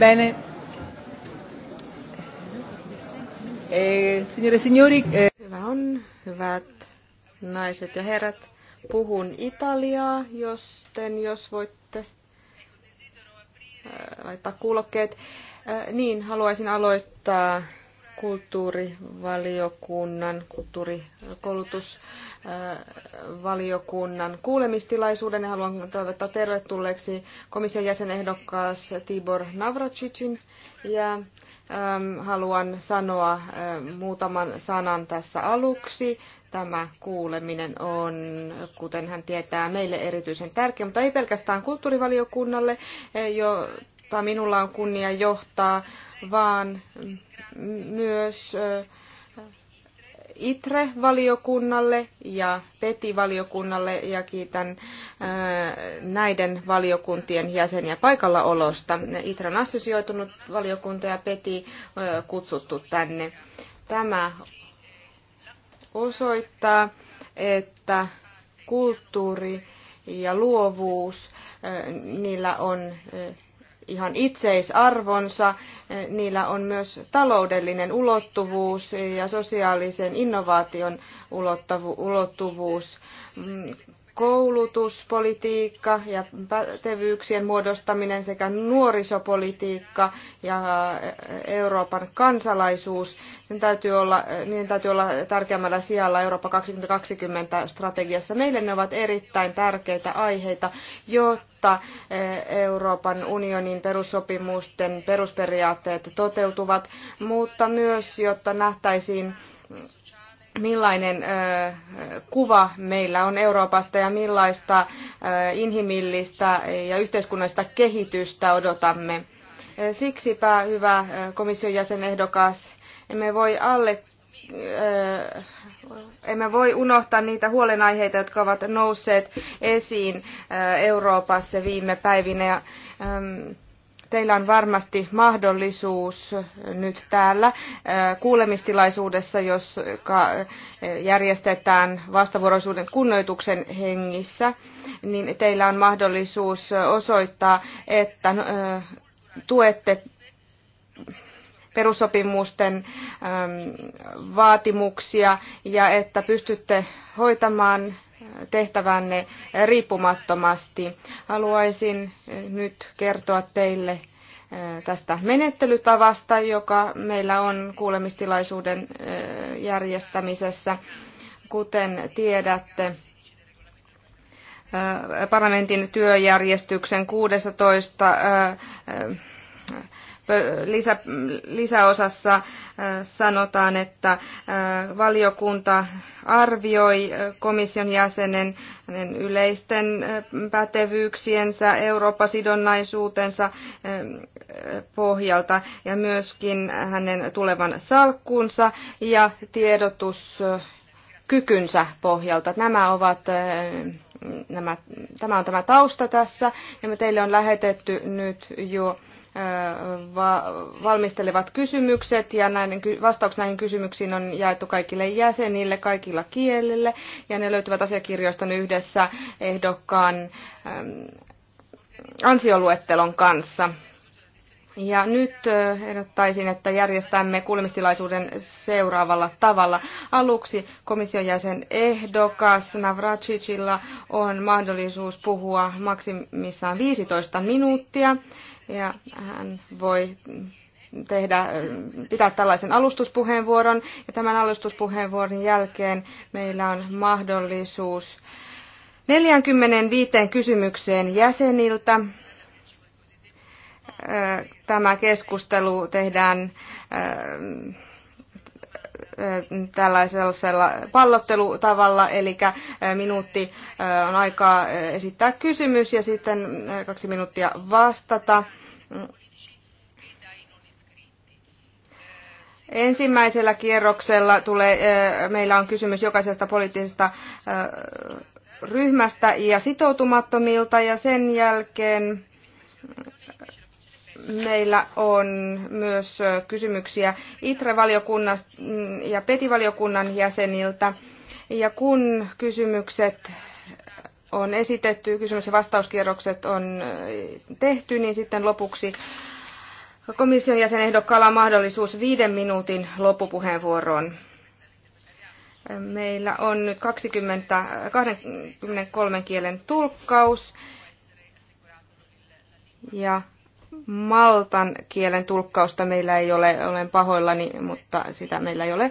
Bene. Eh, signore, e signori. Eh. Hyvä on, hyvät naiset ja herrat. Puhun italiaa, josten jos voitte eh, laittaa kuulokkeet. Eh, niin, haluaisin aloittaa kulttuurivaliokunnan, kulttuurikoulutusvaliokunnan kuulemistilaisuuden. Ja haluan toivottaa tervetulleeksi komission jäsenehdokkaas Tibor Navracicin ja ähm, haluan sanoa äh, muutaman sanan tässä aluksi. Tämä kuuleminen on, kuten hän tietää, meille erityisen tärkeä, mutta ei pelkästään kulttuurivaliokunnalle, äh, jota minulla on kunnia johtaa, vaan myös ITRE-valiokunnalle ja PETI-valiokunnalle ja kiitän näiden valiokuntien jäseniä paikallaolosta. ITREn assosioitunut valiokunta ja PETI kutsuttu tänne. Tämä osoittaa, että kulttuuri ja luovuus, niillä on ihan itseisarvonsa. Eh, niillä on myös taloudellinen ulottuvuus ja sosiaalisen innovaation ulottuvuus. Mm, koulutuspolitiikka ja pätevyyksien muodostaminen sekä nuorisopolitiikka ja Euroopan kansalaisuus, sen täytyy olla, niiden täytyy olla tärkeämmällä sijalla Eurooppa 2020 strategiassa. Meille ne ovat erittäin tärkeitä aiheita, jotta eh, Euroopan unionin perussopimusten perusperiaatteet toteutuvat, mutta myös jotta nähtäisiin millainen kuva meillä on Euroopasta ja millaista inhimillistä ja yhteiskunnallista kehitystä odotamme. Siksipä, hyvä komission jäsenehdokas, emme voi alle emme voi unohtaa niitä huolenaiheita, jotka ovat nousseet esiin Euroopassa viime päivinä. Teillä on varmasti mahdollisuus nyt täällä äh, kuulemistilaisuudessa, jos järjestetään vastavuoroisuuden kunnioituksen hengissä, niin teillä on mahdollisuus osoittaa, että äh, tuette perussopimusten ähm, vaatimuksia ja että pystytte hoitamaan tehtävänne riippumattomasti. Haluaisin nyt kertoa teille tästä menettelytavasta, joka meillä on kuulemistilaisuuden järjestämisessä. Kuten tiedätte, parlamentin työjärjestyksen 16 lisä, lisäosassa sanotaan, että valiokunta arvioi komission jäsenen yleisten pätevyyksiensä, Eurooppa-sidonnaisuutensa pohjalta ja myöskin hänen tulevan salkkunsa ja tiedotus kykynsä pohjalta. Nämä ovat, nämä, tämä on tämä tausta tässä ja me teille on lähetetty nyt jo valmistelevat kysymykset ja näiden, vastaukset näihin kysymyksiin on jaettu kaikille jäsenille kaikilla kielillä ja ne löytyvät asiakirjoista yhdessä ehdokkaan ansioluettelon kanssa. Ja nyt ehdottaisin, että järjestämme kuulemistilaisuuden seuraavalla tavalla. Aluksi komission jäsen ehdokas Navracicilla on mahdollisuus puhua maksimissaan 15 minuuttia ja hän voi tehdä, pitää tällaisen alustuspuheenvuoron ja tämän alustuspuheenvuoron jälkeen meillä on mahdollisuus 45 kysymykseen jäseniltä. Tämä keskustelu tehdään tällaisella pallottelutavalla, eli minuutti on aikaa esittää kysymys ja sitten kaksi minuuttia vastata. Ensimmäisellä kierroksella tulee, meillä on kysymys jokaisesta poliittisesta ryhmästä ja sitoutumattomilta ja sen jälkeen meillä on myös kysymyksiä ITRE-valiokunnan ja PETI-valiokunnan jäseniltä. Ja kun kysymykset on esitetty, kysymys- ja vastauskierrokset on äh, tehty, niin sitten lopuksi komission jäsenehdokkaalla on mahdollisuus viiden minuutin loppupuheenvuoroon. Meillä on nyt 20, 23 kielen tulkkaus ja maltan kielen tulkkausta meillä ei ole, olen pahoillani, mutta sitä meillä ei ole.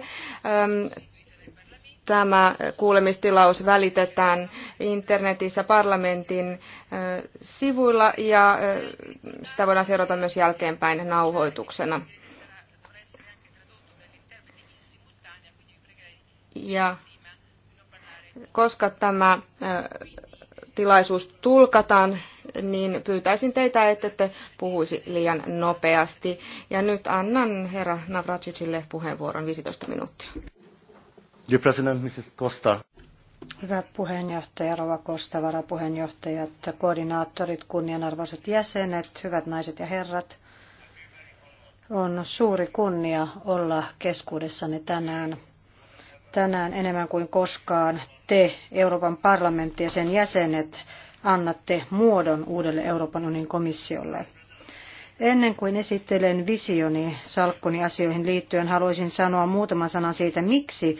Tämä kuulemistilaus välitetään internetissä parlamentin sivuilla ja sitä voidaan seurata myös jälkeenpäin nauhoituksena. Ja koska tämä tilaisuus tulkataan, niin pyytäisin teitä, että te puhuisi liian nopeasti. Ja nyt annan herra Navracicille puheenvuoron 15 minuuttia. Dear President, Mrs. Costa. Hyvä puheenjohtaja, Rova Kosta, varapuheenjohtajat, koordinaattorit, kunnianarvoiset jäsenet, hyvät naiset ja herrat. On suuri kunnia olla keskuudessanne tänään. Tänään enemmän kuin koskaan te, Euroopan parlamentti ja sen jäsenet, annatte muodon uudelle Euroopan unionin komissiolle. Ennen kuin esittelen visioni salkkuni asioihin liittyen, haluaisin sanoa muutaman sanan siitä, miksi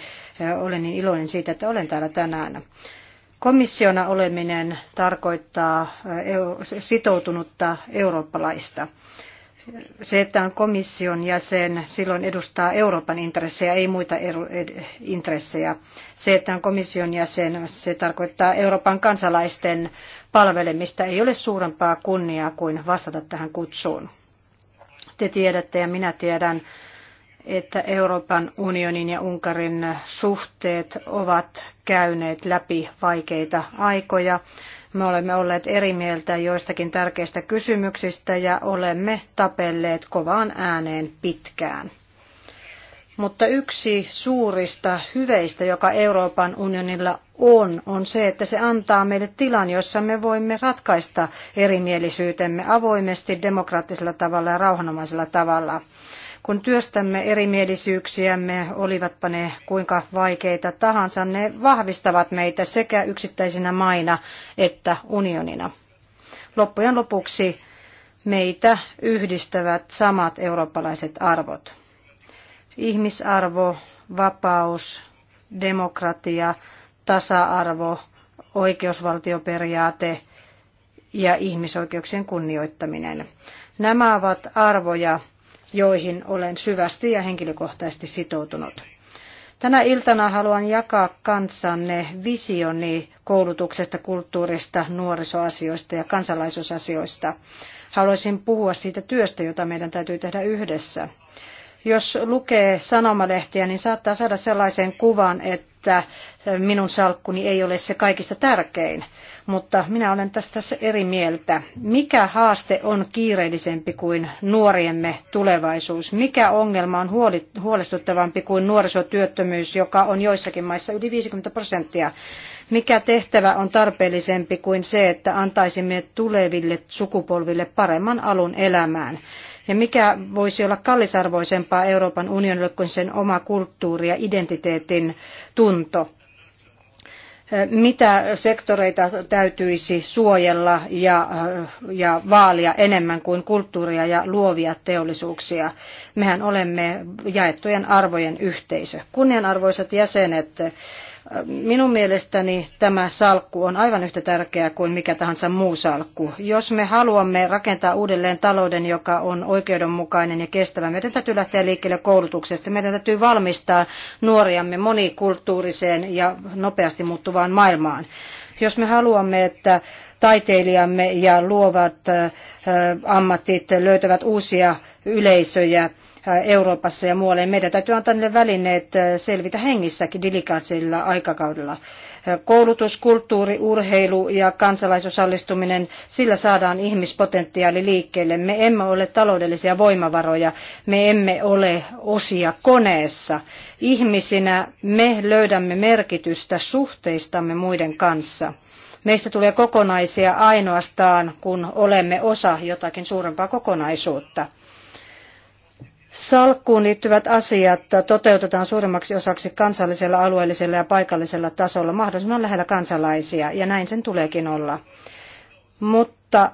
olen niin iloinen siitä, että olen täällä tänään. Komissiona oleminen tarkoittaa sitoutunutta eurooppalaista se, että on komission jäsen, silloin edustaa Euroopan intressejä, ei muita eru- intressejä. Se, että on komission jäsen, se tarkoittaa Euroopan kansalaisten palvelemista. Ei ole suurempaa kunniaa kuin vastata tähän kutsuun. Te tiedätte ja minä tiedän, että Euroopan unionin ja Unkarin suhteet ovat käyneet läpi vaikeita aikoja. Me olemme olleet eri mieltä joistakin tärkeistä kysymyksistä ja olemme tapelleet kovaan ääneen pitkään. Mutta yksi suurista hyveistä, joka Euroopan unionilla on, on se, että se antaa meille tilan, jossa me voimme ratkaista erimielisyytemme avoimesti, demokraattisella tavalla ja rauhanomaisella tavalla. Kun työstämme erimielisyyksiämme, olivatpa ne kuinka vaikeita tahansa, ne vahvistavat meitä sekä yksittäisinä maina että unionina. Loppujen lopuksi meitä yhdistävät samat eurooppalaiset arvot. Ihmisarvo, vapaus, demokratia, tasa-arvo, oikeusvaltioperiaate ja ihmisoikeuksien kunnioittaminen. Nämä ovat arvoja, joihin olen syvästi ja henkilökohtaisesti sitoutunut. Tänä iltana haluan jakaa kanssanne visioni koulutuksesta, kulttuurista, nuorisoasioista ja kansalaisuusasioista. Haluaisin puhua siitä työstä, jota meidän täytyy tehdä yhdessä. Jos lukee sanomalehtiä, niin saattaa saada sellaisen kuvan, että minun salkkuni ei ole se kaikista tärkein mutta minä olen tästä eri mieltä. Mikä haaste on kiireellisempi kuin nuoriemme tulevaisuus? Mikä ongelma on huolestuttavampi kuin nuorisotyöttömyys, joka on joissakin maissa yli 50 prosenttia? Mikä tehtävä on tarpeellisempi kuin se, että antaisimme tuleville sukupolville paremman alun elämään? Ja mikä voisi olla kallisarvoisempaa Euroopan unionille kuin sen oma kulttuuri ja identiteetin tunto? mitä sektoreita täytyisi suojella ja, ja vaalia enemmän kuin kulttuuria ja luovia teollisuuksia. Mehän olemme jaettujen arvojen yhteisö. Kunnianarvoisat jäsenet, Minun mielestäni tämä salkku on aivan yhtä tärkeä kuin mikä tahansa muu salkku. Jos me haluamme rakentaa uudelleen talouden, joka on oikeudenmukainen ja kestävä, meidän täytyy lähteä liikkeelle koulutuksesta. Meidän täytyy valmistaa nuoriamme monikulttuuriseen ja nopeasti muuttuvaan maailmaan. Jos me haluamme, että taiteilijamme ja luovat ammatit löytävät uusia yleisöjä, Euroopassa ja muualle. Meidän täytyy antaa niille välineet äh, selvitä hengissäkin delikaatilla aikakaudella. Äh, koulutus, kulttuuri, urheilu ja kansalaisosallistuminen, sillä saadaan ihmispotentiaali liikkeelle. Me emme ole taloudellisia voimavaroja, me emme ole osia koneessa. Ihmisinä me löydämme merkitystä suhteistamme muiden kanssa. Meistä tulee kokonaisia ainoastaan, kun olemme osa jotakin suurempaa kokonaisuutta. Salkkuun liittyvät asiat toteutetaan suurimmaksi osaksi kansallisella, alueellisella ja paikallisella tasolla mahdollisimman lähellä kansalaisia, ja näin sen tuleekin olla. Mutta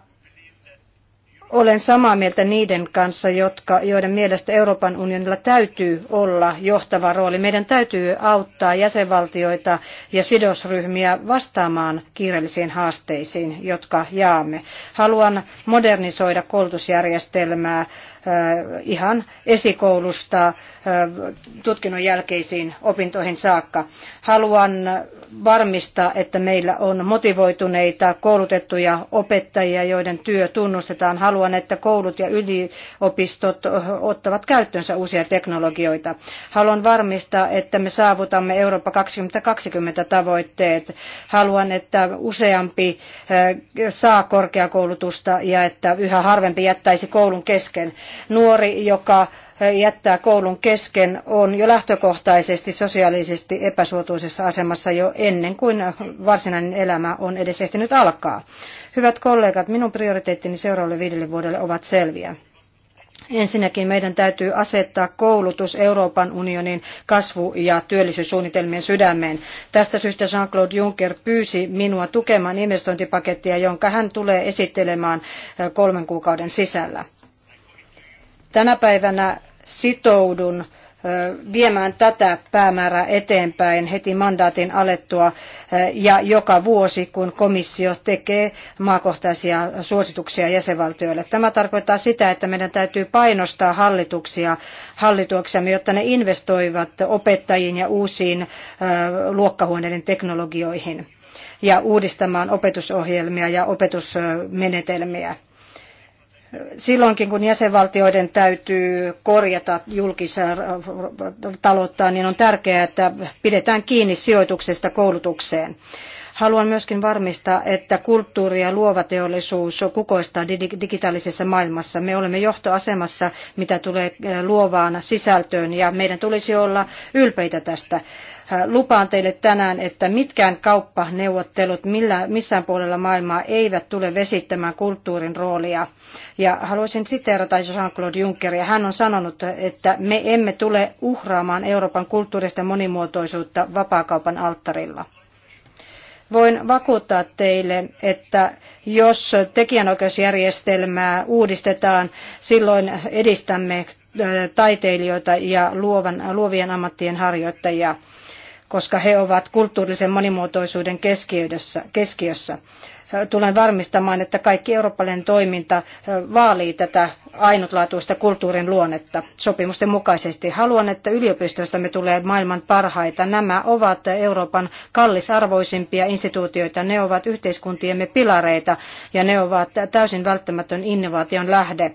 olen samaa mieltä niiden kanssa, jotka, joiden mielestä Euroopan unionilla täytyy olla johtava rooli. Meidän täytyy auttaa jäsenvaltioita ja sidosryhmiä vastaamaan kiireellisiin haasteisiin, jotka jaamme. Haluan modernisoida koulutusjärjestelmää ihan esikoulusta tutkinnon jälkeisiin opintoihin saakka. Haluan varmistaa, että meillä on motivoituneita, koulutettuja opettajia, joiden työ tunnustetaan. Haluan, että koulut ja yliopistot ottavat käyttöönsä uusia teknologioita. Haluan varmistaa, että me saavutamme Eurooppa 2020 tavoitteet. Haluan, että useampi saa korkeakoulutusta ja että yhä harvempi jättäisi koulun kesken. Nuori, joka eh, jättää koulun kesken, on jo lähtökohtaisesti sosiaalisesti epäsuotuisessa asemassa jo ennen kuin varsinainen elämä on edes ehtinyt alkaa. Hyvät kollegat, minun prioriteettini seuraavalle viidelle vuodelle ovat selviä. Ensinnäkin meidän täytyy asettaa koulutus Euroopan unionin kasvu- ja työllisyyssuunnitelmien sydämeen. Tästä syystä Jean-Claude Juncker pyysi minua tukemaan investointipakettia, jonka hän tulee esittelemään eh, kolmen kuukauden sisällä. Tänä päivänä sitoudun viemään tätä päämäärää eteenpäin heti mandaatin alettua ja joka vuosi, kun komissio tekee maakohtaisia suosituksia jäsenvaltioille. Tämä tarkoittaa sitä, että meidän täytyy painostaa hallituksia hallituksiamme, jotta ne investoivat opettajiin ja uusiin luokkahuoneiden teknologioihin ja uudistamaan opetusohjelmia ja opetusmenetelmiä silloinkin, kun jäsenvaltioiden täytyy korjata julkisen talouttaan, niin on tärkeää, että pidetään kiinni sijoituksesta koulutukseen. Haluan myöskin varmistaa, että kulttuuri ja luova teollisuus kukoistaa digitaalisessa maailmassa. Me olemme johtoasemassa, mitä tulee luovaan sisältöön, ja meidän tulisi olla ylpeitä tästä. Äh, lupaan teille tänään, että mitkään kauppaneuvottelut millään, missään puolella maailmaa eivät tule vesittämään kulttuurin roolia. Ja haluaisin siteerata Jean-Claude Junckeria. Hän on sanonut, että me emme tule uhraamaan Euroopan kulttuurista monimuotoisuutta vapaakaupan alttarilla. Voin vakuuttaa teille, että jos tekijänoikeusjärjestelmää uudistetaan, silloin edistämme äh, taiteilijoita ja luovan, luovien ammattien harjoittajia koska he ovat kulttuurisen monimuotoisuuden keskiössä. keskiössä. Tulen varmistamaan, että kaikki eurooppalainen toiminta vaalii tätä ainutlaatuista kulttuurin luonnetta sopimusten mukaisesti. Haluan, että yliopistoistamme tulee maailman parhaita. Nämä ovat Euroopan kallisarvoisimpia instituutioita. Ne ovat yhteiskuntiemme pilareita ja ne ovat täysin välttämätön innovaation lähde.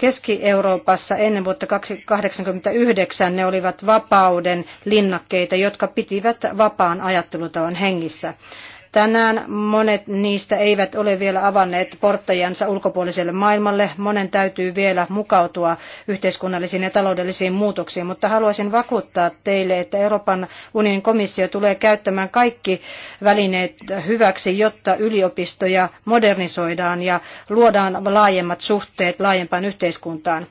Keski-Euroopassa ennen vuotta 1989 ne olivat vapauden linnakkeita, jotka pitivät vapaan ajattelutavan hengissä tänään. Monet niistä eivät ole vielä avanneet porttajansa ulkopuoliselle maailmalle. Monen täytyy vielä mukautua yhteiskunnallisiin ja taloudellisiin muutoksiin, mutta haluaisin vakuuttaa teille, että Euroopan unionin komissio tulee käyttämään kaikki välineet hyväksi, jotta yliopistoja modernisoidaan ja luodaan laajemmat suhteet laajempaan yhteiskuntaan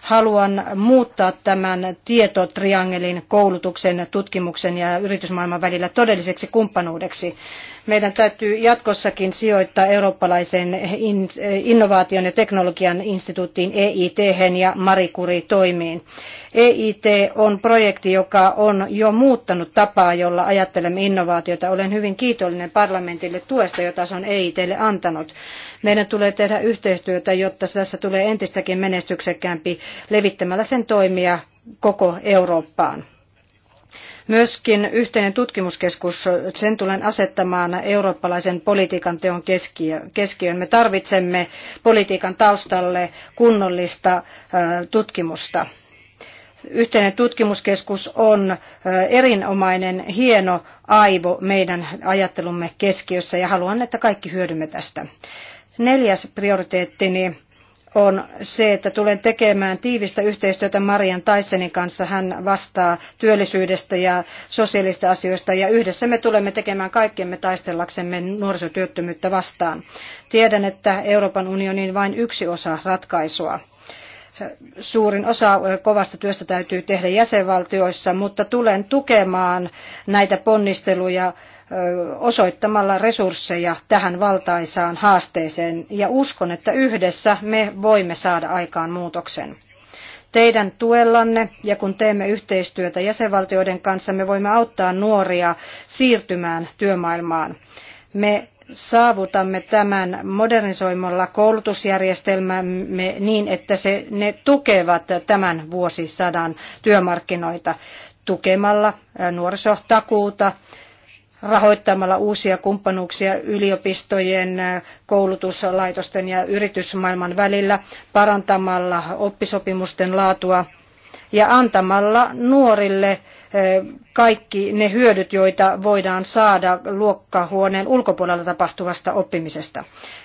haluan muuttaa tämän tietotriangelin koulutuksen, tutkimuksen ja yritysmaailman välillä todelliseksi kumppanuudeksi. Meidän täytyy jatkossakin sijoittaa eurooppalaisen innovaation ja teknologian instituuttiin EIT ja Marikuri toimiin. EIT on projekti, joka on jo muuttanut tapaa, jolla ajattelemme innovaatiota. Olen hyvin kiitollinen parlamentille tuesta, jota se on EITlle antanut. Meidän tulee tehdä yhteistyötä, jotta tässä tulee entistäkin menestyksekkäämpi levittämällä sen toimia koko Eurooppaan. Myöskin yhteinen tutkimuskeskus, sen tulen asettamaan eurooppalaisen politiikan teon keskiöön. Me tarvitsemme politiikan taustalle kunnollista tutkimusta yhteinen tutkimuskeskus on erinomainen hieno aivo meidän ajattelumme keskiössä ja haluan, että kaikki hyödymme tästä. Neljäs prioriteettini on se, että tulen tekemään tiivistä yhteistyötä Marian Taisenin kanssa. Hän vastaa työllisyydestä ja sosiaalista asioista ja yhdessä me tulemme tekemään kaikkemme taistellaksemme nuorisotyöttömyyttä vastaan. Tiedän, että Euroopan unioni on vain yksi osa ratkaisua suurin osa kovasta työstä täytyy tehdä jäsenvaltioissa, mutta tulen tukemaan näitä ponnisteluja osoittamalla resursseja tähän valtaisaan haasteeseen ja uskon, että yhdessä me voimme saada aikaan muutoksen. Teidän tuellanne ja kun teemme yhteistyötä jäsenvaltioiden kanssa, me voimme auttaa nuoria siirtymään työmaailmaan. Me saavutamme tämän modernisoimalla koulutusjärjestelmämme niin, että se, ne tukevat tämän vuosisadan työmarkkinoita tukemalla nuorisotakuuta, rahoittamalla uusia kumppanuuksia yliopistojen, koulutuslaitosten ja yritysmaailman välillä, parantamalla oppisopimusten laatua ja antamalla nuorille eh, kaikki ne hyödyt, joita voidaan saada luokkahuoneen ulkopuolella tapahtuvasta oppimisesta.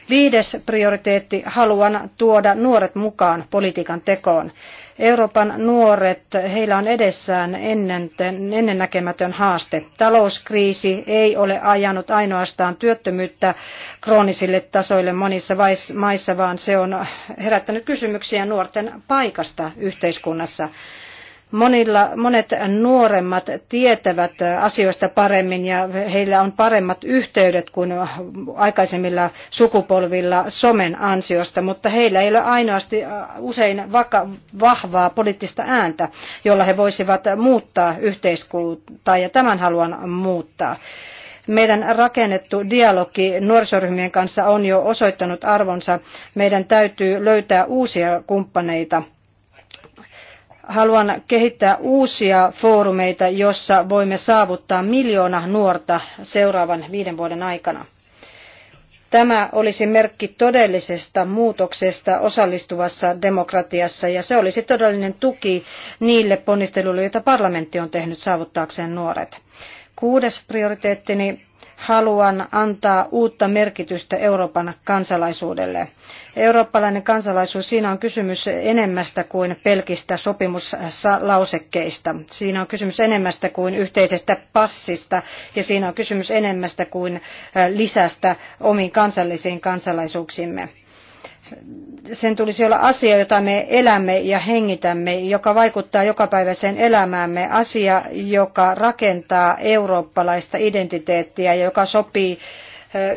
Viides prioriteetti, haluan tuoda nuoret mukaan politiikan tekoon. Euroopan nuoret, heillä on edessään ennen, ennennäkemätön haaste. Talouskriisi ei ole ajanut ainoastaan työttömyyttä kroonisille tasoille monissa maissa, vaan se on herättänyt kysymyksiä nuorten paikasta yhteiskunnassa. Monilla, monet nuoremmat tietävät asioista paremmin ja heillä on paremmat yhteydet kuin aikaisemmilla sukupolvilla somen ansiosta, mutta heillä ei ole ainoasti äh, usein vaka, vahvaa poliittista ääntä, jolla he voisivat muuttaa yhteiskuntaa ja tämän haluan muuttaa. Meidän rakennettu dialogi nuorisoryhmien kanssa on jo osoittanut arvonsa. Meidän täytyy löytää uusia kumppaneita haluan kehittää uusia foorumeita, jossa voimme saavuttaa miljoona nuorta seuraavan viiden vuoden aikana. Tämä olisi merkki todellisesta muutoksesta osallistuvassa demokratiassa ja se olisi todellinen tuki niille ponnisteluille, joita parlamentti on tehnyt saavuttaakseen nuoret. Kuudes prioriteettini haluan antaa uutta merkitystä Euroopan kansalaisuudelle. Eurooppalainen kansalaisuus, siinä on kysymys enemmästä kuin pelkistä sopimuslausekkeista. Siinä on kysymys enemmästä kuin yhteisestä passista ja siinä on kysymys enemmästä kuin lisästä omiin kansallisiin kansalaisuuksimme sen tulisi olla asia, jota me elämme ja hengitämme, joka vaikuttaa jokapäiväiseen elämäämme, asia, joka rakentaa eurooppalaista identiteettiä ja joka sopii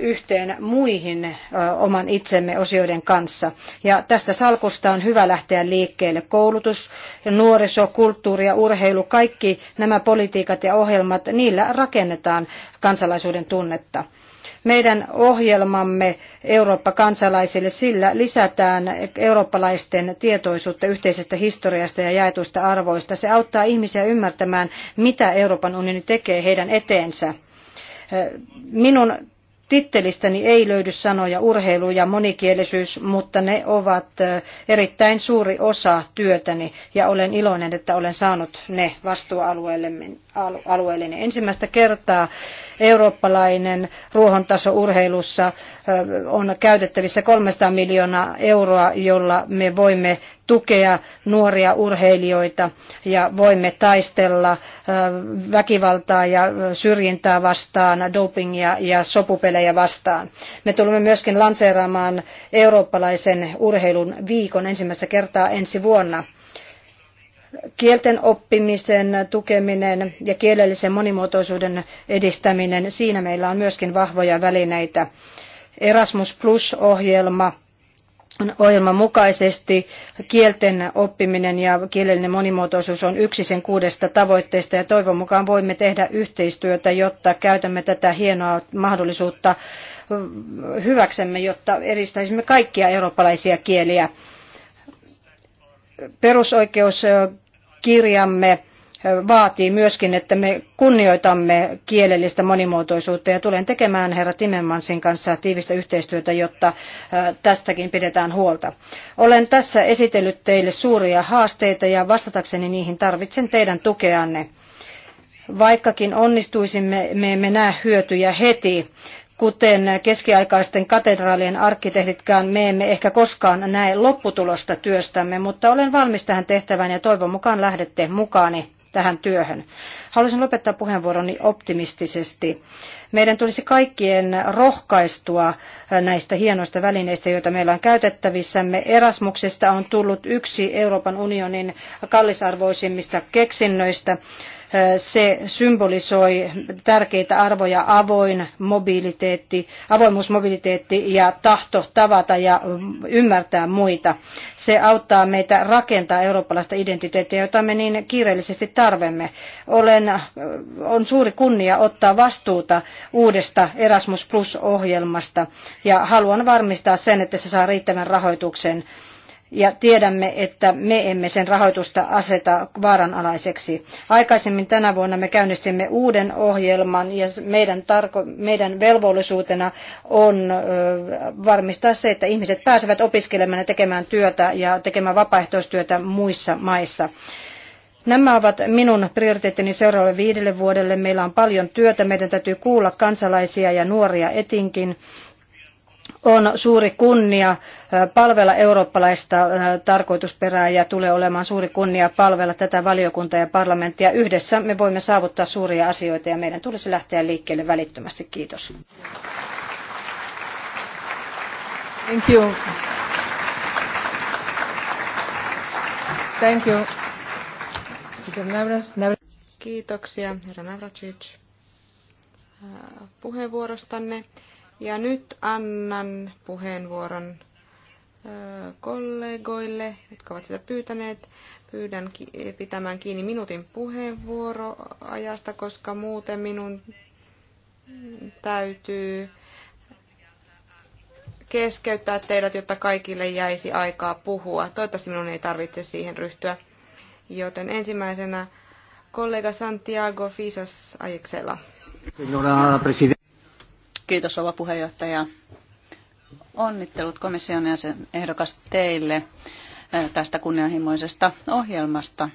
yhteen muihin oman itsemme osioiden kanssa. Ja tästä salkusta on hyvä lähteä liikkeelle. Koulutus, nuoriso, kulttuuri ja urheilu, kaikki nämä politiikat ja ohjelmat, niillä rakennetaan kansalaisuuden tunnetta meidän ohjelmamme Eurooppa kansalaisille, sillä lisätään eurooppalaisten tietoisuutta yhteisestä historiasta ja jaetuista arvoista. Se auttaa ihmisiä ymmärtämään, mitä Euroopan unioni tekee heidän eteensä. Minun tittelistäni ei löydy sanoja urheilu ja monikielisyys, mutta ne ovat erittäin suuri osa työtäni ja olen iloinen, että olen saanut ne vastuualueellemme alueellinen. Ensimmäistä kertaa eurooppalainen ruohontaso urheilussa on käytettävissä 300 miljoonaa euroa, jolla me voimme tukea nuoria urheilijoita ja voimme taistella väkivaltaa ja syrjintää vastaan, dopingia ja sopupelejä vastaan. Me tulemme myöskin lanseeraamaan eurooppalaisen urheilun viikon ensimmäistä kertaa ensi vuonna kielten oppimisen tukeminen ja kielellisen monimuotoisuuden edistäminen, siinä meillä on myöskin vahvoja välineitä. Erasmus Plus-ohjelma, ohjelman mukaisesti kielten oppiminen ja kielellinen monimuotoisuus on yksi sen kuudesta tavoitteesta ja toivon mukaan voimme tehdä yhteistyötä, jotta käytämme tätä hienoa mahdollisuutta hyväksemme, jotta edistäisimme kaikkia eurooppalaisia kieliä perusoikeuskirjamme vaatii myöskin, että me kunnioitamme kielellistä monimuotoisuutta ja tulen tekemään herra Timmermansin kanssa tiivistä yhteistyötä, jotta tästäkin pidetään huolta. Olen tässä esitellyt teille suuria haasteita ja vastatakseni niihin tarvitsen teidän tukeanne. Vaikkakin onnistuisimme, me emme näe hyötyjä heti. Kuten keskiaikaisten katedraalien arkkitehditkään me emme ehkä koskaan näe lopputulosta työstämme, mutta olen valmis tähän tehtävään ja toivon mukaan lähdette mukaani tähän työhön. Haluaisin lopettaa puheenvuoroni optimistisesti. Meidän tulisi kaikkien rohkaistua äh, näistä hienoista välineistä, joita meillä on käytettävissämme. Erasmuksesta on tullut yksi Euroopan unionin kallisarvoisimmista keksinnöistä. Se symbolisoi tärkeitä arvoja avoin mobiliteetti, avoimuus, mobiliteetti ja tahto tavata ja mm, ymmärtää muita. Se auttaa meitä rakentaa eurooppalaista identiteettiä, jota me niin kiireellisesti tarvemme. Olen, on suuri kunnia ottaa vastuuta uudesta Erasmus Plus-ohjelmasta ja haluan varmistaa sen, että se saa riittävän rahoituksen ja tiedämme, että me emme sen rahoitusta aseta vaaranalaiseksi. Aikaisemmin tänä vuonna me käynnistimme uuden ohjelman ja meidän, tarko- meidän velvollisuutena on varmistaa se, että ihmiset pääsevät opiskelemaan ja tekemään työtä ja tekemään vapaaehtoistyötä muissa maissa. Nämä ovat minun prioriteettini seuraavalle viidelle vuodelle. Meillä on paljon työtä, meidän täytyy kuulla kansalaisia ja nuoria etinkin on suuri kunnia palvella eurooppalaista tarkoitusperää ja tulee olemaan suuri kunnia palvella tätä valiokuntaa ja parlamenttia. Yhdessä me voimme saavuttaa suuria asioita ja meidän tulisi lähteä liikkeelle välittömästi. Kiitos. Thank you. Thank you. Kiitoksia, herra Navracic, äh, puheenvuorostanne. Ja nyt annan puheenvuoron kollegoille, jotka ovat sitä pyytäneet. Pyydän pitämään kiinni minuutin puheenvuoroajasta, koska muuten minun täytyy keskeyttää teidät, jotta kaikille jäisi aikaa puhua. Toivottavasti minun ei tarvitse siihen ryhtyä. Joten ensimmäisenä kollega Santiago Fisas Ajeksela. Kiitos rouva puheenjohtaja. Onnittelut komission jäsen ehdokas teille eh, tästä kunnianhimoisesta ohjelmasta.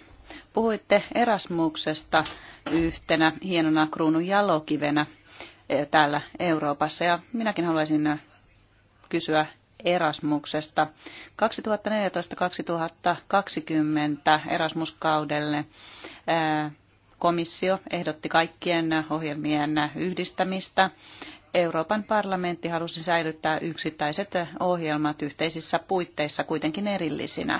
Puhuitte Erasmuksesta yhtenä hienona kruunun jalokivenä eh, täällä Euroopassa ja minäkin haluaisin eh, kysyä Erasmuksesta. 2014-2020 Erasmuskaudelle komissio ehdotti kaikkien ohjelmien yhdistämistä Euroopan parlamentti halusi säilyttää yksittäiset ohjelmat yhteisissä puitteissa kuitenkin erillisinä.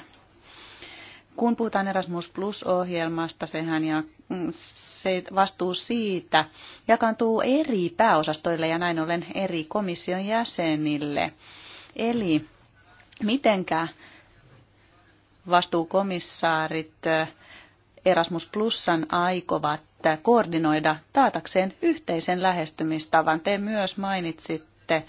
Kun puhutaan Erasmus Plus-ohjelmasta, sehän ja mm, se vastuu siitä jakaantuu eri pääosastoille ja näin ollen eri komission jäsenille. Eli mitenkä vastuukomissaarit Erasmus Plusan aikovat koordinoida taatakseen yhteisen lähestymistavan. Te myös mainitsitte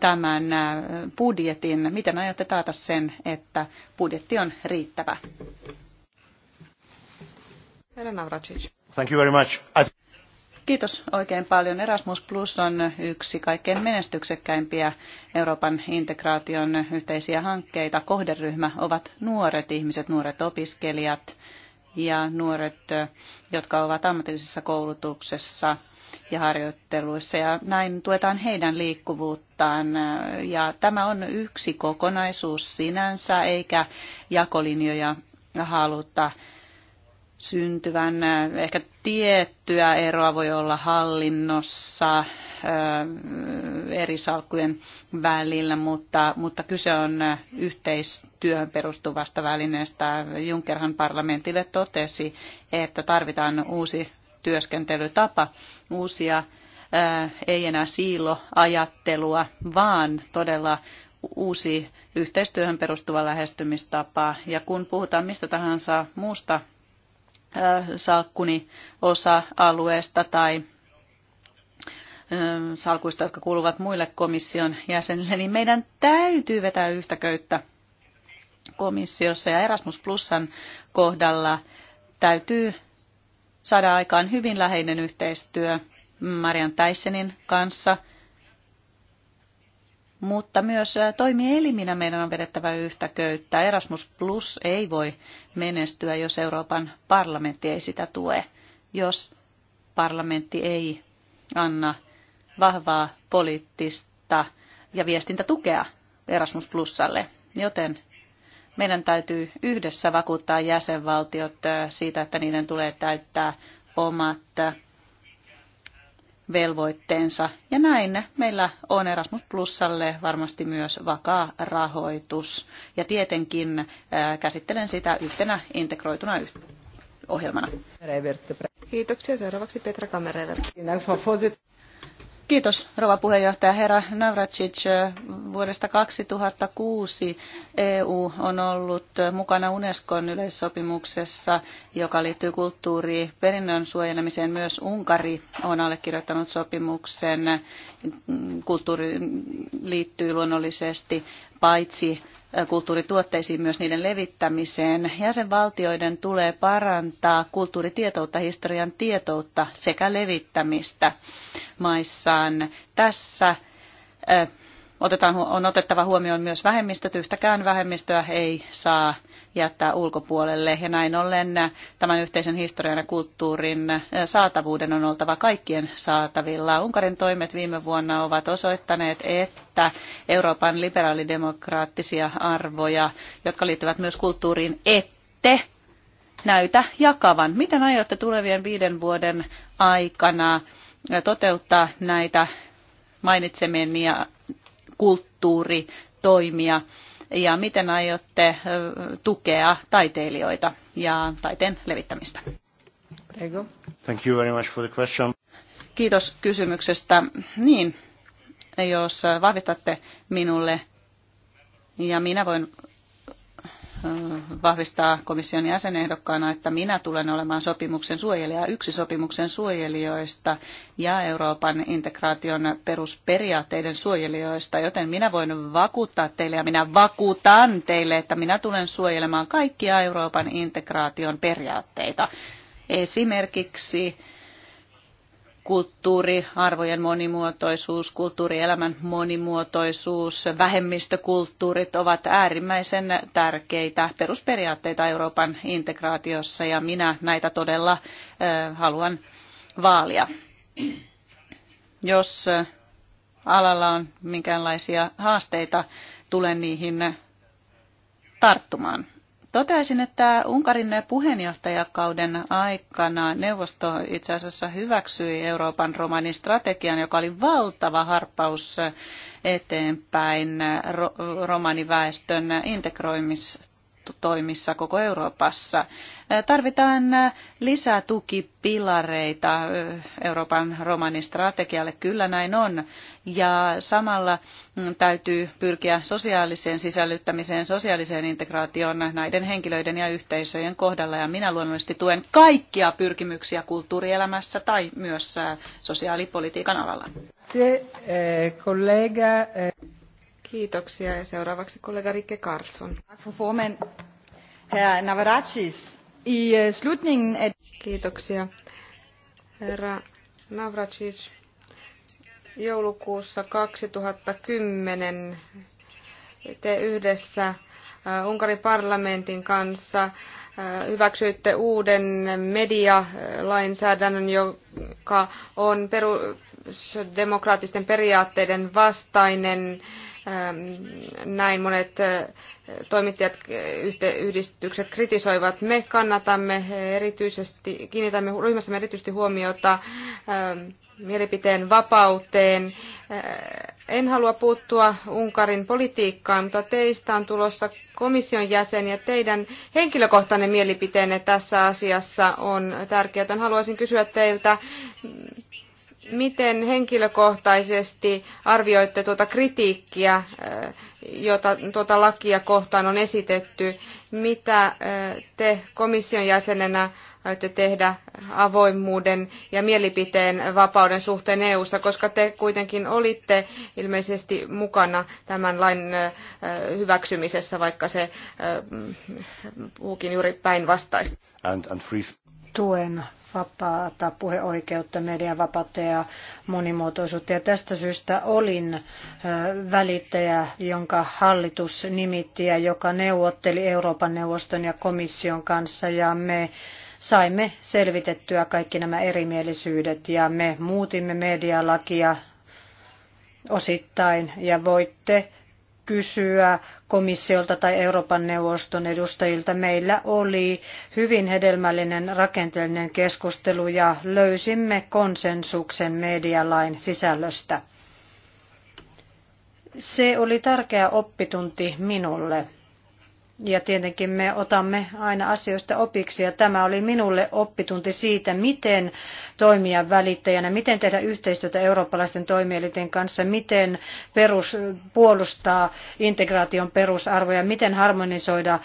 tämän äh, budjetin. Miten aiotte taata sen, että budjetti on riittävä? Thank you very much. Kiitos oikein paljon. Erasmus Plus on yksi kaikkein menestyksekkäimpiä Euroopan integraation yhteisiä hankkeita. Kohderyhmä ovat nuoret ihmiset, nuoret opiskelijat, ja nuoret, jotka ovat ammatillisessa koulutuksessa ja harjoitteluissa. Ja näin tuetaan heidän liikkuvuuttaan. Ja tämä on yksi kokonaisuus sinänsä, eikä jakolinjoja haluta syntyvän. Ehkä tiettyä eroa voi olla hallinnossa eri salkkujen välillä, mutta, mutta kyse on yhteistyöhön perustuvasta välineestä. Junckerhan parlamentille totesi, että tarvitaan uusi työskentelytapa, uusia ei enää siiloajattelua, vaan todella uusi yhteistyöhön perustuva lähestymistapa. Ja kun puhutaan mistä tahansa muusta salkkuni osa-alueesta tai salkuista, jotka kuuluvat muille komission jäsenille, niin meidän täytyy vetää yhtä köyttä komissiossa ja Erasmus Plusan kohdalla täytyy saada aikaan hyvin läheinen yhteistyö Marian Täissenin kanssa, mutta myös toimieliminä meidän on vedettävä yhtä köyttä. Erasmus Plus ei voi menestyä, jos Euroopan parlamentti ei sitä tue, jos parlamentti ei anna vahvaa poliittista ja viestintätukea Erasmus Plusalle, joten meidän täytyy yhdessä vakuuttaa jäsenvaltiot äh, siitä, että niiden tulee täyttää omat äh, velvoitteensa. Ja näin meillä on Erasmus Plusalle varmasti myös vakaa rahoitus. Ja tietenkin äh, käsittelen sitä yhtenä integroituna ohjelmana. Kiitoksia. Seuraavaksi Petra Kamerevert. Kiitos, rouva puheenjohtaja. Herra Navracic, vuodesta 2006 EU on ollut mukana Unescon yleissopimuksessa, joka liittyy kulttuuriin. perinnön suojelemiseen. Myös Unkari on allekirjoittanut sopimuksen. Kulttuuri liittyy luonnollisesti paitsi kulttuurituotteisiin myös niiden levittämiseen. Jäsenvaltioiden tulee parantaa kulttuuritietoutta, historian tietoutta sekä levittämistä maissaan. Tässä otetaan, on otettava huomioon myös vähemmistöt. Yhtäkään vähemmistöä ei saa jättää ulkopuolelle. Ja näin ollen tämän yhteisen historian ja kulttuurin saatavuuden on oltava kaikkien saatavilla. Unkarin toimet viime vuonna ovat osoittaneet, että Euroopan liberaalidemokraattisia arvoja, jotka liittyvät myös kulttuuriin, ette näytä jakavan. Miten aiotte tulevien viiden vuoden aikana toteuttaa näitä mainitsemien ja kulttuuritoimia? ja miten aiotte tukea taiteilijoita ja taiteen levittämistä? Thank you very much for the question. Kiitos kysymyksestä. Niin, jos vahvistatte minulle ja minä voin vahvistaa komission jäsenehdokkaana, että minä tulen olemaan sopimuksen suojelija, yksi sopimuksen suojelijoista ja Euroopan integraation perusperiaatteiden suojelijoista, joten minä voin vakuuttaa teille ja minä vakuutan teille, että minä tulen suojelemaan kaikkia Euroopan integraation periaatteita. Esimerkiksi kulttuuriarvojen monimuotoisuus, kulttuurielämän monimuotoisuus, vähemmistökulttuurit ovat äärimmäisen tärkeitä perusperiaatteita Euroopan integraatiossa ja minä näitä todella haluan vaalia. Jos alalla on minkäänlaisia haasteita, tulen niihin tarttumaan. Toteaisin, että Unkarin puheenjohtajakauden aikana neuvosto itse asiassa hyväksyi Euroopan romanin strategian, joka oli valtava harppaus eteenpäin romaniväestön integroimista ilmastotoimissa koko Euroopassa. Tarvitaan lisää tukipilareita Euroopan strategialle, kyllä näin on. Ja samalla mm, täytyy pyrkiä sosiaaliseen sisällyttämiseen, sosiaaliseen integraatioon näiden henkilöiden ja yhteisöjen kohdalla. Ja minä luonnollisesti tuen kaikkia pyrkimyksiä kulttuurielämässä tai myös sosiaalipolitiikan alalla. Se, eh, kollega, eh... Kiitoksia ja seuraavaksi kollega Rikke Karlsson. Herr Navaracis, i øh, slutningen... Kiitoksia. Herra Navracic, joulukuussa 2010 te yhdessä äh, Unkarin parlamentin kanssa äh, hyväksyitte uuden medialainsäädännön, joka on perusdemokraattisten periaatteiden vastainen Ähm, näin monet äh, toimittajat äh, yhdistykset kritisoivat. Me kannatamme erityisesti, kiinnitämme ryhmässämme erityisesti huomiota ähm, mielipiteen vapauteen. Äh, en halua puuttua Unkarin politiikkaan, mutta teistä on tulossa komission jäsen ja teidän henkilökohtainen mielipiteenne tässä asiassa on tärkeää. Haluaisin kysyä teiltä, Miten henkilökohtaisesti arvioitte tuota kritiikkiä, jota tuota lakia kohtaan on esitetty? Mitä te komission jäsenenä aiotte tehdä avoimuuden ja mielipiteen vapauden suhteen eu koska te kuitenkin olitte ilmeisesti mukana tämän lain hyväksymisessä, vaikka se puhukin juuri päinvastaista. Tuen vapaata puheoikeutta, median vapautta ja monimuotoisuutta. Ja tästä syystä olin välittäjä, jonka hallitus nimitti ja joka neuvotteli Euroopan neuvoston ja komission kanssa ja me saimme selvitettyä kaikki nämä erimielisyydet ja me muutimme medialakia osittain ja voitte kysyä komissiolta tai Euroopan neuvoston edustajilta. Meillä oli hyvin hedelmällinen rakenteellinen keskustelu ja löysimme konsensuksen medialain sisällöstä. Se oli tärkeä oppitunti minulle. Ja tietenkin me otamme aina asioista opiksi ja tämä oli minulle oppitunti siitä, miten toimia välittäjänä, miten tehdä yhteistyötä eurooppalaisten toimielinten kanssa, miten perus, puolustaa integraation perusarvoja, miten harmonisoida,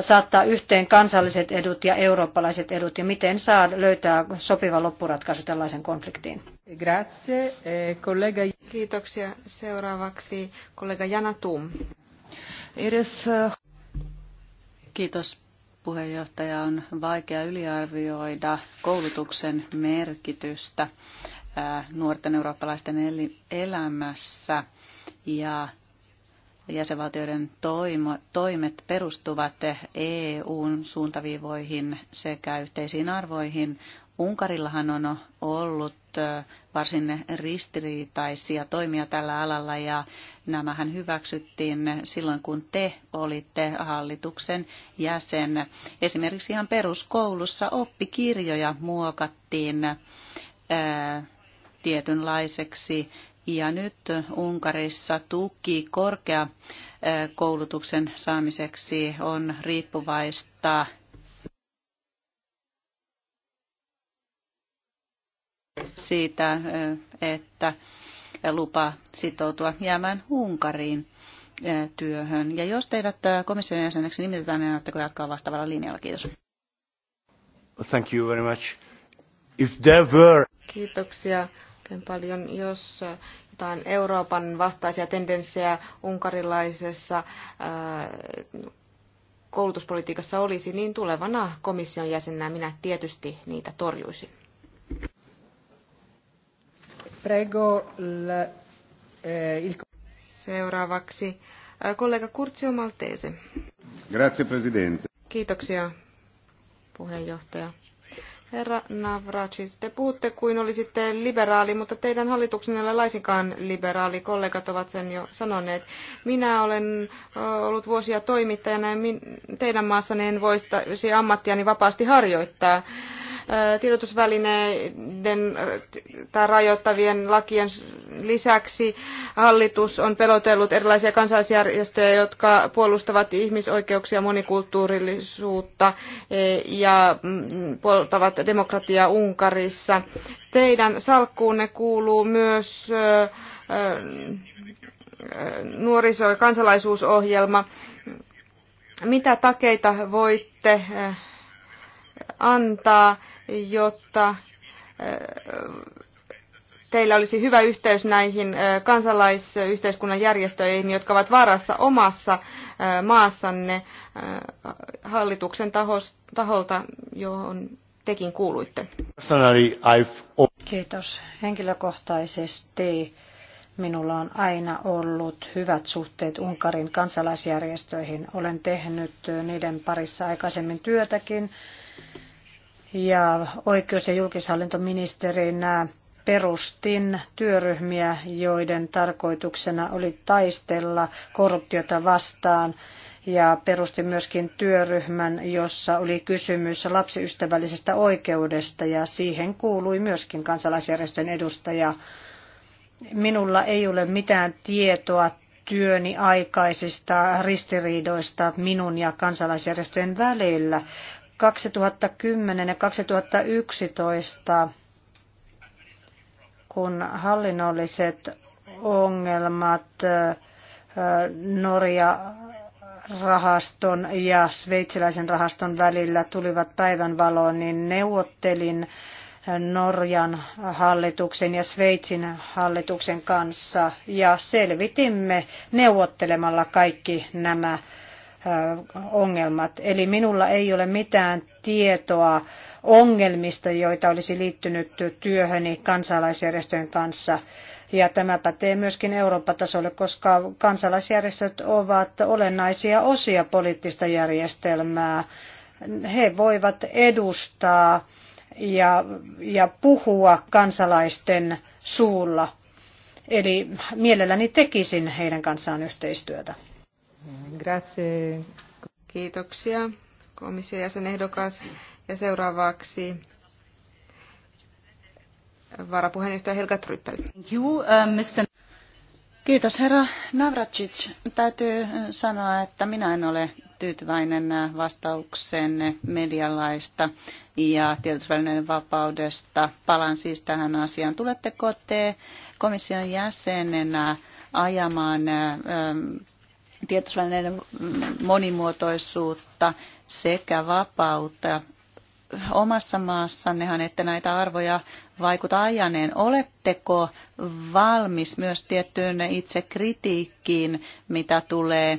saattaa yhteen kansalliset edut ja eurooppalaiset edut ja miten saa löytää sopiva loppuratkaisu tällaisen konfliktiin. Grazie, kollega. Eh, Kiitoksia. Seuraavaksi kollega Jana Tum. Kiitos puheenjohtaja. On vaikea yliarvioida koulutuksen merkitystä nuorten eurooppalaisten elämässä ja jäsenvaltioiden toimet perustuvat EUn suuntaviivoihin sekä yhteisiin arvoihin Unkarillahan on ollut varsin ristiriitaisia toimia tällä alalla ja nämähän hyväksyttiin silloin, kun te olitte hallituksen jäsen. Esimerkiksi ihan peruskoulussa oppikirjoja muokattiin ää, tietynlaiseksi ja nyt Unkarissa tuki korkea koulutuksen saamiseksi on riippuvaista siitä, että lupa sitoutua jäämään Unkariin työhön. Ja jos teidät komission jäseneksi nimitetään, niin annatteko jatkaa vastaavalla linjalla? Kiitos. Thank you very much. If there were... Kiitoksia oikein paljon. Jos jotain Euroopan vastaisia tendenssejä unkarilaisessa koulutuspolitiikassa olisi, niin tulevana komission jäsenä minä tietysti niitä torjuisin. Prego eh, il... Seuraavaksi eh, kollega Kurtsio Maltese. Grazie, presidente. Kiitoksia, puheenjohtaja. Herra Navracis, te puhutte kuin olisitte liberaali, mutta teidän hallituksenne ei ole laisinkaan liberaali. Kollegat ovat sen jo sanoneet. Minä olen ollut vuosia toimittajana ja teidän maassanne en voisi ammattiani vapaasti harjoittaa tiedotusvälineiden tai rajoittavien lakien lisäksi hallitus on pelotellut erilaisia kansalaisjärjestöjä, jotka puolustavat ihmisoikeuksia, monikulttuurillisuutta e, ja mm, puoltavat demokratiaa Unkarissa. Teidän salkkuunne kuuluu myös nuoriso- ja kansalaisuusohjelma. Mitä takeita voitte antaa jotta äh, teillä olisi hyvä yhteys näihin äh, kansalaisyhteiskunnan järjestöihin, jotka ovat varassa omassa äh, maassanne hallituksen taholta, johon tekin kuuluitte. Kiitos. Henkilökohtaisesti minulla on aina ollut hyvät suhteet Unkarin kansalaisjärjestöihin. Olen tehnyt niiden parissa aikaisemmin työtäkin ja oikeus- ja julkishallintoministerinä äh, perustin työryhmiä, joiden tarkoituksena oli taistella korruptiota vastaan ja perustin myöskin työryhmän, jossa oli kysymys lapsiystävällisestä oikeudesta ja siihen kuului myöskin kansalaisjärjestön edustaja. Minulla ei ole mitään tietoa työni aikaisista ristiriidoista minun ja kansalaisjärjestöjen välillä, 2010 ja 2011, kun hallinnolliset ongelmat Norja rahaston ja sveitsiläisen rahaston välillä tulivat päivänvaloon, niin neuvottelin Norjan hallituksen ja Sveitsin hallituksen kanssa ja selvitimme neuvottelemalla kaikki nämä ongelmat. Eli minulla ei ole mitään tietoa ongelmista, joita olisi liittynyt työhöni kansalaisjärjestöjen kanssa. Ja tämä pätee myöskin Eurooppa-tasolle, koska kansalaisjärjestöt ovat olennaisia osia poliittista järjestelmää. He voivat edustaa ja, ja puhua kansalaisten suulla. Eli mielelläni tekisin heidän kanssaan yhteistyötä. Grazie. Kiitoksia komission jäsenehdokas. Ja seuraavaksi varapuheenjohtaja Helga Tryppel. Uh, Kiitos herra Navracic. Täytyy uh, sanoa, että minä en ole tyytyväinen uh, vastaukseen medialaista ja tiedotusvälineiden vapaudesta. Palaan siis tähän asiaan. Tuletteko te komission jäsenenä ajamaan um, tietosvälineiden monimuotoisuutta sekä vapautta. Omassa maassannehan että näitä arvoja vaikuta ajaneen. Oletteko valmis myös tiettyyn itse kritiikkiin, mitä tulee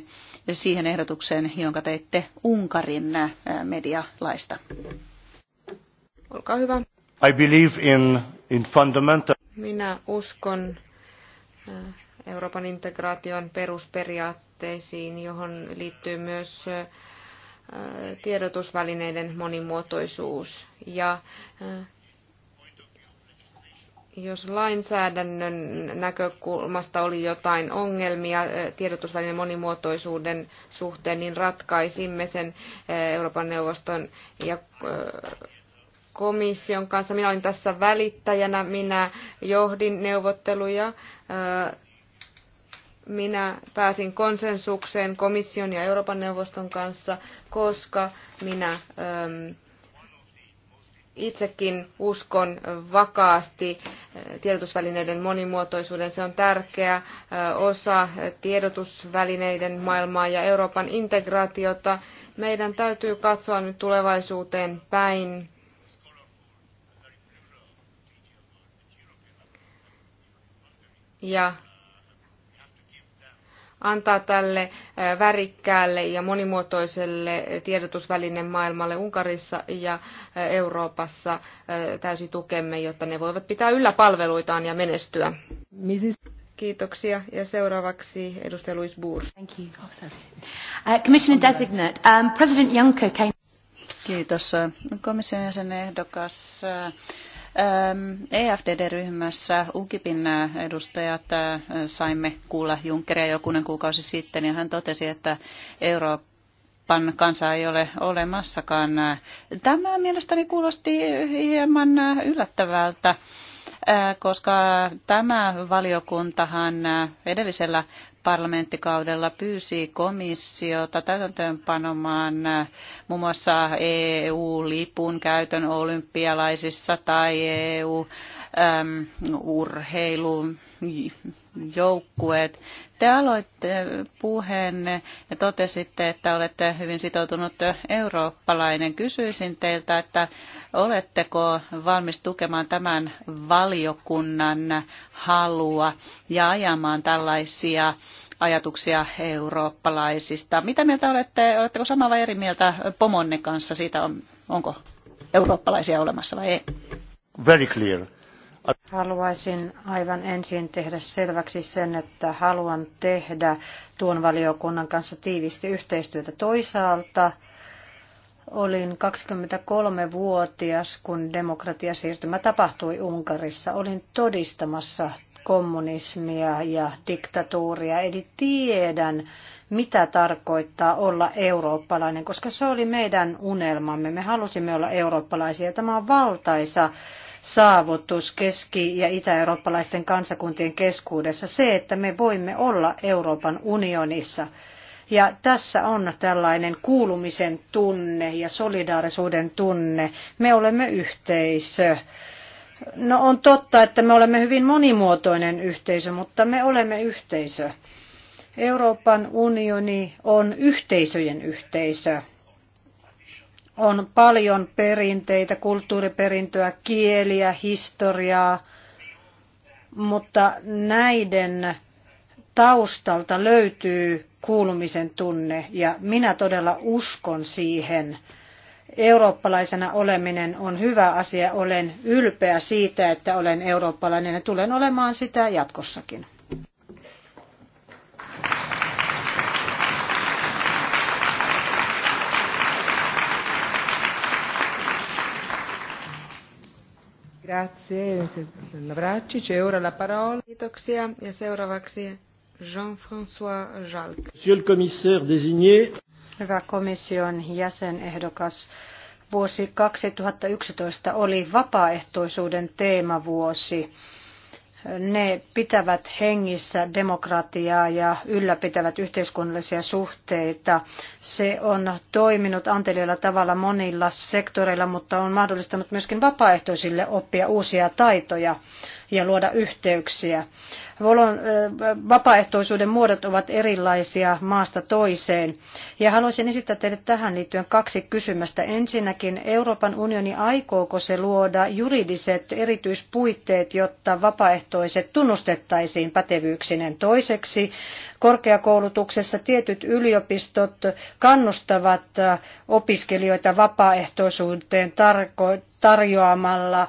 siihen ehdotukseen, jonka teitte Unkarin medialaista? Olkaa hyvä. I believe in, in fundamental... Minä uskon Euroopan integraation perusperiaatteeseen tavoitteisiin, johon liittyy myös tiedotusvälineiden monimuotoisuus. Ja jos lainsäädännön näkökulmasta oli jotain ongelmia tiedotusvälineen monimuotoisuuden suhteen, niin ratkaisimme sen Euroopan neuvoston ja komission kanssa. Minä olin tässä välittäjänä, minä johdin neuvotteluja minä pääsin konsensukseen komission ja Euroopan neuvoston kanssa, koska minä ähm, itsekin uskon vakaasti äh, tiedotusvälineiden monimuotoisuuden. Se on tärkeä äh, osa tiedotusvälineiden maailmaa ja Euroopan integraatiota. Meidän täytyy katsoa nyt tulevaisuuteen päin. Ja antaa tälle värikkäälle ja monimuotoiselle tiedotusvälineen maailmalle Unkarissa ja Euroopassa täysi tukemme, jotta ne voivat pitää yllä palveluitaan ja menestyä. Kiitoksia. Ja seuraavaksi edustaja Louis Bours. Thank you. Oh, sorry. Uh, Commissioner Designate, um, President Juncker came... Kiitos. Komission jäsenehdokas Ähm, EFDD-ryhmässä UKIPin äh, edustajat äh, saimme kuulla Junckeria jokunen kuukausi sitten ja hän totesi, että Eurooppa Pan kansa ei ole olemassakaan. Tämä mielestäni kuulosti hieman äh, yllättävältä koska tämä valiokuntahan edellisellä parlamenttikaudella pyysi komissiota täytäntöönpanomaan muun muassa EU-lipun käytön olympialaisissa tai EU- äm, urheilu, joukkueet. Te aloitte puheenne ja totesitte, että olette hyvin sitoutunut eurooppalainen. Kysyisin teiltä, että oletteko valmis tukemaan tämän valiokunnan halua ja ajamaan tällaisia ajatuksia eurooppalaisista. Mitä mieltä olette, oletteko samaa vai eri mieltä pomonne kanssa siitä, on, onko eurooppalaisia olemassa vai ei? Very clear. Haluaisin aivan ensin tehdä selväksi sen, että haluan tehdä tuon valiokunnan kanssa tiivisti yhteistyötä toisaalta. Olin 23-vuotias, kun demokratiasiirtymä tapahtui Unkarissa. Olin todistamassa kommunismia ja diktatuuria, eli tiedän, mitä tarkoittaa olla eurooppalainen, koska se oli meidän unelmamme. Me halusimme olla eurooppalaisia. Tämä on valtaisa saavutus keski- ja itä-eurooppalaisten kansakuntien keskuudessa, se, että me voimme olla Euroopan unionissa. Ja tässä on tällainen kuulumisen tunne ja solidaarisuuden tunne. Me olemme yhteisö. No on totta, että me olemme hyvin monimuotoinen yhteisö, mutta me olemme yhteisö. Euroopan unioni on yhteisöjen yhteisö on paljon perinteitä, kulttuuriperintöä, kieliä, historiaa, mutta näiden taustalta löytyy kuulumisen tunne ja minä todella uskon siihen. Eurooppalaisena oleminen on hyvä asia. Olen ylpeä siitä, että olen eurooppalainen ja tulen olemaan sitä jatkossakin. Grazie, Navracic. E ora la parola. Kiitoksia. Ja seuraavaksi Jean-François Jalk. Monsieur le commissaire désigné. Hyvä komission jäsenehdokas. Vuosi 2011 oli vapaaehtoisuuden teemavuosi ne pitävät hengissä demokratiaa ja ylläpitävät yhteiskunnallisia suhteita. Se on toiminut antelialla tavalla monilla sektoreilla, mutta on mahdollistanut myöskin vapaaehtoisille oppia uusia taitoja ja luoda yhteyksiä vapaaehtoisuuden muodot ovat erilaisia maasta toiseen. Ja haluaisin esittää teille tähän liittyen kaksi kysymystä. Ensinnäkin Euroopan unioni aikooko se luoda juridiset erityispuitteet, jotta vapaaehtoiset tunnustettaisiin pätevyyksinen toiseksi. Korkeakoulutuksessa tietyt yliopistot kannustavat opiskelijoita vapaaehtoisuuteen tarjoamalla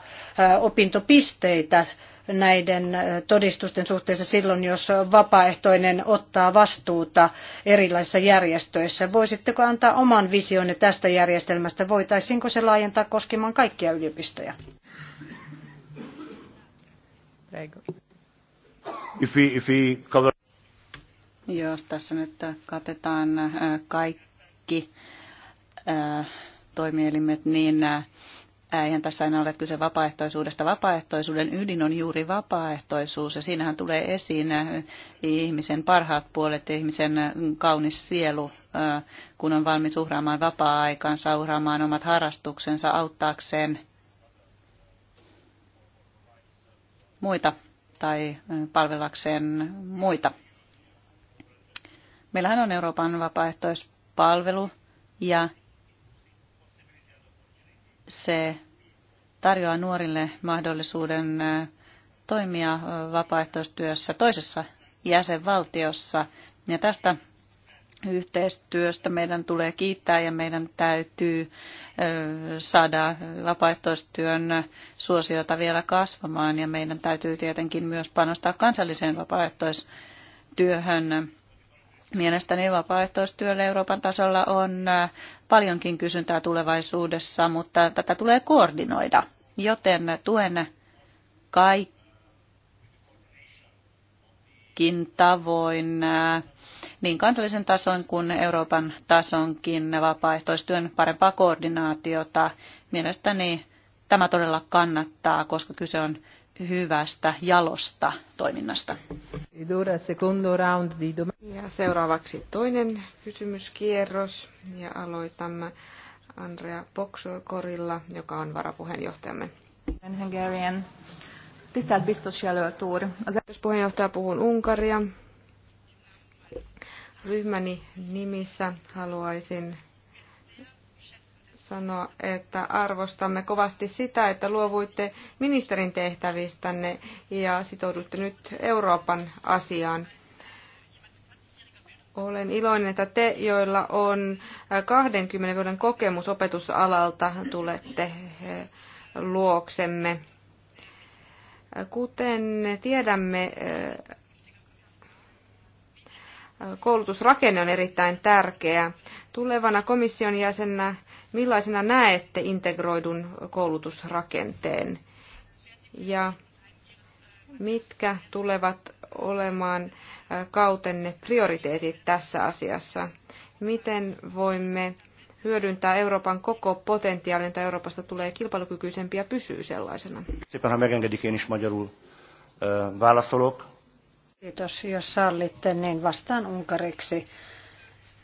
opintopisteitä näiden todistusten suhteessa silloin, jos vapaaehtoinen ottaa vastuuta erilaisissa järjestöissä. Voisitteko antaa oman visionne tästä järjestelmästä? Voitaisiinko se laajentaa koskemaan kaikkia yliopistoja? If we, if we cover... Jos tässä nyt katetaan kaikki toimielimet, niin Eihän tässä aina ole kyse vapaaehtoisuudesta. Vapaaehtoisuuden ydin on juuri vapaaehtoisuus ja siinähän tulee esiin äh, ihmisen parhaat puolet ihmisen äh, kaunis sielu, äh, kun on valmis uhraamaan vapaa aikansa uhraamaan omat harrastuksensa auttaakseen muita tai palvelakseen muita. Meillähän on Euroopan vapaaehtoispalvelu ja se tarjoaa nuorille mahdollisuuden toimia vapaaehtoistyössä toisessa jäsenvaltiossa. Ja tästä yhteistyöstä meidän tulee kiittää ja meidän täytyy saada vapaaehtoistyön suosiota vielä kasvamaan ja meidän täytyy tietenkin myös panostaa kansalliseen vapaaehtoistyöhön Mielestäni vapaaehtoistyölle Euroopan tasolla on äh, paljonkin kysyntää tulevaisuudessa, mutta tätä tulee koordinoida, joten tuen kaikkin tavoin äh, niin kansallisen tason kuin Euroopan tasonkin vapaaehtoistyön parempaa koordinaatiota. Mielestäni tämä todella kannattaa, koska kyse on hyvästä jalosta toiminnasta. Ja seuraavaksi toinen kysymyskierros ja aloitamme Andrea Poksokorilla, joka on varapuheenjohtajamme. Hungarian. puheenjohtaja puhun Unkaria. Ryhmäni nimissä haluaisin sanoa, että arvostamme kovasti sitä, että luovuitte ministerin tehtävistänne ja sitoudutte nyt Euroopan asiaan. Olen iloinen, että te, joilla on 20 vuoden kokemus opetusalalta, tulette luoksemme. Kuten tiedämme, koulutusrakenne on erittäin tärkeä. Tulevana komission jäsenä Millaisena näette integroidun koulutusrakenteen ja mitkä tulevat olemaan äh, kautenne prioriteetit tässä asiassa? Miten voimme hyödyntää Euroopan koko potentiaalin, että Euroopasta tulee kilpailukykyisempi ja pysyy sellaisena? Kiitos, jos sallitte, niin vastaan unkariksi.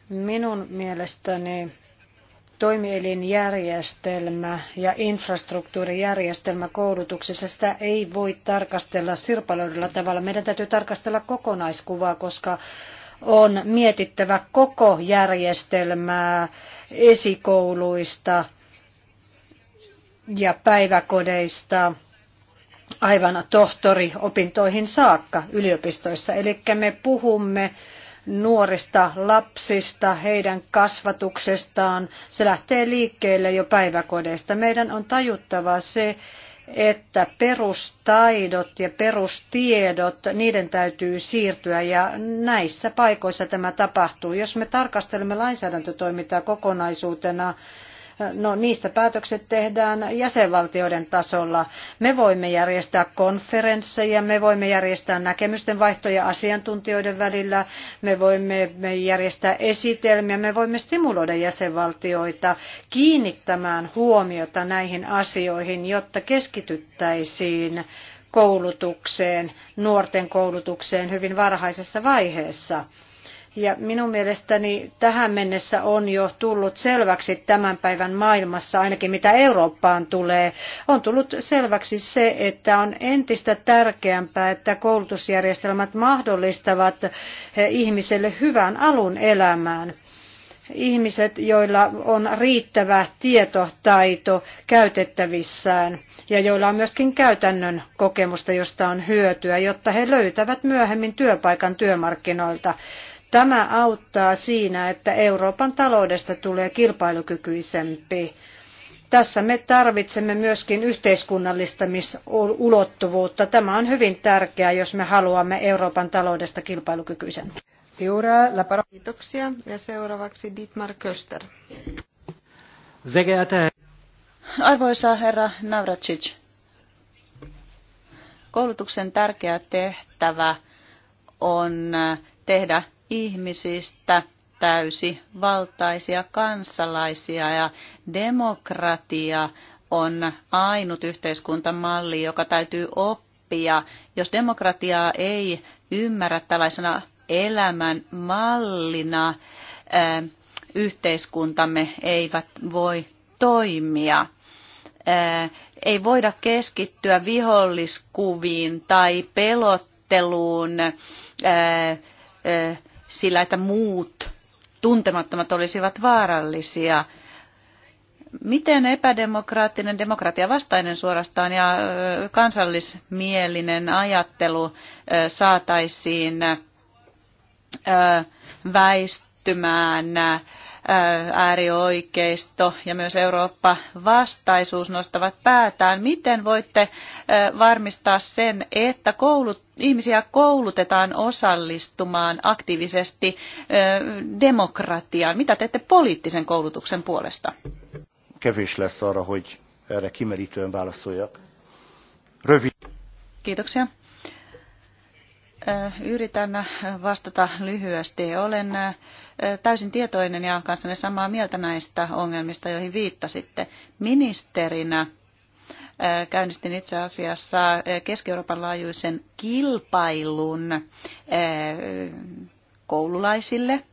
Minun mielestäni toimielinjärjestelmä ja infrastruktuurijärjestelmä koulutuksessa, sitä ei voi tarkastella sirpaloidulla tavalla. Meidän täytyy tarkastella kokonaiskuvaa, koska on mietittävä koko järjestelmää esikouluista ja päiväkodeista aivan tohtoriopintoihin saakka yliopistoissa. Eli me puhumme nuorista lapsista, heidän kasvatuksestaan. Se lähtee liikkeelle jo päiväkodeista. Meidän on tajuttava se, että perustaidot ja perustiedot, niiden täytyy siirtyä ja näissä paikoissa tämä tapahtuu. Jos me tarkastelemme lainsäädäntötoimintaa kokonaisuutena, No niistä päätökset tehdään jäsenvaltioiden tasolla. Me voimme järjestää konferensseja, me voimme järjestää näkemysten vaihtoja asiantuntijoiden välillä, me voimme järjestää esitelmiä, me voimme stimuloida jäsenvaltioita kiinnittämään huomiota näihin asioihin, jotta keskityttäisiin koulutukseen, nuorten koulutukseen hyvin varhaisessa vaiheessa. Ja minun mielestäni tähän mennessä on jo tullut selväksi tämän päivän maailmassa, ainakin mitä Eurooppaan tulee, on tullut selväksi se, että on entistä tärkeämpää, että koulutusjärjestelmät mahdollistavat eh, ihmiselle hyvän alun elämään ihmiset, joilla on riittävä tietotaito käytettävissään ja joilla on myöskin käytännön kokemusta, josta on hyötyä, jotta he löytävät myöhemmin työpaikan työmarkkinoilta. Tämä auttaa siinä, että Euroopan taloudesta tulee kilpailukykyisempi. Tässä me tarvitsemme myöskin yhteiskunnallistamisulottuvuutta. Tämä on hyvin tärkeää, jos me haluamme Euroopan taloudesta kilpailukykyisen. Kiitoksia. Ja seuraavaksi Dietmar Köster. Arvoisa herra Navracic, koulutuksen tärkeä tehtävä on tehdä ihmisistä täysivaltaisia kansalaisia ja demokratia on ainut yhteiskuntamalli, joka täytyy oppia. Jos demokratiaa ei ymmärrä tällaisena elämän mallina, eh, yhteiskuntamme eivät voi toimia. Eh, ei voida keskittyä viholliskuviin tai pelotteluun eh, sillä, että muut tuntemattomat olisivat vaarallisia. Miten epädemokraattinen, demokratia vastainen suorastaan ja kansallismielinen ajattelu saataisiin väistymään äärioikeisto ja myös Eurooppa-vastaisuus nostavat päätään. Miten voitte varmistaa sen, että koulut ihmisiä koulutetaan osallistumaan aktiivisesti demokratiaan. Mitä teette poliittisen koulutuksen puolesta? Kevés lesz arra, hogy erre kimerítően válaszoljak. Rövid. Kiitoksia. Yritän vastata lyhyesti. Olen täysin tietoinen ja kanssanne samaa mieltä näistä ongelmista, joihin viittasitte. Ministerinä Äh, käynnistin itse asiassa äh, Keski-Euroopan laajuisen kilpailun äh, koululaisille.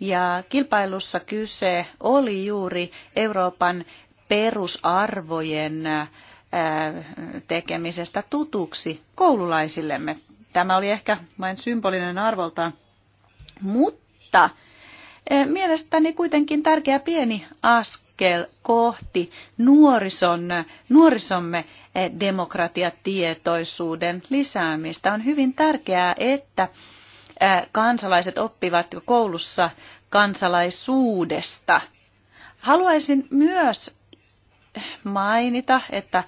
Ja kilpailussa kyse oli juuri Euroopan perusarvojen tekemisestä tutuksi koululaisillemme. Tämä oli ehkä vain symbolinen arvolta, mutta mielestäni kuitenkin tärkeä pieni askel kohti nuorison, nuorisomme demokratiatietoisuuden lisäämistä. On hyvin tärkeää, että kansalaiset oppivat jo koulussa kansalaisuudesta. Haluaisin myös mainita, että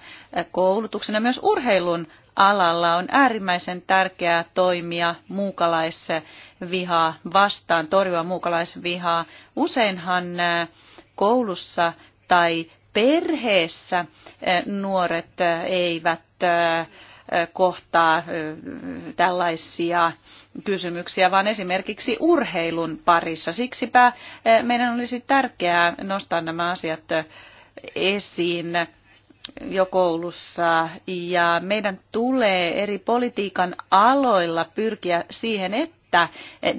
koulutuksen myös urheilun alalla on äärimmäisen tärkeää toimia muukalaisessa vihaa vastaan, torjua muukalaisvihaa. Useinhan äh, koulussa tai perheessä äh, nuoret äh, eivät kohtaa tällaisia kysymyksiä, vaan esimerkiksi urheilun parissa. Siksipä meidän olisi tärkeää nostaa nämä asiat esiin jo koulussa ja meidän tulee eri politiikan aloilla pyrkiä siihen, että että eh,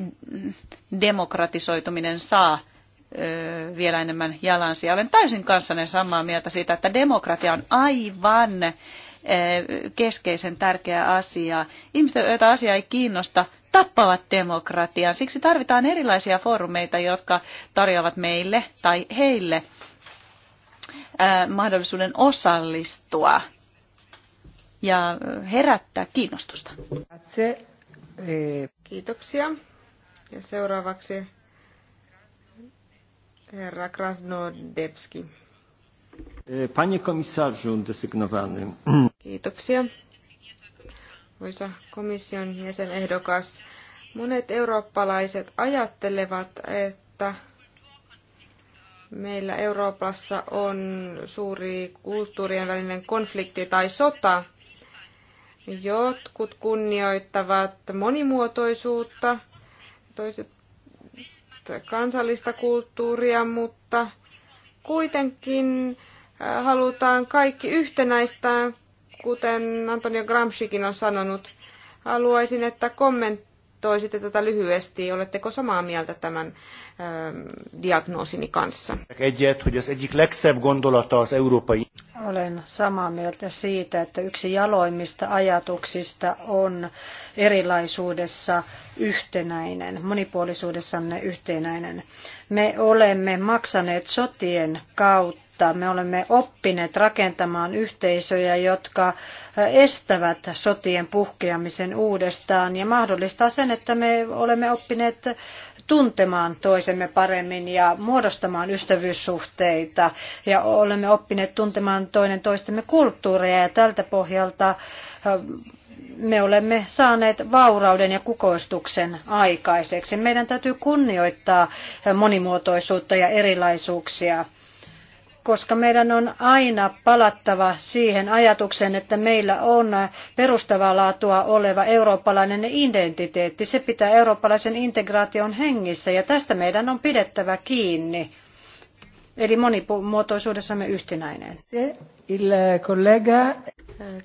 demokratisoituminen saa eh, vielä enemmän jalansia. Olen täysin kanssanne samaa mieltä siitä, että demokratia on aivan eh, keskeisen tärkeä asia. Ihmiset, joita asia ei kiinnosta, tappavat demokratian. Siksi tarvitaan erilaisia foorumeita, jotka tarjoavat meille tai heille mahdollisuuden osallistua ja herättää kiinnostusta. Se, e... Kiitoksia. Ja seuraavaksi herra Krasnodebski. Panie komisarzu desygnowany. Kiitoksia. Voisa komission jäsenehdokas. Monet eurooppalaiset ajattelevat, että meillä Euroopassa on suuri kulttuurien välinen konflikti tai sota. Jotkut kunnioittavat monimuotoisuutta, toiset kansallista kulttuuria, mutta kuitenkin halutaan kaikki yhtenäistää, kuten Antonio Gramscikin on sanonut. Haluaisin, että kommentti kommentoisitte tätä lyhyesti. Oletteko samaa mieltä tämän ähm, diagnoosini kanssa? Olen samaa mieltä siitä, että yksi jaloimmista ajatuksista on erilaisuudessa yhtenäinen, monipuolisuudessanne yhtenäinen. Me olemme maksaneet sotien kautta mutta me olemme oppineet rakentamaan yhteisöjä, jotka estävät sotien puhkeamisen uudestaan ja mahdollistaa sen, että me olemme oppineet tuntemaan toisemme paremmin ja muodostamaan ystävyyssuhteita ja olemme oppineet tuntemaan toinen toistemme kulttuureja ja tältä pohjalta me olemme saaneet vaurauden ja kukoistuksen aikaiseksi. Meidän täytyy kunnioittaa monimuotoisuutta ja erilaisuuksia koska meidän on aina palattava siihen ajatukseen, että meillä on perustavaa laatua oleva eurooppalainen identiteetti. Se pitää eurooppalaisen integraation hengissä ja tästä meidän on pidettävä kiinni. Eli monimuotoisuudessamme yhtenäinen.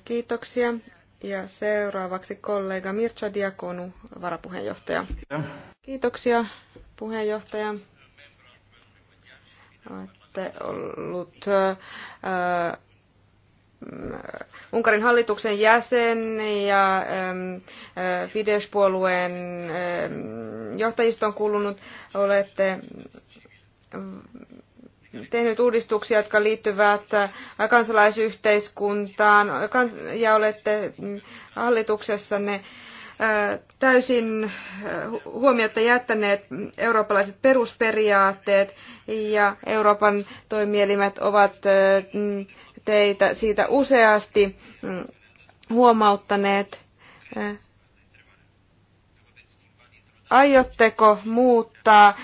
Kiitoksia. Ja seuraavaksi kollega Mircea Diakonu, varapuheenjohtaja. Kiitoksia puheenjohtaja ollut äh, Unkarin hallituksen jäsen ja ähm, äh, Fidesz-puolueen ähm, johtajistoon kuulunut. Olette tehnyt uudistuksia, jotka liittyvät äh, kansalaisyhteiskuntaan ja olette mm, hallituksessanne täysin huomiota jättäneet eurooppalaiset perusperiaatteet ja Euroopan toimielimet ovat teitä siitä useasti mm, huomauttaneet. Aiotteko muuttaa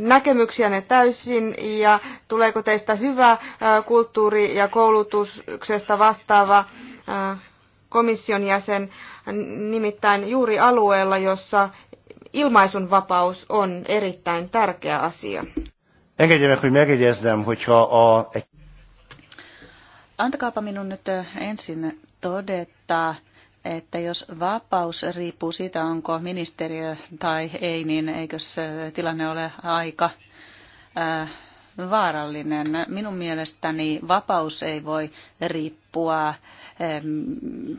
näkemyksiänne täysin ja tuleeko teistä hyvä kulttuuri- ja koulutuksesta vastaava komission jäsen, nimittäin juuri alueella, jossa ilmaisunvapaus on erittäin tärkeä asia. Antakaapa minun nyt ensin todeta, että jos vapaus riippuu siitä, onko ministeriö tai ei, niin se tilanne ole aika vaarallinen. Minun mielestäni vapaus ei voi riippua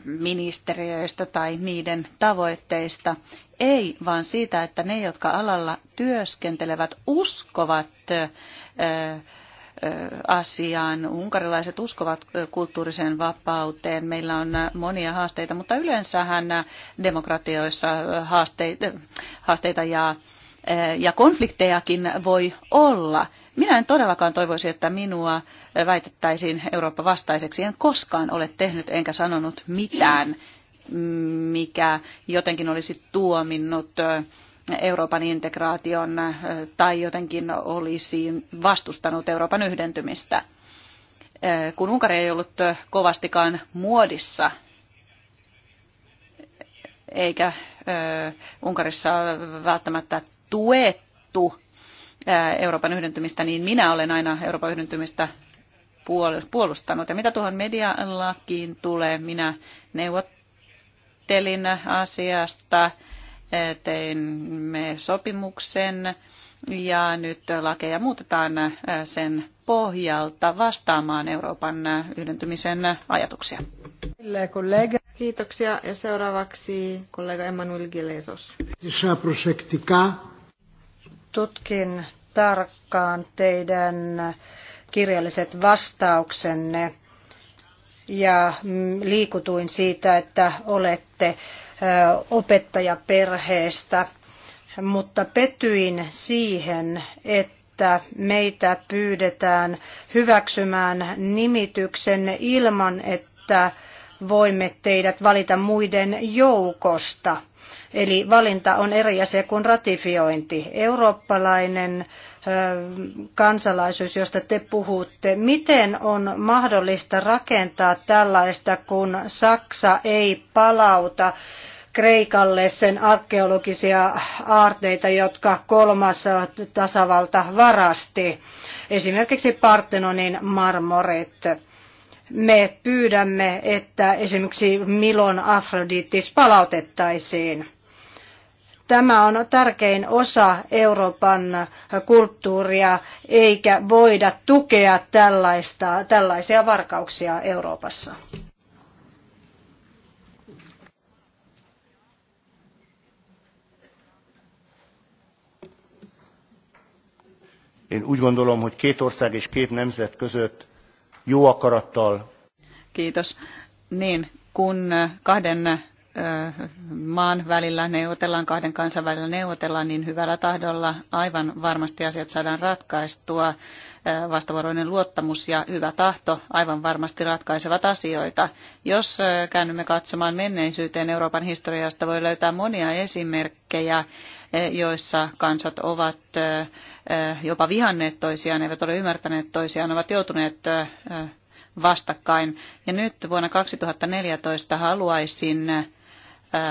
ministeriöistä tai niiden tavoitteista. Ei, vaan siitä, että ne, jotka alalla työskentelevät, uskovat asiaan. Unkarilaiset uskovat kulttuuriseen vapauteen. Meillä on monia haasteita, mutta yleensähän demokratioissa haasteita, ja konfliktejakin voi olla. Minä en todellakaan toivoisi, että minua väitettäisiin Eurooppa-vastaiseksi. En koskaan ole tehnyt enkä sanonut mitään, mikä jotenkin olisi tuominnut Euroopan integraation tai jotenkin olisi vastustanut Euroopan yhdentymistä. Kun Unkari ei ollut kovastikaan muodissa, eikä Unkarissa välttämättä tuettu Euroopan yhdentymistä, niin minä olen aina Euroopan yhdentymistä puolustanut. Ja mitä tuohon medialakiin tulee, minä neuvottelin asiasta, teimme sopimuksen ja nyt lakeja muutetaan sen pohjalta vastaamaan Euroopan yhdentymisen ajatuksia. Kiitoksia ja seuraavaksi kollega Emmanuel Gilesos tutkin tarkkaan teidän kirjalliset vastauksenne ja liikutuin siitä, että olette opettajaperheestä, mutta petyin siihen, että meitä pyydetään hyväksymään nimityksen ilman, että voimme teidät valita muiden joukosta – Eli valinta on eri asia kuin ratifiointi. Eurooppalainen kansalaisuus, josta te puhutte. Miten on mahdollista rakentaa tällaista, kun Saksa ei palauta Kreikalle sen arkeologisia aarteita, jotka kolmas tasavalta varasti, esimerkiksi Partenonin marmoret me pyydämme, että esimerkiksi Milon Afroditis palautettaisiin. Tämä on tärkein osa Euroopan kulttuuria, eikä voida tukea tällaista, tällaisia varkauksia Euroopassa. Én úgy gondolom, hogy két ország és két nemzet között jó akarattal. Kiitos. Niin, kun kahden maan välillä neuvotellaan, kahden kansan välillä neuvotellaan, niin hyvällä tahdolla aivan varmasti asiat saadaan ratkaistua vastavuoroinen luottamus ja hyvä tahto aivan varmasti ratkaisevat asioita. Jos käännymme katsomaan menneisyyteen Euroopan historiasta, voi löytää monia esimerkkejä, joissa kansat ovat jopa vihanneet toisiaan, eivät ole ymmärtäneet toisiaan, ovat joutuneet vastakkain. Ja nyt vuonna 2014 haluaisin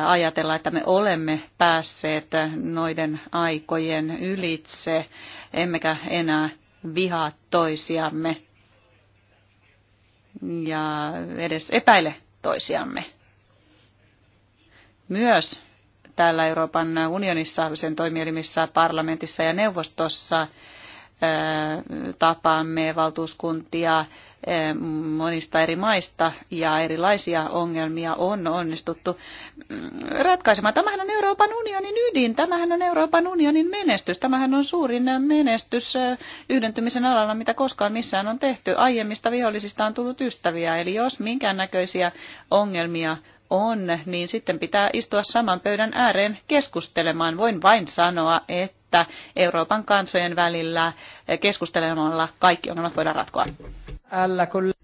ajatella, että me olemme päässeet noiden aikojen ylitse, emmekä enää vihaa toisiamme ja edes epäile toisiamme. Myös täällä Euroopan unionissa, sen toimielimissä, parlamentissa ja neuvostossa tapaamme valtuuskuntia Eh, monista eri maista ja erilaisia ongelmia on onnistuttu mm, ratkaisemaan. Tämähän on Euroopan unionin ydin, tämähän on Euroopan unionin menestys, tämähän on suurin menestys eh, yhdentymisen alalla, mitä koskaan missään on tehty. Aiemmista vihollisista on tullut ystäviä, eli jos minkäännäköisiä ongelmia on, niin sitten pitää istua saman pöydän ääreen keskustelemaan. Voin vain sanoa, että että Euroopan kansojen välillä keskustelemalla kaikki ongelmat voidaan ratkoa.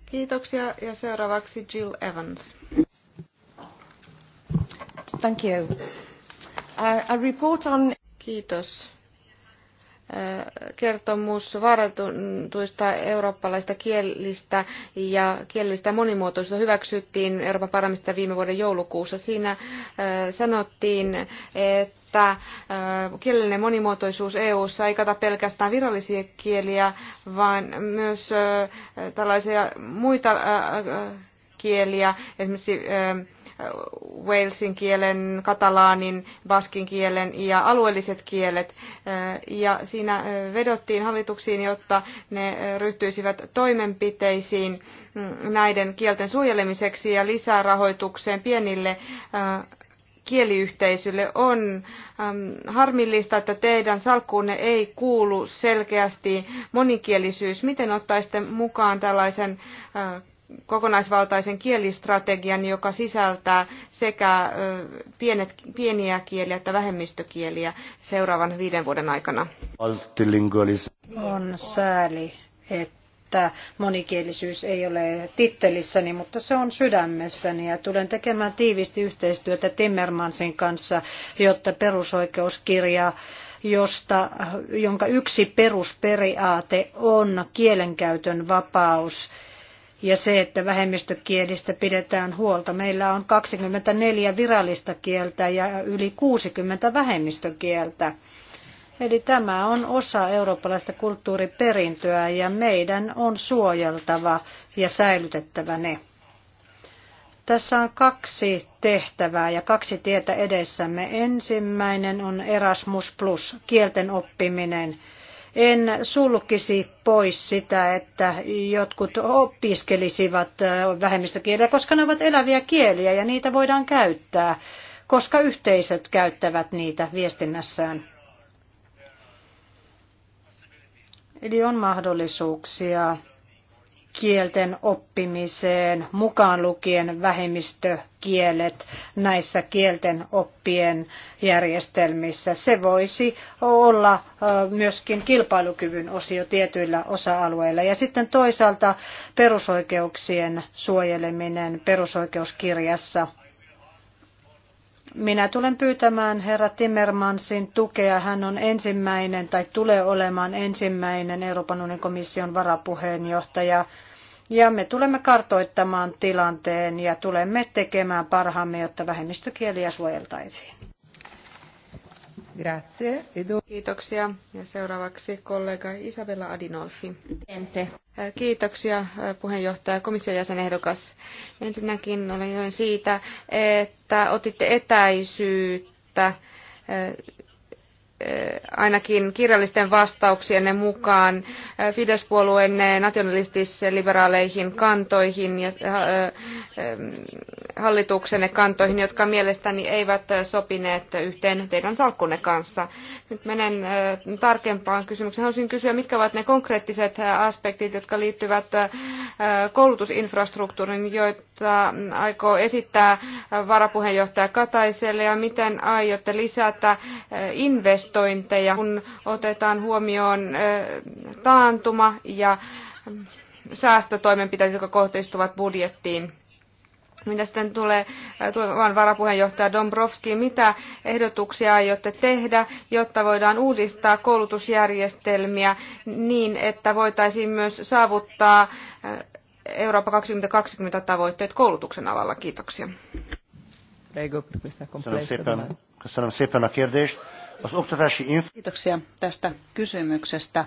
Kiitoksia ja seuraavaksi Jill Evans. Thank you. Uh, a report on... Kiitos uh, kertomus varatuista eurooppalaista kielistä ja kielistä monimuotoisuutta hyväksyttiin Euroopan parlamentista viime vuoden joulukuussa. Siinä uh, sanottiin, että että kielellinen monimuotoisuus EU:ssa ei kata pelkästään virallisia kieliä, vaan myös tällaisia muita kieliä, esimerkiksi Walesin kielen, katalaanin, baskin kielen ja alueelliset kielet. Ja siinä vedottiin hallituksiin, jotta ne ryhtyisivät toimenpiteisiin mm, näiden kielten suojelemiseksi ja lisärahoitukseen pienille kieliyhteisölle. On äm, harmillista, että teidän salkkuunne ei kuulu selkeästi monikielisyys. Miten ottaisitte mukaan tällaisen äh, kokonaisvaltaisen kielistrategian, joka sisältää sekä pienet, pieniä kieliä että vähemmistökieliä seuraavan viiden vuoden aikana? On sääli, että että monikielisyys ei ole tittelissäni, mutta se on sydämessäni ja tulen tekemään tiivisti yhteistyötä Timmermansin kanssa, jotta perusoikeuskirja josta, jonka yksi perusperiaate on kielenkäytön vapaus ja se, että vähemmistökielistä pidetään huolta. Meillä on 24 virallista kieltä ja yli 60 vähemmistökieltä. Eli tämä on osa eurooppalaista kulttuuriperintöä ja meidän on suojeltava ja säilytettävä ne. Tässä on kaksi tehtävää ja kaksi tietä edessämme. Ensimmäinen on Erasmus Plus, kielten oppiminen. En sulkisi pois sitä, että jotkut opiskelisivat vähemmistökieliä, koska ne ovat eläviä kieliä ja niitä voidaan käyttää, koska yhteisöt käyttävät niitä viestinnässään Eli on mahdollisuuksia kielten oppimiseen, mukaan lukien vähemmistökielet näissä kielten oppien järjestelmissä. Se voisi olla myöskin kilpailukyvyn osio tietyillä osa-alueilla. Ja sitten toisaalta perusoikeuksien suojeleminen perusoikeuskirjassa – minä tulen pyytämään herra Timmermansin tukea. Hän on ensimmäinen tai tulee olemaan ensimmäinen Euroopan unionin komission varapuheenjohtaja. Ja me tulemme kartoittamaan tilanteen ja tulemme tekemään parhaamme, jotta vähemmistökieliä suojeltaisiin. Grazie. E kiitoksia. Ja seuraavaksi kollega Isabella Adinolfi. Ente. Kiitoksia puheenjohtaja, komission jäsenehdokas. Ensinnäkin olen iloinen siitä, että otitte etäisyyttä Eh, ainakin kirjallisten vastauksienne mukaan eh, Fidesz-puolueenne nationalistis-liberaaleihin kantoihin ja eh, hallituksenne kantoihin, jotka mielestäni eivät sopineet yhteen teidän salkkunne kanssa. Nyt menen tarkempaan kysymykseen. Haluaisin kysyä, mitkä ovat ne konkreettiset aspektit, jotka liittyvät koulutusinfrastruktuuriin, joita aikoo esittää varapuheenjohtaja Kataiselle ja miten aiotte lisätä investointeja investointeja, kun otetaan huomioon taantuma ja säästötoimenpiteet, jotka kohdistuvat budjettiin. Mitä sitten tulee tulevan varapuheenjohtaja Dombrovski, mitä ehdotuksia aiotte tehdä, jotta voidaan uudistaa koulutusjärjestelmiä niin, että voitaisiin myös saavuttaa Eurooppa 2020 tavoitteet koulutuksen alalla? Kiitoksia. Köszönöm szépen a kérdést. Kiitoksia tästä kysymyksestä.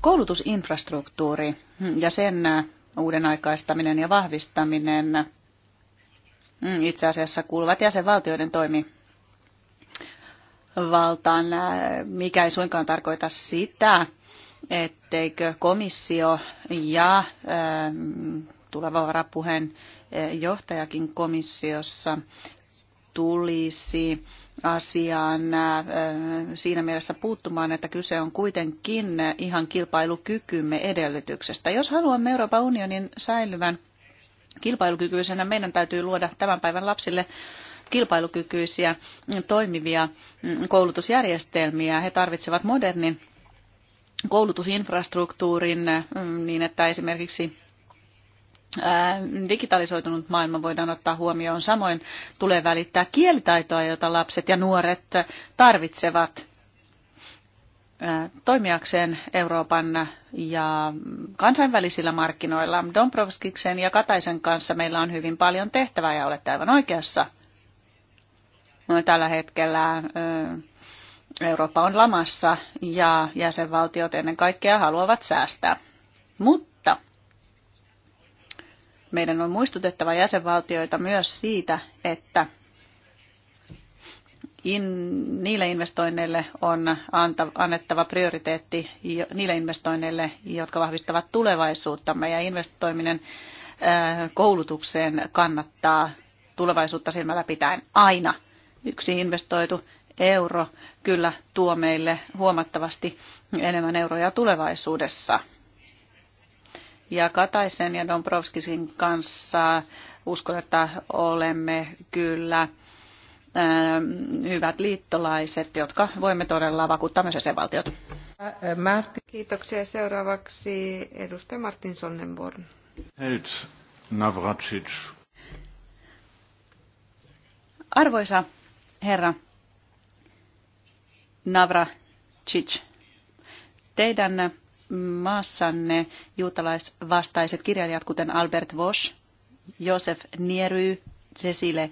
Koulutusinfrastruktuuri ja sen äh, uuden aikaistaminen ja vahvistaminen mm, itse asiassa kuuluvat jäsenvaltioiden toimi valtaan, äh, mikä ei suinkaan tarkoita sitä, etteikö komissio ja äh, tuleva varapuheen johtajakin komissiossa tulisi asiaan äh, äh, siinä mielessä puuttumaan, että kyse on kuitenkin ihan kilpailukykymme edellytyksestä. Jos haluamme Euroopan unionin säilyvän kilpailukykyisenä, meidän täytyy luoda tämän päivän lapsille kilpailukykyisiä mm, toimivia mm, koulutusjärjestelmiä. He tarvitsevat modernin koulutusinfrastruktuurin mm, niin, että esimerkiksi digitalisoitunut maailma voidaan ottaa huomioon. Samoin tulee välittää kielitaitoa, jota lapset ja nuoret tarvitsevat toimijakseen Euroopan ja kansainvälisillä markkinoilla. Dombrovskiksen ja Kataisen kanssa meillä on hyvin paljon tehtävää ja olette aivan oikeassa. No, tällä hetkellä Eurooppa on lamassa ja jäsenvaltiot ennen kaikkea haluavat säästää. Mutta meidän on muistutettava jäsenvaltioita myös siitä, että in, niille investoinneille on anta, annettava prioriteetti niille investoinneille, jotka vahvistavat tulevaisuuttamme ja investoiminen koulutukseen kannattaa tulevaisuutta silmällä pitäen aina. Yksi investoitu euro kyllä tuo meille huomattavasti enemmän euroja tulevaisuudessa ja Kataisen ja Dombrovskisin kanssa uskon, että olemme kyllä ähm, hyvät liittolaiset, jotka voimme todella vakuuttaa myös jäsenvaltiot. Kiitoksia. Seuraavaksi edustaja Martin Sonnenborn. Held Navracic. Arvoisa herra Navracic, teidän maassanne juutalaisvastaiset kirjailijat, kuten Albert Vosch, Josef Niery, Cecile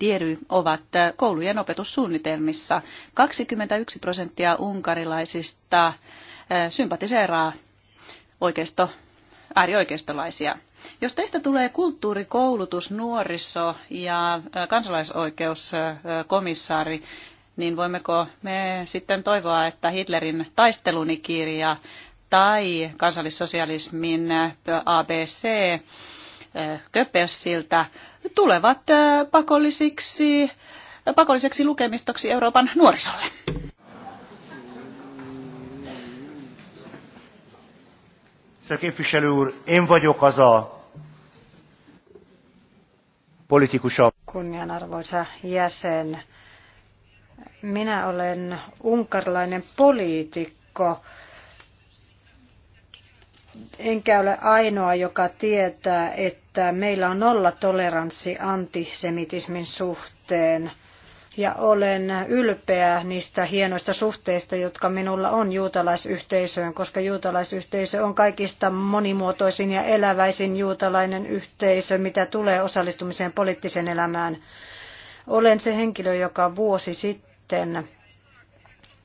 Diery ovat koulujen opetussuunnitelmissa. 21 prosenttia unkarilaisista sympatiseeraa oikeisto, äärioikeistolaisia. Jos teistä tulee kulttuurikoulutus nuoriso ja kansalaisoikeuskomissaari, niin voimmeko me sitten toivoa, että Hitlerin taistelunikirja tai kansallissosialismin eh, ABC eh, köpessiltä tulevat eh, pakollisiksi, pakolliseksi lukemistoksi Euroopan nuorisolle. Képviselő én vagyok az a politikusa. Kunnianarvoisa jäsen, minä olen Unkarlainen poliitikko, enkä ole ainoa, joka tietää, että meillä on nolla toleranssi antisemitismin suhteen. Ja olen ylpeä niistä hienoista suhteista, jotka minulla on juutalaisyhteisöön, koska juutalaisyhteisö on kaikista monimuotoisin ja eläväisin juutalainen yhteisö, mitä tulee osallistumiseen poliittiseen elämään. Olen se henkilö, joka vuosi sitten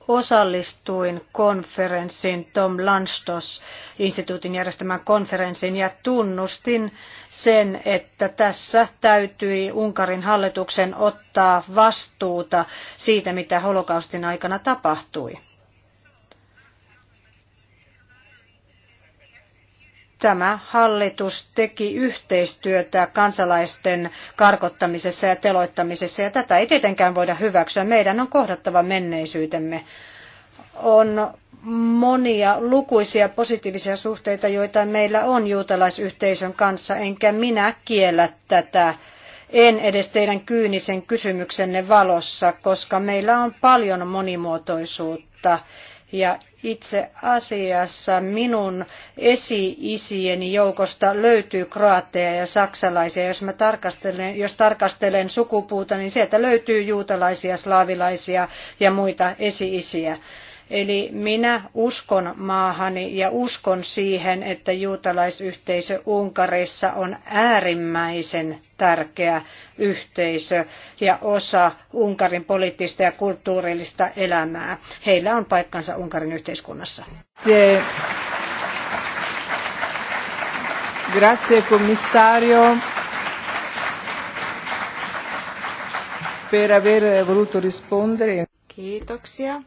osallistuin konferenssiin, Tom Lanstos instituutin järjestämään konferenssiin ja tunnustin sen, että tässä täytyi Unkarin hallituksen ottaa vastuuta siitä, mitä holokaustin aikana tapahtui. tämä hallitus teki yhteistyötä kansalaisten karkottamisessa ja teloittamisessa, ja tätä ei tietenkään voida hyväksyä. Meidän on kohdattava menneisyytemme. On monia lukuisia positiivisia suhteita, joita meillä on juutalaisyhteisön kanssa, enkä minä kiellä tätä. En edes teidän kyynisen kysymyksenne valossa, koska meillä on paljon monimuotoisuutta ja itse asiassa minun esi-isieni joukosta löytyy kroatteja ja saksalaisia. Jos, mä tarkastelen, jos tarkastelen sukupuuta, niin sieltä löytyy juutalaisia, slaavilaisia ja muita esi-isiä. Eli minä uskon maahani ja uskon siihen, että juutalaisyhteisö Unkarissa on äärimmäisen tärkeä yhteisö ja osa Unkarin poliittista ja kulttuurillista elämää. Heillä on paikkansa Unkarin yhteiskunnassa. Se... Grazie commissario per aver voluto rispondere. Kiitoksia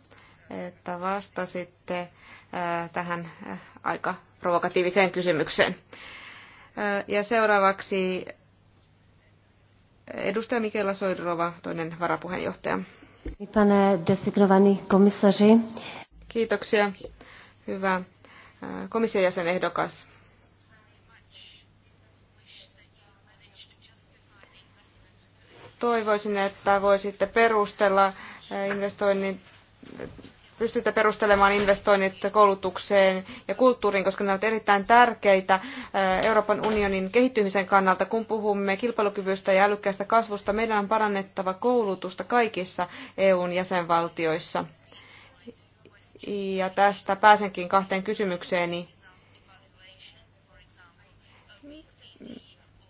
että vastasitte äh, tähän äh, aika provokatiiviseen kysymykseen. Äh, ja seuraavaksi edustaja Mikela Soidrova, toinen varapuheenjohtaja. Kiitoksia. Hyvä komission jäsenehdokas. Toivoisin, että voisitte perustella investoinnin pystytte perustelemaan investoinnit koulutukseen ja kulttuuriin, koska ne ovat erittäin tärkeitä eh, Euroopan unionin kehittymisen kannalta. Kun puhumme kilpailukyvystä ja älykkäästä kasvusta, meidän on parannettava koulutusta kaikissa EUn jäsenvaltioissa. Ja tästä pääsenkin kahteen kysymykseeni.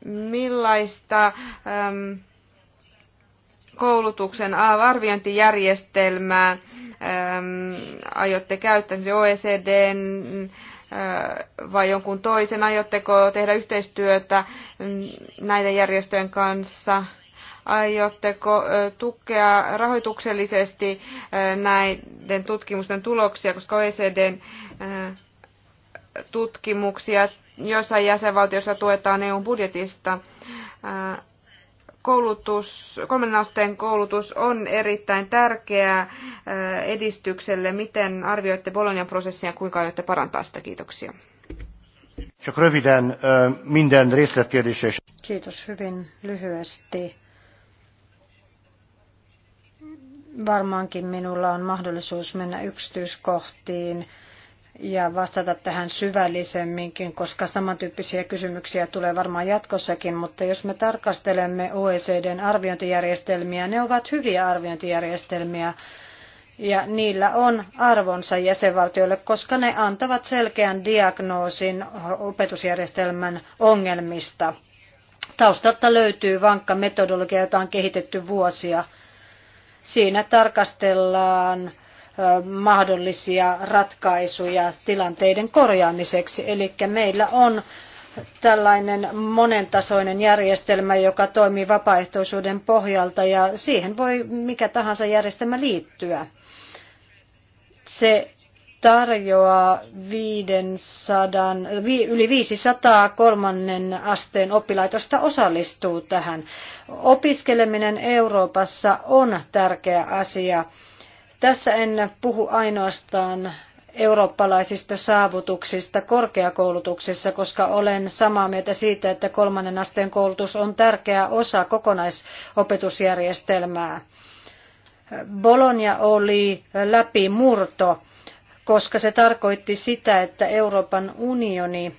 Millaista... Ähm, koulutuksen arviointijärjestelmää ähm, aiotte käyttää, OECDn äh, vai jonkun toisen, aiotteko tehdä yhteistyötä mm, näiden järjestöjen kanssa, aiotteko tukea rahoituksellisesti näiden tutkimusten tuloksia, koska OECDn tutkimuksia jossain jäsenvaltiossa tuetaan EU-budjetista koulutus, kolmen asteen koulutus on erittäin tärkeää edistykselle. Miten arvioitte Bolonian prosessia ja kuinka aiotte parantaa sitä? Kiitoksia. Kiitos hyvin lyhyesti. Varmaankin minulla on mahdollisuus mennä yksityiskohtiin ja vastata tähän syvällisemminkin, koska samantyyppisiä kysymyksiä tulee varmaan jatkossakin, mutta jos me tarkastelemme OECDn arviointijärjestelmiä, ne ovat hyviä arviointijärjestelmiä ja niillä on arvonsa jäsenvaltioille, koska ne antavat selkeän diagnoosin opetusjärjestelmän ongelmista. Taustalta löytyy vankka metodologia, jota on kehitetty vuosia. Siinä tarkastellaan mahdollisia ratkaisuja tilanteiden korjaamiseksi. Eli meillä on tällainen monentasoinen järjestelmä, joka toimii vapaaehtoisuuden pohjalta ja siihen voi mikä tahansa järjestelmä liittyä. Se tarjoaa 500, yli 500 kolmannen asteen oppilaitosta osallistuu tähän. Opiskeleminen Euroopassa on tärkeä asia tässä en puhu ainoastaan eurooppalaisista saavutuksista korkeakoulutuksessa, koska olen samaa mieltä siitä, että kolmannen asteen koulutus on tärkeä osa kokonaisopetusjärjestelmää. Bologna oli läpimurto, koska se tarkoitti sitä, että Euroopan unioni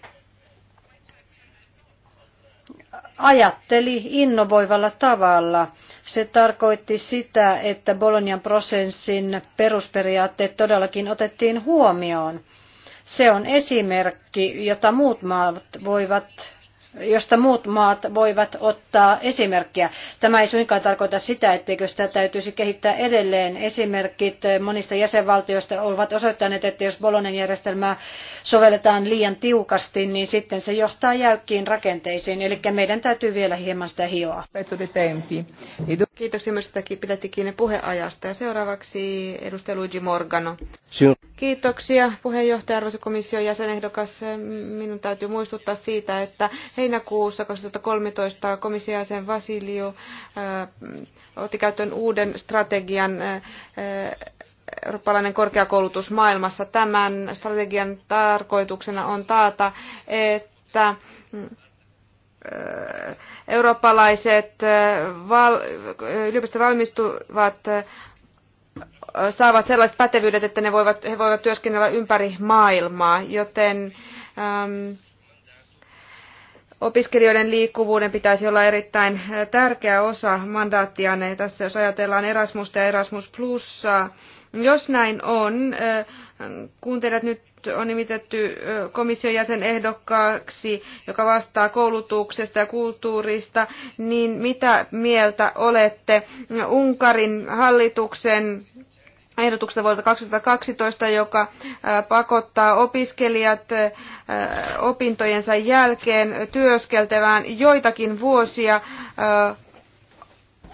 ajatteli innovoivalla tavalla – se tarkoitti sitä, että Bolonian prosessin perusperiaatteet todellakin otettiin huomioon. Se on esimerkki, jota muut maat voivat josta muut maat voivat ottaa esimerkkiä. Tämä ei suinkaan tarkoita sitä, etteikö sitä täytyisi kehittää edelleen. Esimerkit monista jäsenvaltioista ovat osoittaneet, että jos Bolonen järjestelmää sovelletaan liian tiukasti, niin sitten se johtaa jäykkiin rakenteisiin. Eli meidän täytyy vielä hieman sitä hioa. Kiitoksia myös, että pidätte kiinni puheajasta. Ja seuraavaksi edustaja Luigi Morgano. Kiitoksia puheenjohtaja, arvoisa komission jäsenehdokas. Minun täytyy muistuttaa siitä, että Heinäkuussa 2013 komission jäsen Vasilio äh, otti käyttöön uuden strategian äh, äh, eurooppalainen korkeakoulutus maailmassa. Tämän strategian tarkoituksena on taata, että eurooppalaiset val, yliopistovalmistuvat saavat sellaiset pätevyydet, että ne voivat, he voivat työskennellä ympäri maailmaa, joten ähm, Opiskelijoiden liikkuvuuden pitäisi olla erittäin tärkeä osa mandaattianne. Tässä jos ajatellaan Erasmusta ja Erasmus Plussaa, jos näin on, kun teidät nyt on nimitetty komission jäsenehdokkaaksi, joka vastaa koulutuksesta ja kulttuurista, niin mitä mieltä olette Unkarin hallituksen ehdotuksesta vuodelta 2012, joka pakottaa opiskelijat opintojensa jälkeen työskeltämään joitakin vuosia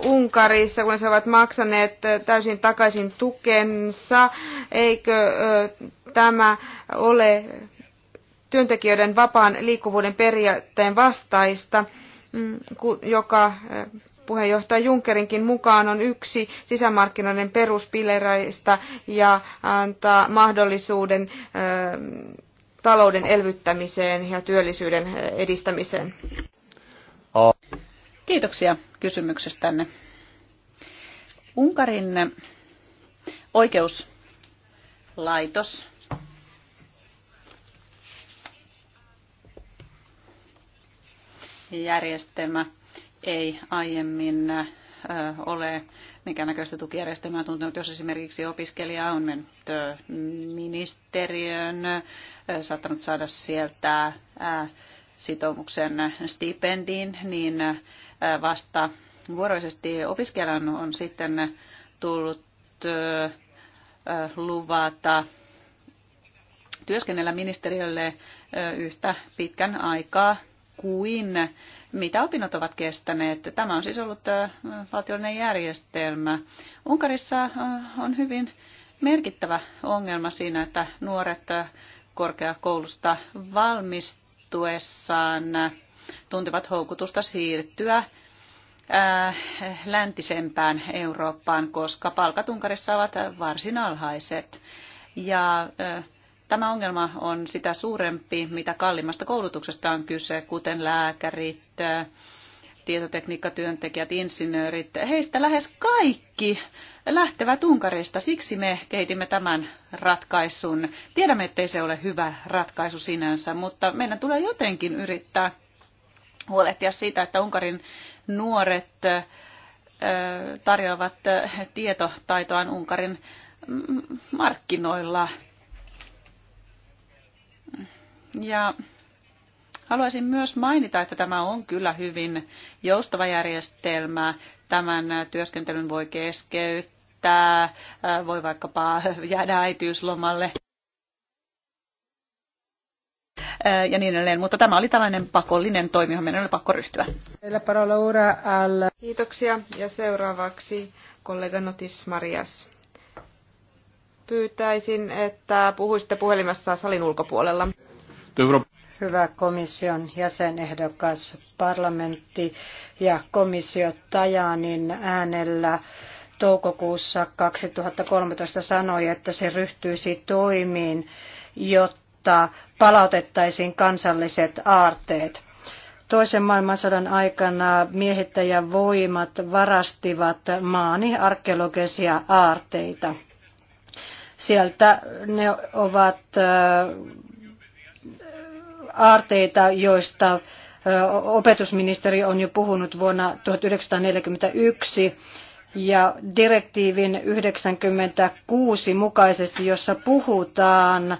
Unkarissa, kun he ovat maksaneet täysin takaisin tukensa. Eikö tämä ole työntekijöiden vapaan liikkuvuuden periaatteen vastaista, mm, joka puheenjohtaja Junckerinkin mukaan on yksi sisämarkkinoiden peruspilereistä ja antaa mahdollisuuden talouden elvyttämiseen ja työllisyyden edistämiseen. Kiitoksia kysymyksestänne. Unkarin oikeuslaitos järjestelmä ei aiemmin ole näköistä tukijärjestelmää tuntenut, jos esimerkiksi opiskelija on mennyt ministeriön, saattanut saada sieltä sitoumuksen stipendiin, niin vasta vuoroisesti opiskelijan on sitten tullut luvata työskennellä ministeriölle yhtä pitkän aikaa kuin mitä opinnot ovat kestäneet. Tämä on siis ollut äh, valtiollinen järjestelmä. Unkarissa äh, on hyvin merkittävä ongelma siinä, että nuoret äh, korkeakoulusta valmistuessaan tuntevat houkutusta siirtyä läntisempään Eurooppaan, koska palkat Unkarissa ovat varsin alhaiset. Ja Tämä ongelma on sitä suurempi, mitä kalliimmasta koulutuksesta on kyse, kuten lääkärit, äh, tietotekniikkatyöntekijät, insinöörit. Heistä lähes kaikki lähtevät Unkarista. Siksi me kehitimme tämän ratkaisun. Tiedämme, ettei se ole hyvä ratkaisu sinänsä, mutta meidän tulee jotenkin yrittää huolehtia siitä, että Unkarin nuoret äh, tarjoavat äh, tietotaitoaan Unkarin mm, markkinoilla ja haluaisin myös mainita, että tämä on kyllä hyvin joustava järjestelmä. Tämän työskentelyn voi keskeyttää, äh, voi vaikkapa jäädä äitiyslomalle äh, ja niin edelleen. Mutta tämä oli tällainen pakollinen toimi, johon meidän oli pakko ryhtyä. Kiitoksia ja seuraavaksi kollega Notis Marias. Pyytäisin, että puhuisitte puhelimessa salin ulkopuolella. Hyvä komission jäsenehdokas, parlamentti ja komissio Tajanin äänellä toukokuussa 2013 sanoi, että se ryhtyisi toimiin, jotta palautettaisiin kansalliset aarteet. Toisen maailmansodan aikana miehittäjävoimat varastivat maani arkeologisia aarteita. Sieltä ne ovat aarteita, joista opetusministeri on jo puhunut vuonna 1941 ja direktiivin 96 mukaisesti, jossa puhutaan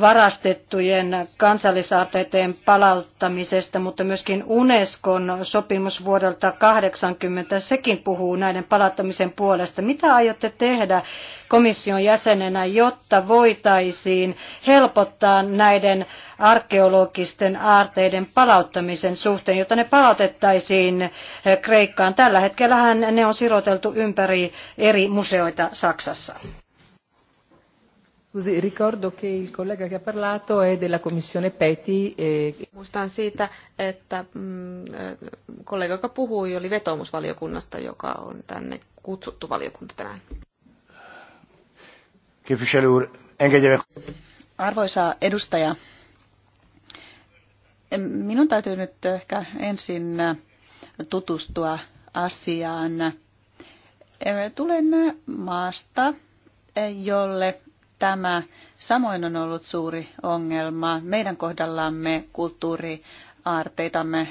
varastettujen kansallisaarteiden palauttamisesta, mutta myöskin Unescon sopimus vuodelta 80 sekin puhuu näiden palauttamisen puolesta. Mitä aiotte tehdä komission jäsenenä, jotta voitaisiin helpottaa näiden arkeologisten aarteiden palauttamisen suhteen, jotta ne palautettaisiin Kreikkaan? Tällä hetkellähän ne on siroteltu ympäri eri museoita Saksassa. Scusi, ricordo che il collega che ha parlato è della commissione PETI. E... siitä, että mm, eh, kollega, joka puhui, oli vetoomusvaliokunnasta, joka on tänne kutsuttu valiokunta tänään. Arvoisa edustaja, minun täytyy nyt ehkä ensin tutustua asiaan. Tulen maasta, jolle tämä samoin on ollut suuri ongelma meidän kohdallamme kulttuuri aarteitamme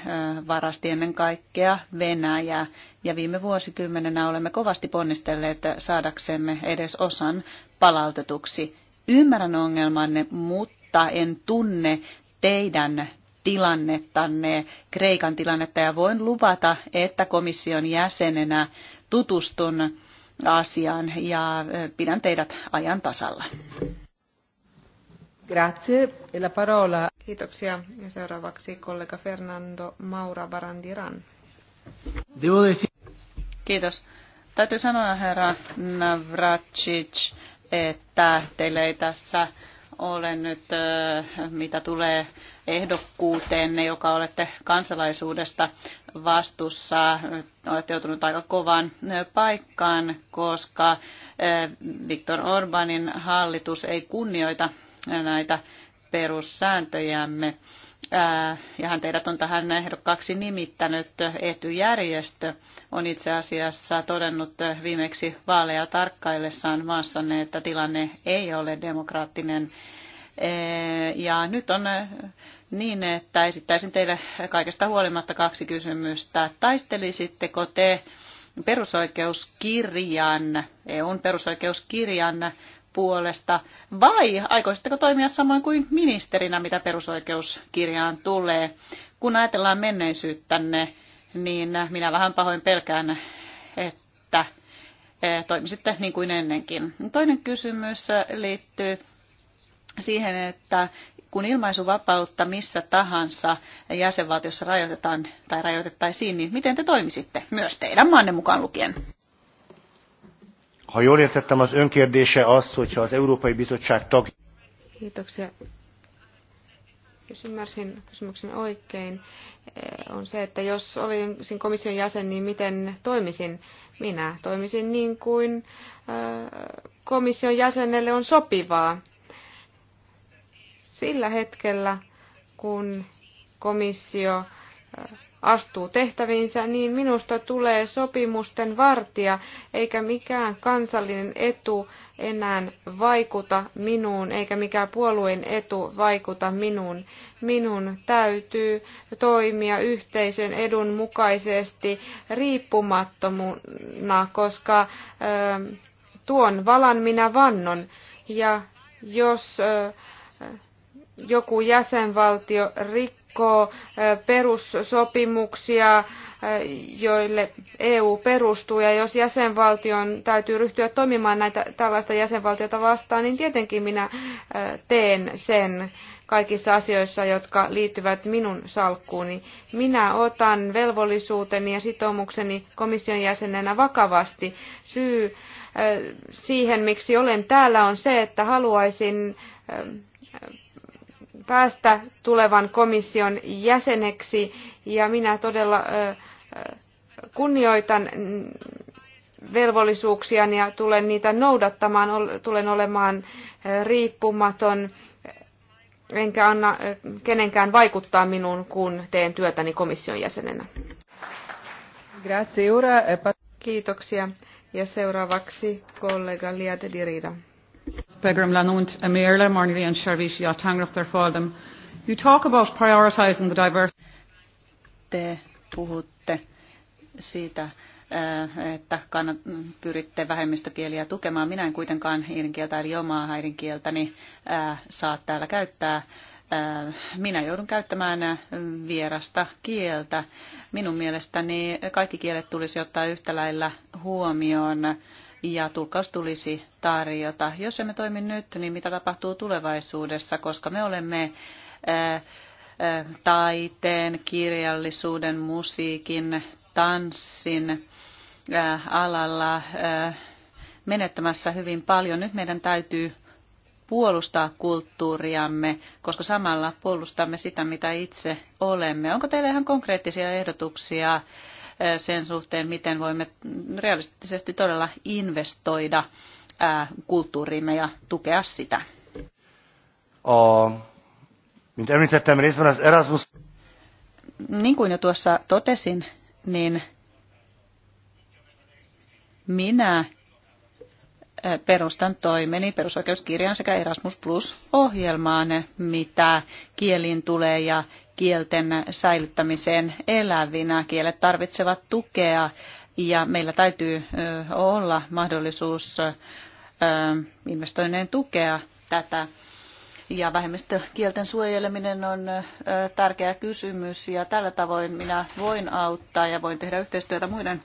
varasti ennen kaikkea Venäjä, ja viime vuosikymmenenä olemme kovasti ponnistelleet saadaksemme edes osan palautetuksi. Ymmärrän ongelmanne, mutta en tunne teidän tilannettanne, Kreikan tilannetta, ja voin luvata, että komission jäsenenä tutustun asiaan ja pidän teidät ajan tasalla. Grazie. E la parola. Kiitoksia. Ja seuraavaksi kollega Fernando Maura Barandiran. Kiitos. Täytyy sanoa, herra Navracic, että teille ei tässä olen nyt, mitä tulee ehdokkuuteenne, joka olette kansalaisuudesta vastuussa. Olette joutunut aika kovan paikkaan, koska Viktor Orbanin hallitus ei kunnioita näitä perussääntöjämme ja hän teidät on tähän ehdokkaaksi nimittänyt, etujärjestö on itse asiassa todennut viimeksi vaaleja tarkkaillessaan maassanne, että tilanne ei ole demokraattinen. Ja nyt on niin, että esittäisin teille kaikesta huolimatta kaksi kysymystä. Taistelisitteko te perusoikeuskirjan, EUn perusoikeuskirjan puolesta, vai aikoisitteko toimia samoin kuin ministerinä, mitä perusoikeuskirjaan tulee? Kun ajatellaan menneisyyttänne, niin minä vähän pahoin pelkään, että e, toimisitte niin kuin ennenkin. Toinen kysymys liittyy siihen, että kun ilmaisuvapautta missä tahansa jäsenvaltiossa rajoitetaan tai rajoitettaisiin, niin miten te toimisitte, myös teidän maanne mukaan lukien? ha jól értettem, az ön kérdése az, hogyha az Európai Bizottság tag... Kiitoksia. Jos ymmärsin kysymyksen oikein, eh, on se, että jos olisin komission jäsen, niin miten toimisin? Minä toimisin niin kuin eh, komission jäsenelle on sopivaa. Sillä hetkellä, kun komissio eh, astuu tehtäviinsä, niin minusta tulee sopimusten vartija, eikä mikään kansallinen etu enää vaikuta minuun, eikä mikään puolueen etu vaikuta minuun. Minun täytyy toimia yhteisön edun mukaisesti riippumattomana, koska ö, tuon valan minä vannon. Ja jos ö, joku jäsenvaltio rikkoo, rikkoo perussopimuksia, joille EU perustuu. Ja jos jäsenvaltion täytyy ryhtyä toimimaan näitä, tällaista jäsenvaltiota vastaan, niin tietenkin minä teen sen kaikissa asioissa, jotka liittyvät minun salkkuuni. Minä otan velvollisuuteni ja sitoumukseni komission jäsenenä vakavasti. Syy siihen, miksi olen täällä, on se, että haluaisin päästä tulevan komission jäseneksi ja minä todella kunnioitan velvollisuuksiani ja tulen niitä noudattamaan, tulen olemaan riippumaton enkä anna kenenkään vaikuttaa minuun, kun teen työtäni komission jäsenenä. Kiitoksia. Ja seuraavaksi kollega Liate Dirida. Begram Lanunt, Amirla, Marnili and Sharvishi, Atangrafter Faldam. You talk about prioritizing the diversity. Te puhutte siitä, eh, että kannat, pyritte vähemmistökieliä tukemaan. Minä en kuitenkaan äidinkieltä eli omaa äidinkieltäni eh, saa täällä käyttää. Eh, minä joudun käyttämään vierasta kieltä. Minun mielestäni kaikki kielet tulisi ottaa yhtä lailla huomioon ja tulkaus tulisi tarjota. Jos emme toimi nyt, niin mitä tapahtuu tulevaisuudessa, koska me olemme taiteen, kirjallisuuden, musiikin, tanssin alalla menettämässä hyvin paljon. Nyt meidän täytyy puolustaa kulttuuriamme, koska samalla puolustamme sitä, mitä itse olemme. Onko teillä ihan konkreettisia ehdotuksia sen suhteen, miten voimme realistisesti todella investoida kulttuuriimme ja tukea sitä. Erasmus... Niin kuin jo tuossa totesin, niin minä perustan toimeni perusoikeuskirjan sekä Erasmus Plus-ohjelmaan, mitä kieliin tulee ja kielten säilyttämiseen elävinä. Kielet tarvitsevat tukea ja meillä täytyy olla mahdollisuus investoinneen tukea tätä. Ja vähemmistökielten suojeleminen on tärkeä kysymys ja tällä tavoin minä voin auttaa ja voin tehdä yhteistyötä muiden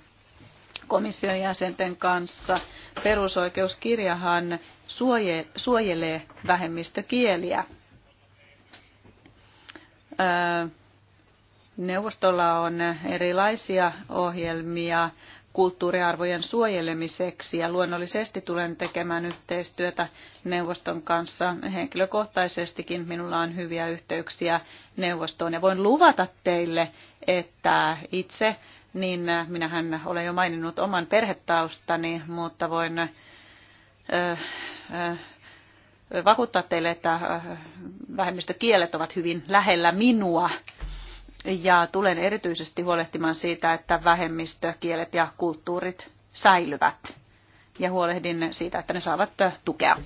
komission jäsenten kanssa. Perusoikeuskirjahan suoje, suojelee vähemmistökieliä Neuvostolla on erilaisia ohjelmia kulttuuriarvojen suojelemiseksi ja luonnollisesti tulen tekemään yhteistyötä neuvoston kanssa henkilökohtaisestikin. Minulla on hyviä yhteyksiä neuvostoon ja voin luvata teille, että itse, niin minähän olen jo maininnut oman perhetaustani, mutta voin vakuuttaa teille, että äh, vähemmistökielet ovat hyvin lähellä minua. Ja tulen erityisesti huolehtimaan siitä, että vähemmistökielet ja kulttuurit säilyvät. Ja huolehdin siitä, että ne saavat äh, tukea.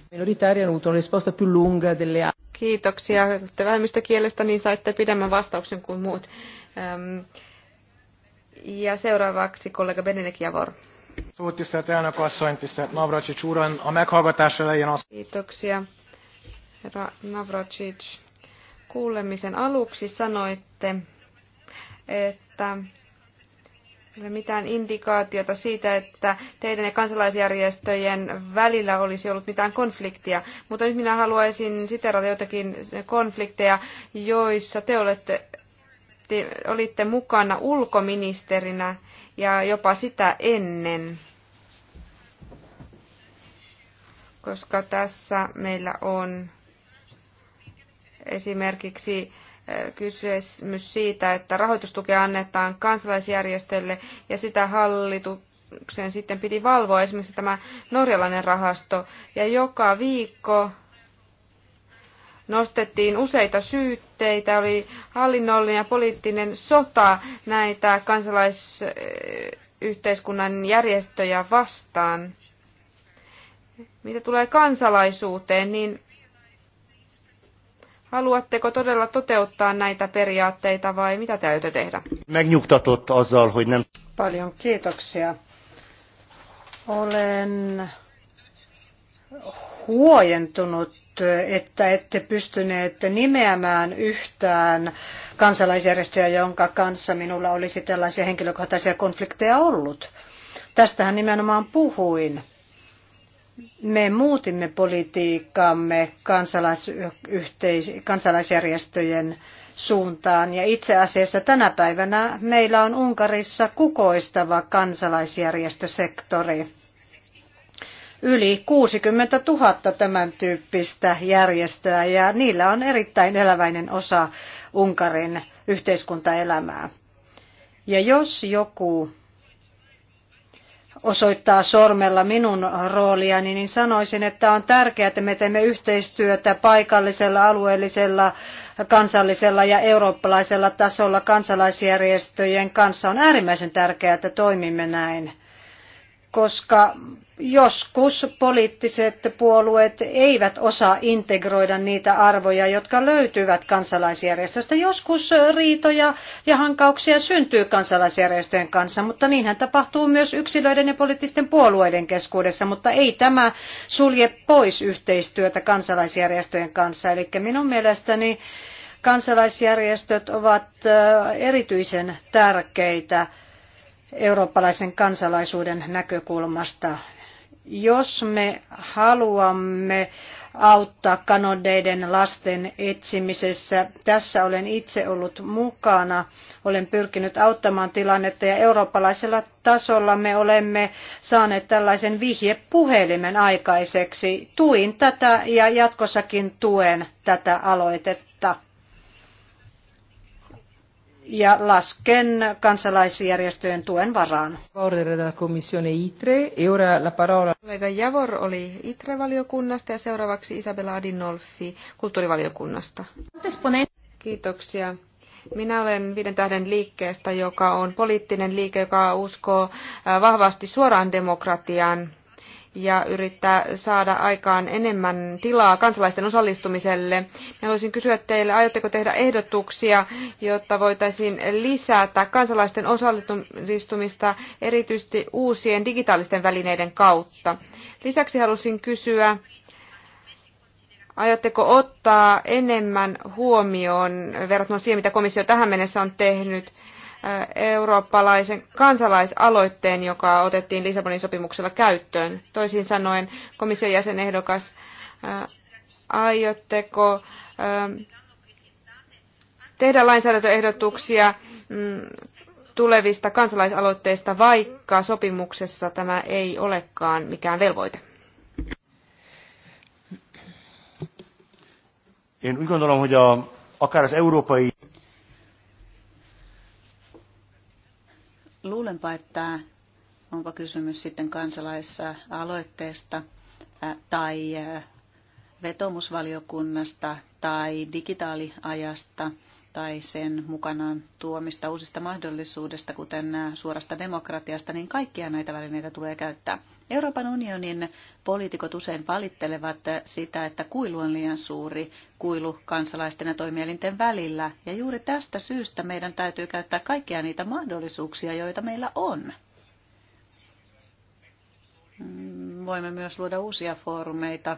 Kiitoksia. Te vähemmistökielestä niin saitte pidemmän vastauksen kuin muut. Ehm, ja seuraavaksi kollega Benedek Javor. Tisztelt elnök tisztelt Navracsics úr, a meghallgatás elején azt... Kiitoksia, herra Navracsics. Kuulemisen aluksi sanoitte, että ei ole mitään indikaatiota siitä, että teidän ja kansalaisjärjestöjen välillä olisi ollut mitään konfliktia. Mutta nyt minä haluaisin siterata jotakin konflikteja, joissa te, olette, te olitte mukana ulkoministerinä ja jopa sitä ennen. koska tässä meillä on esimerkiksi kysymys siitä, että rahoitustukea annetaan kansalaisjärjestölle ja sitä hallituksen sitten piti valvoa esimerkiksi tämä norjalainen rahasto. Ja joka viikko nostettiin useita syytteitä, oli hallinnollinen ja poliittinen sota näitä kansalaisyhteiskunnan järjestöjä vastaan mitä tulee kansalaisuuteen, niin haluatteko todella toteuttaa näitä periaatteita vai mitä täytyy tehdä? Megnyugtatott azzal, hogy nem... Paljon kiitoksia. Olen huojentunut, että ette pystyneet nimeämään yhtään kansalaisjärjestöä, jonka kanssa minulla olisi tällaisia henkilökohtaisia konflikteja ollut. Tästähän nimenomaan puhuin me muutimme politiikkaamme kansalaisyhteis- kansalaisjärjestöjen suuntaan. Ja itse asiassa tänä päivänä meillä on Unkarissa kukoistava kansalaisjärjestösektori. Yli 60 000 tämän tyyppistä järjestöä ja niillä on erittäin eläväinen osa Unkarin yhteiskuntaelämää. Ja jos joku osoittaa sormella minun rooliani, niin sanoisin, että on tärkeää, että me teemme yhteistyötä paikallisella, alueellisella, kansallisella ja eurooppalaisella tasolla kansalaisjärjestöjen kanssa. On äärimmäisen tärkeää, että toimimme näin koska joskus poliittiset puolueet eivät osaa integroida niitä arvoja, jotka löytyvät kansalaisjärjestöistä. Joskus riitoja ja hankauksia syntyy kansalaisjärjestöjen kanssa, mutta niinhän tapahtuu myös yksilöiden ja poliittisten puolueiden keskuudessa, mutta ei tämä sulje pois yhteistyötä kansalaisjärjestöjen kanssa. Eli minun mielestäni kansalaisjärjestöt ovat erityisen tärkeitä eurooppalaisen kansalaisuuden näkökulmasta. Jos me haluamme auttaa kanodeiden lasten etsimisessä. Tässä olen itse ollut mukana. Olen pyrkinyt auttamaan tilannetta ja eurooppalaisella tasolla me olemme saaneet tällaisen vihjepuhelimen aikaiseksi. Tuin tätä ja jatkossakin tuen tätä aloitetta ja lasken kansalaisjärjestöjen tuen varaan. ITRE, e ora la parola. Kollega Javor oli ITRE-valiokunnasta ja seuraavaksi Isabella Adinolfi kulttuurivaliokunnasta. Kiitoksia. Minä olen Viiden tähden liikkeestä, joka on poliittinen liike, joka uskoo äh, vahvasti suoraan demokratiaan ja yrittää saada aikaan enemmän tilaa kansalaisten osallistumiselle. Ja haluaisin kysyä teille, aiotteko tehdä ehdotuksia, jotta voitaisiin lisätä kansalaisten osallistumista erityisesti uusien digitaalisten välineiden kautta? Lisäksi halusin kysyä, aiotteko ottaa enemmän huomioon verrattuna siihen, mitä komissio tähän mennessä on tehnyt, eurooppalaisen kansalaisaloitteen, joka otettiin Lissabonin sopimuksella käyttöön. Toisin sanoen komission jäsenehdokas, aiotteko tehdä lainsäädäntöehdotuksia mm, tulevista kansalaisaloitteista, vaikka sopimuksessa tämä ei olekaan mikään velvoite? Én úgy gondolom, Luulenpa, että onpa kysymys sitten kansalaisessa aloitteesta tai vetomusvaliokunnasta tai digitaaliajasta – tai sen mukanaan tuomista uusista mahdollisuudesta, kuten äh, suorasta demokratiasta, niin kaikkia näitä välineitä tulee käyttää. Euroopan unionin poliitikot usein valittelevat äh, sitä, että kuilu on liian suuri, kuilu kansalaisten ja toimielinten välillä, ja juuri tästä syystä meidän täytyy käyttää kaikkia niitä mahdollisuuksia, joita meillä on. Mm, voimme myös luoda uusia foorumeita,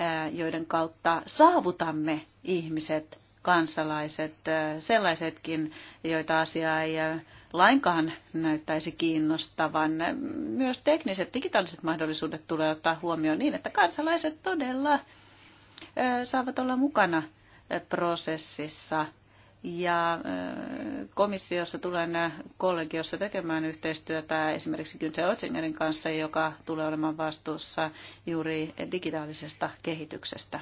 äh, joiden kautta saavutamme ihmiset kansalaiset, äh, sellaisetkin, joita asia ei äh, lainkaan näyttäisi kiinnostavan. Myös tekniset digitaaliset mahdollisuudet tulee ottaa huomioon niin, että kansalaiset todella äh, saavat olla mukana prosessissa. Ja komissiossa tulen kollegiossa tekemään yhteistyötä esimerkiksi Günther Otsingerin kanssa, joka tulee olemaan vastuussa juuri digitaalisesta kehityksestä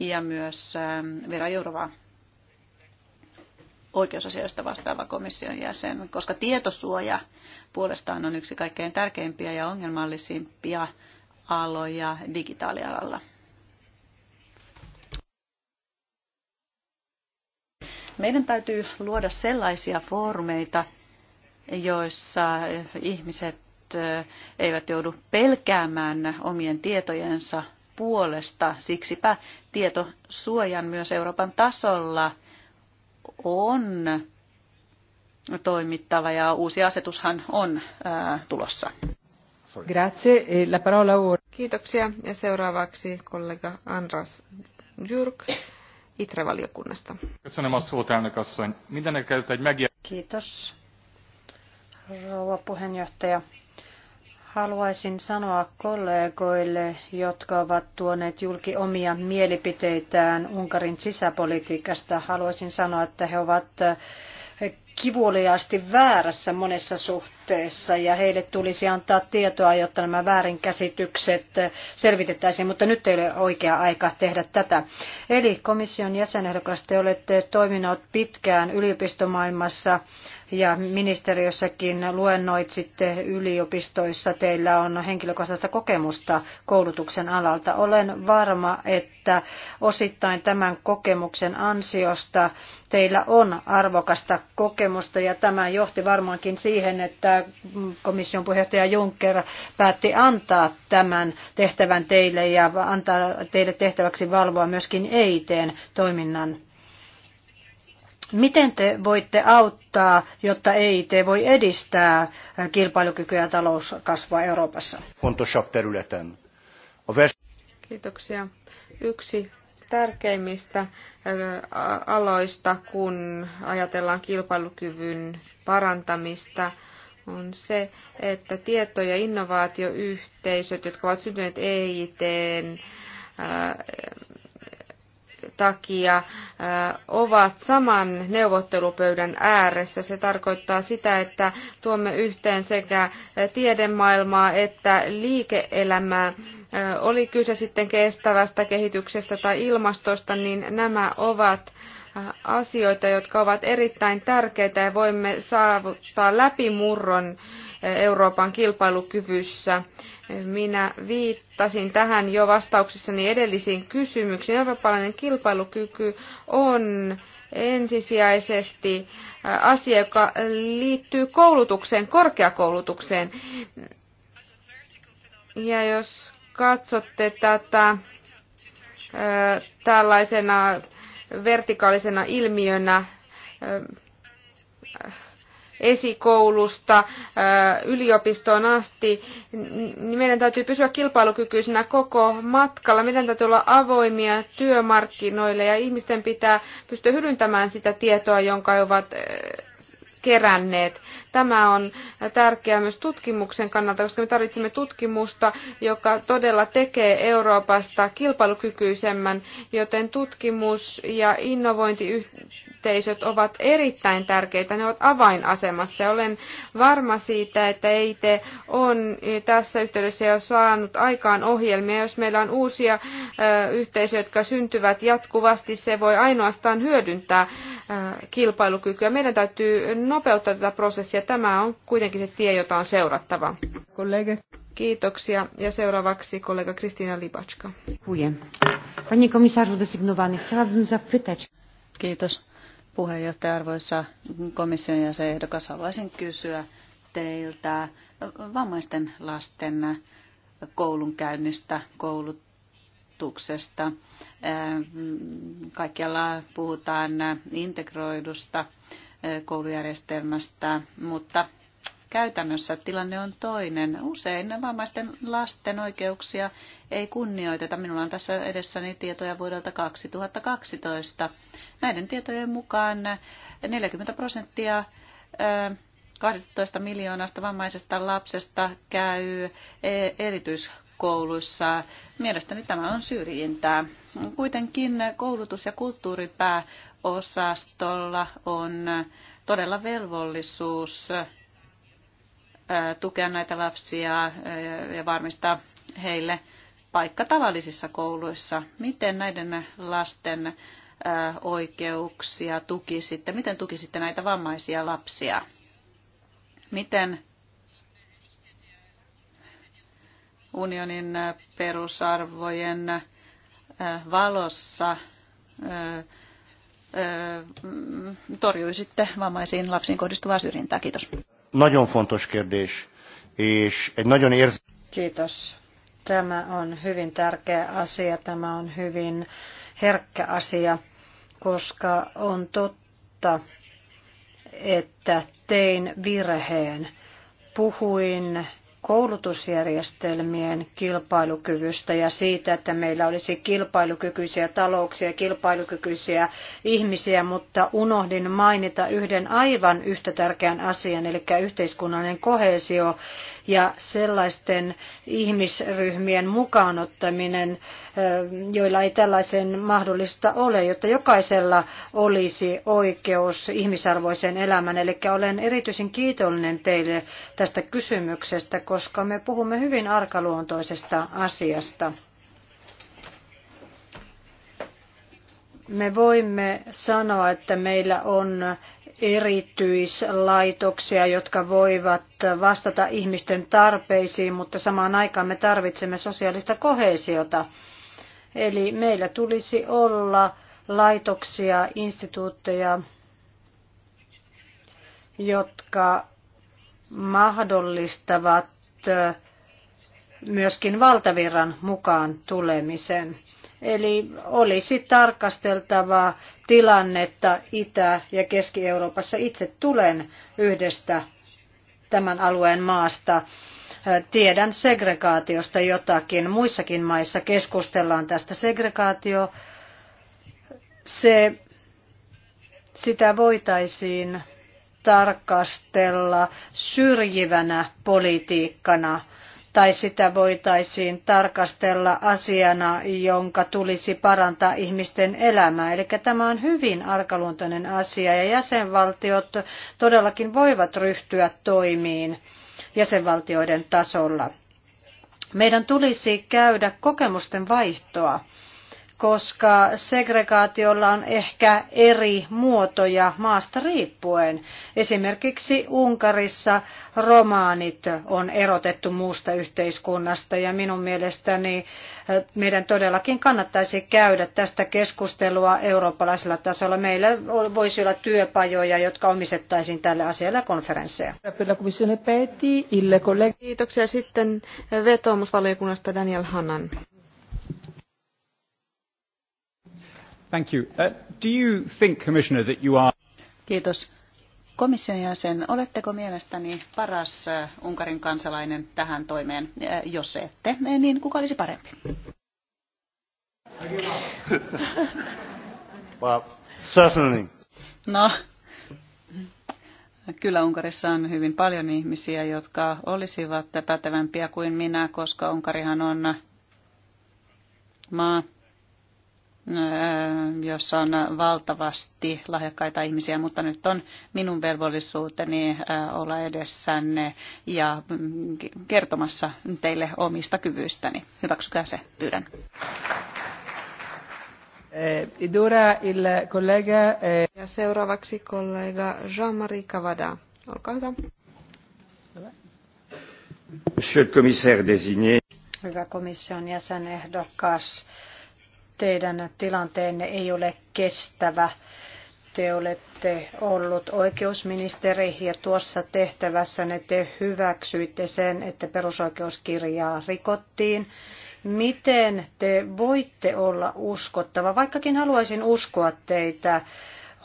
ja myös ähm, Vera Jourova oikeusasioista vastaava komission jäsen, koska tietosuoja puolestaan on yksi kaikkein tärkeimpiä ja ongelmallisimpia aloja digitaalialalla. Meidän täytyy luoda sellaisia foorumeita, joissa ihmiset äh, eivät joudu pelkäämään omien tietojensa puolesta. Siksipä tietosuojan myös Euroopan tasolla on toimittava ja uusi asetushan on ää, tulossa. Grazie. E, la parola ora. Kiitoksia. Ja seuraavaksi kollega Andras Jurk ITRE-valiokunnasta. Kiitos, rouva puheenjohtaja. Haluaisin sanoa kollegoille, jotka ovat tuoneet julki omia mielipiteitään Unkarin sisäpolitiikasta, haluaisin sanoa, että he ovat kivuliaasti väärässä monessa suhteessa ja heille tulisi antaa tietoa, jotta nämä väärinkäsitykset selvitettäisiin, mutta nyt ei ole oikea aika tehdä tätä. Eli komission jäsenehdokas, te olette toiminut pitkään yliopistomaailmassa ja ministeriössäkin luennoitsitte yliopistoissa. Teillä on henkilökohtaista kokemusta koulutuksen alalta. Olen varma, että osittain tämän kokemuksen ansiosta teillä on arvokasta kokemusta kokemusta ja tämä johti varmaankin siihen, että komission puheenjohtaja Juncker päätti antaa tämän tehtävän teille ja antaa teille tehtäväksi valvoa myöskin EITn toiminnan Miten te voitte auttaa, jotta EIT voi edistää kilpailukykyä ja talouskasvua Euroopassa? Kiitoksia. Yksi tärkeimmistä aloista, kun ajatellaan kilpailukyvyn parantamista, on se, että tieto- ja innovaatioyhteisöt, jotka ovat syntyneet EITn takia ovat saman neuvottelupöydän ääressä. Se tarkoittaa sitä, että tuomme yhteen sekä tiedemaailmaa että liike-elämää oli kyse sitten kestävästä kehityksestä tai ilmastosta, niin nämä ovat asioita, jotka ovat erittäin tärkeitä ja voimme saavuttaa läpimurron Euroopan kilpailukyvyssä. Minä viittasin tähän jo vastauksissani edellisiin kysymyksiin. Eurooppalainen kilpailukyky on ensisijaisesti asia, joka liittyy koulutukseen, korkeakoulutukseen. Ja jos katsotte tätä tällaisena vertikaalisena ilmiönä esikoulusta yliopistoon asti, niin meidän täytyy pysyä kilpailukykyisenä koko matkalla. Meidän täytyy olla avoimia työmarkkinoille ja ihmisten pitää pystyä hyödyntämään sitä tietoa, jonka he ovat keränneet. Tämä on tärkeää myös tutkimuksen kannalta, koska me tarvitsemme tutkimusta, joka todella tekee Euroopasta kilpailukykyisemmän, joten tutkimus ja innovointiyhteisöt ovat erittäin tärkeitä. Ne ovat avainasemassa. Olen varma siitä, että EIT on tässä yhteydessä jo saanut aikaan ohjelmia. Jos meillä on uusia yhteisöjä, jotka syntyvät jatkuvasti, se voi ainoastaan hyödyntää kilpailukykyä. Meidän täytyy nopeuttaa tätä prosessia. Tämä on kuitenkin se tie, jota on seurattava. Kollega. Kiitoksia. Ja seuraavaksi kollega Kristiina Libatska. Panie komisarzu desygnowany, chciałabym zapytać. Kiitos puheenjohtaja, arvoisa komission ja se ehdokas. Haluaisin kysyä teiltä vammaisten lasten koulunkäynnistä, koulut, verotuksesta. Kaikkialla puhutaan integroidusta koulujärjestelmästä, mutta käytännössä tilanne on toinen. Usein vammaisten lasten oikeuksia ei kunnioiteta. Minulla on tässä edessäni tietoja vuodelta 2012. Näiden tietojen mukaan 40 prosenttia 12 miljoonasta vammaisesta lapsesta käy e- erityis kouluissa. Mielestäni tämä on syrjintää. Kuitenkin koulutus- ja kulttuuripääosastolla on todella velvollisuus tukea näitä lapsia ja varmistaa heille paikka tavallisissa kouluissa. Miten näiden lasten oikeuksia tukisitte? Miten tukisitte näitä vammaisia lapsia? Miten unionin äh, perusarvojen äh, valossa äh, torjuisitte vammaisiin lapsiin kohdistuvaa syrjintää. Kiitos. Nagyon fontos kérdés, és egy nagyon érz... Kiitos. Tämä on hyvin tärkeä asia, tämä on hyvin herkkä asia, koska on totta, että tein virheen. Puhuin koulutusjärjestelmien kilpailukyvystä ja siitä, että meillä olisi kilpailukykyisiä talouksia, kilpailukykyisiä ihmisiä, mutta unohdin mainita yhden aivan yhtä tärkeän asian, eli yhteiskunnallinen kohesio ja sellaisten ihmisryhmien mukaanottaminen, joilla ei tällaisen mahdollista ole, jotta jokaisella olisi oikeus ihmisarvoiseen elämään. Eli olen erityisen kiitollinen teille tästä kysymyksestä, koska me puhumme hyvin arkaluontoisesta asiasta. me voimme sanoa, että meillä on erityislaitoksia, jotka voivat vastata ihmisten tarpeisiin, mutta samaan aikaan me tarvitsemme sosiaalista kohesiota. Eli meillä tulisi olla laitoksia, instituutteja, jotka mahdollistavat myöskin valtavirran mukaan tulemisen. Eli olisi tarkasteltava tilannetta Itä- ja Keski-Euroopassa. Itse tulen yhdestä tämän alueen maasta. Tiedän segregaatiosta jotakin. Muissakin maissa keskustellaan tästä segregaatio. Se, sitä voitaisiin tarkastella syrjivänä politiikkana – tai sitä voitaisiin tarkastella asiana, jonka tulisi parantaa ihmisten elämää. Eli tämä on hyvin arkaluontoinen asia ja jäsenvaltiot todellakin voivat ryhtyä toimiin jäsenvaltioiden tasolla. Meidän tulisi käydä kokemusten vaihtoa koska segregaatiolla on ehkä eri muotoja maasta riippuen. Esimerkiksi Unkarissa romaanit on erotettu muusta yhteiskunnasta ja minun mielestäni meidän todellakin kannattaisi käydä tästä keskustelua eurooppalaisella tasolla. Meillä voisi olla työpajoja, jotka omistettaisiin tälle asialle konferensseja. Kiitoksia sitten vetoomusvaliokunnasta Daniel Hannan. Kiitos. Komission jäsen, oletteko mielestäni paras uh, Unkarin kansalainen tähän toimeen? Uh, jos ette, uh, niin kuka olisi parempi? well, certainly. No, kyllä Unkarissa on hyvin paljon ihmisiä, jotka olisivat pätevämpiä kuin minä, koska Unkarihan on maa, jossa on valtavasti lahjakkaita ihmisiä, mutta nyt on minun velvollisuuteni olla edessänne ja mm, kertomassa teille omista kyvyistäni. Hyväksykää se, pyydän. Eh, eh, ja seuraavaksi kollega Jean-Marie Cavada. Olkaa hyvä. Monsieur le commissaire désigné. Hyvä komission jäsenehdokas. ehdokas teidän tilanteenne ei ole kestävä. Te olette ollut oikeusministeri ja tuossa ne te hyväksyitte sen, että perusoikeuskirjaa rikottiin. Miten te voitte olla uskottava, vaikkakin haluaisin uskoa teitä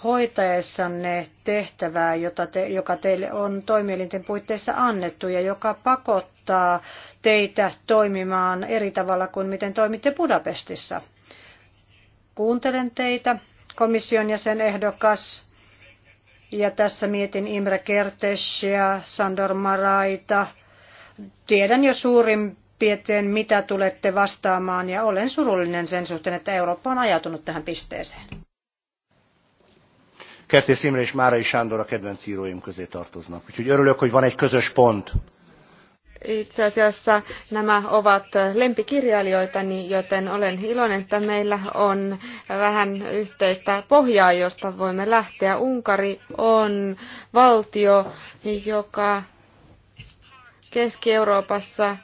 hoitaessanne tehtävää, jota te, joka teille on toimielinten puitteissa annettu ja joka pakottaa teitä toimimaan eri tavalla kuin miten toimitte Budapestissa? kuuntelen teitä, komission jäsenehdokas. Ja tässä mietin Imre Kertesia, Sandor Maraita. Tiedän jo suurin piirtein, mitä tulette vastaamaan, ja olen surullinen sen suhteen, että Eurooppa on ajautunut tähän pisteeseen. Kertes Imre és Márai Sándor a kedvenc íróim közé tartoznak. Úgyhogy örülök, hogy van egy közös pont. Itse asiassa nämä ovat lempikirjailijoitani, joten olen iloinen, että meillä on vähän yhteistä pohjaa, josta voimme lähteä. Unkari on valtio, joka Keski-Euroopassa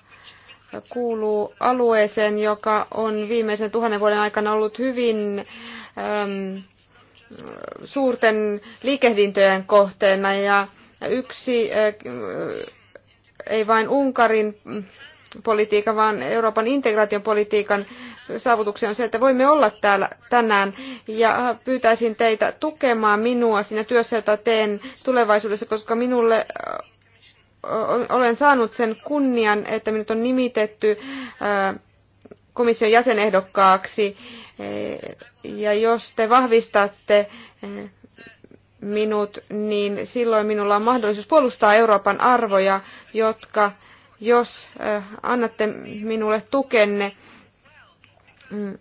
kuuluu alueeseen, joka on viimeisen tuhannen vuoden aikana ollut hyvin äm, suurten liikehdintöjen kohteena ja yksi äh, ei vain Unkarin politiikan, vaan Euroopan integraation politiikan saavutuksia on se, että voimme olla täällä tänään. Ja pyytäisin teitä tukemaan minua siinä työssä, jota teen tulevaisuudessa, koska minulle olen saanut sen kunnian, että minut on nimitetty komission jäsenehdokkaaksi. Ja jos te vahvistatte minut, niin silloin minulla on mahdollisuus puolustaa Euroopan arvoja, jotka, jos annatte minulle tukenne, mm,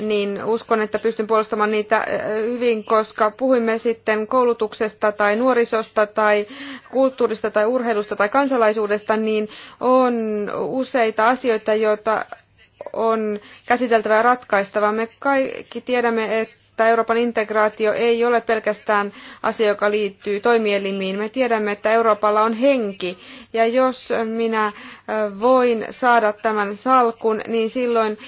niin uskon, että pystyn puolustamaan niitä hyvin, koska puhuimme sitten koulutuksesta tai nuorisosta tai kulttuurista tai urheilusta tai kansalaisuudesta, niin on useita asioita, joita on käsiteltävä ja ratkaistava. Me kaikki tiedämme, että että Euroopan integraatio ei ole pelkästään asia, joka liittyy toimielimiin. Me tiedämme, että Euroopalla on henki. Ja jos minä voin saada tämän salkun, niin silloin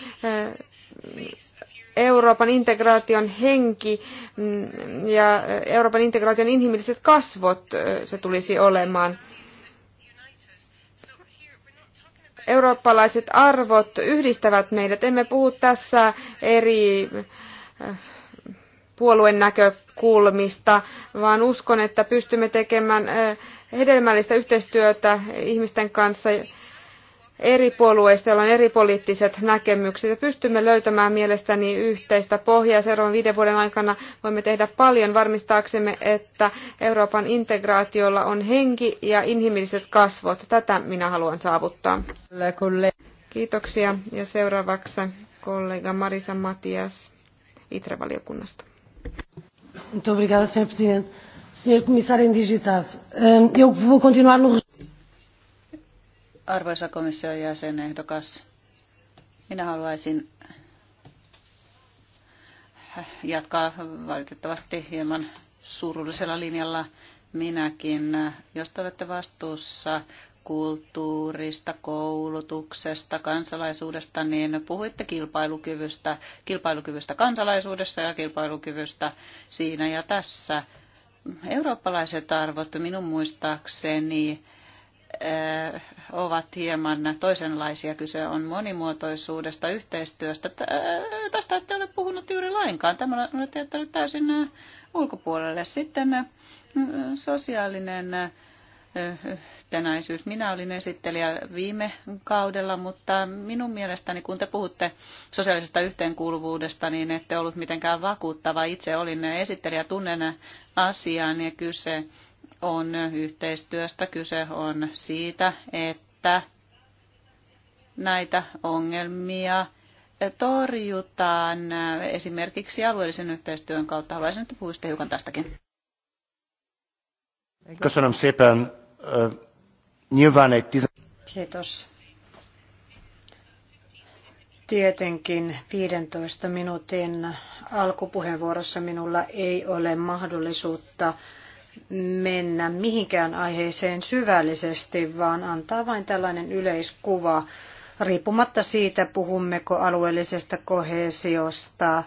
Euroopan integraation henki mm, ja Euroopan integraation inhimilliset kasvot se tulisi olemaan. Eurooppalaiset arvot yhdistävät meidät. Emme puhu tässä eri puolueen näkökulmista, vaan uskon, että pystymme tekemään hedelmällistä yhteistyötä ihmisten kanssa eri puolueista, joilla on eri poliittiset näkemykset. Ja pystymme löytämään mielestäni yhteistä pohjaa. Seuraavan viiden vuoden aikana voimme tehdä paljon varmistaaksemme, että Euroopan integraatiolla on henki ja inhimilliset kasvot. Tätä minä haluan saavuttaa. Kiitoksia. Ja seuraavaksi kollega Marisa Matias Itre-valiokunnasta. Muito Presidente. Indigitado, continuar no... Arvoisa komission jäsenehdokas, minä haluaisin jatkaa valitettavasti hieman surullisella linjalla minäkin. Jos te olette vastuussa kulttuurista, koulutuksesta, kansalaisuudesta, niin puhuitte kilpailukyvystä, kilpailukyvystä kansalaisuudessa ja kilpailukyvystä siinä ja tässä. Eurooppalaiset arvot minun muistaakseni eh, ovat hieman toisenlaisia. Kyse on monimuotoisuudesta, yhteistyöstä. Eh, tästä ette ole puhunut juuri lainkaan. Tämä olette jättänyt täysin eh, ulkopuolelle. Sitten sosiaalinen syys, Minä olin esittelijä viime kaudella, mutta minun mielestäni, kun te puhutte sosiaalisesta yhteenkuuluvuudesta, niin ette ollut mitenkään vakuuttava. Itse olin esittelijä, tunnen asian ja kyse on yhteistyöstä, kyse on siitä, että näitä ongelmia torjutaan esimerkiksi alueellisen yhteistyön kautta. Haluaisin, että puhuisitte hiukan tästäkin. Köszönöm szépen nyilván egy tizen... Kiitos. Tietenkin 15 minuutin alkupuheenvuorossa minulla ei ole mahdollisuutta mennä mihinkään aiheeseen syvällisesti, vaan antaa vain tällainen yleiskuva, riippumatta siitä, puhummeko alueellisesta kohesiosta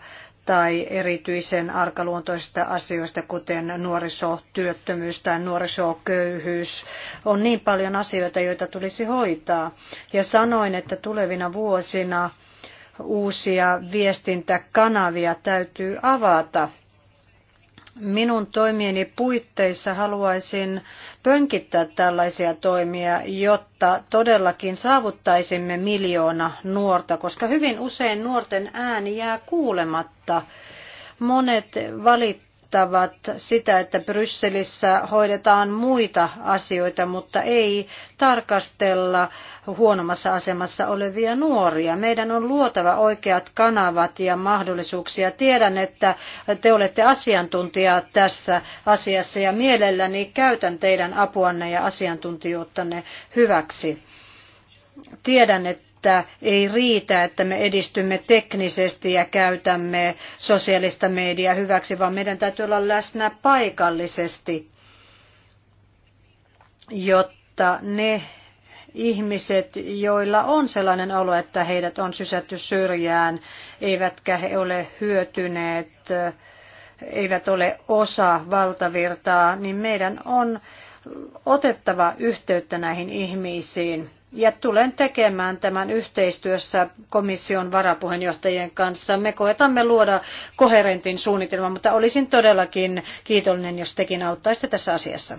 tai erityisen arkaluontoisista asioista, kuten nuorisotyöttömyys tai nuorisoköyhyys. On niin paljon asioita, joita tulisi hoitaa. Ja sanoin, että tulevina vuosina uusia viestintäkanavia täytyy avata minun toimieni puitteissa haluaisin pönkittää tällaisia toimia, jotta todellakin saavuttaisimme miljoona nuorta, koska hyvin usein nuorten ääni jää kuulematta. Monet valittavat korostavat sitä, että Brysselissä hoidetaan muita asioita, mutta ei tarkastella huonommassa asemassa olevia nuoria. Meidän on luotava oikeat kanavat ja mahdollisuuksia. Tiedän, että te olette asiantuntija tässä asiassa ja mielelläni käytän teidän apuanne ja asiantuntijuuttanne hyväksi tiedän, että että ei riitä, että me edistymme teknisesti ja käytämme sosiaalista mediaa hyväksi, vaan meidän täytyy olla läsnä paikallisesti, jotta ne ihmiset, joilla on sellainen olo, että heidät on sysätty syrjään, eivätkä he ole hyötyneet, eivät ole osa valtavirtaa, niin meidän on otettava yhteyttä näihin ihmisiin ja tulen tekemään tämän yhteistyössä komission varapuheenjohtajien kanssa. Me koetamme luoda koherentin suunnitelman, mutta olisin todellakin kiitollinen, jos tekin auttaisitte tässä asiassa.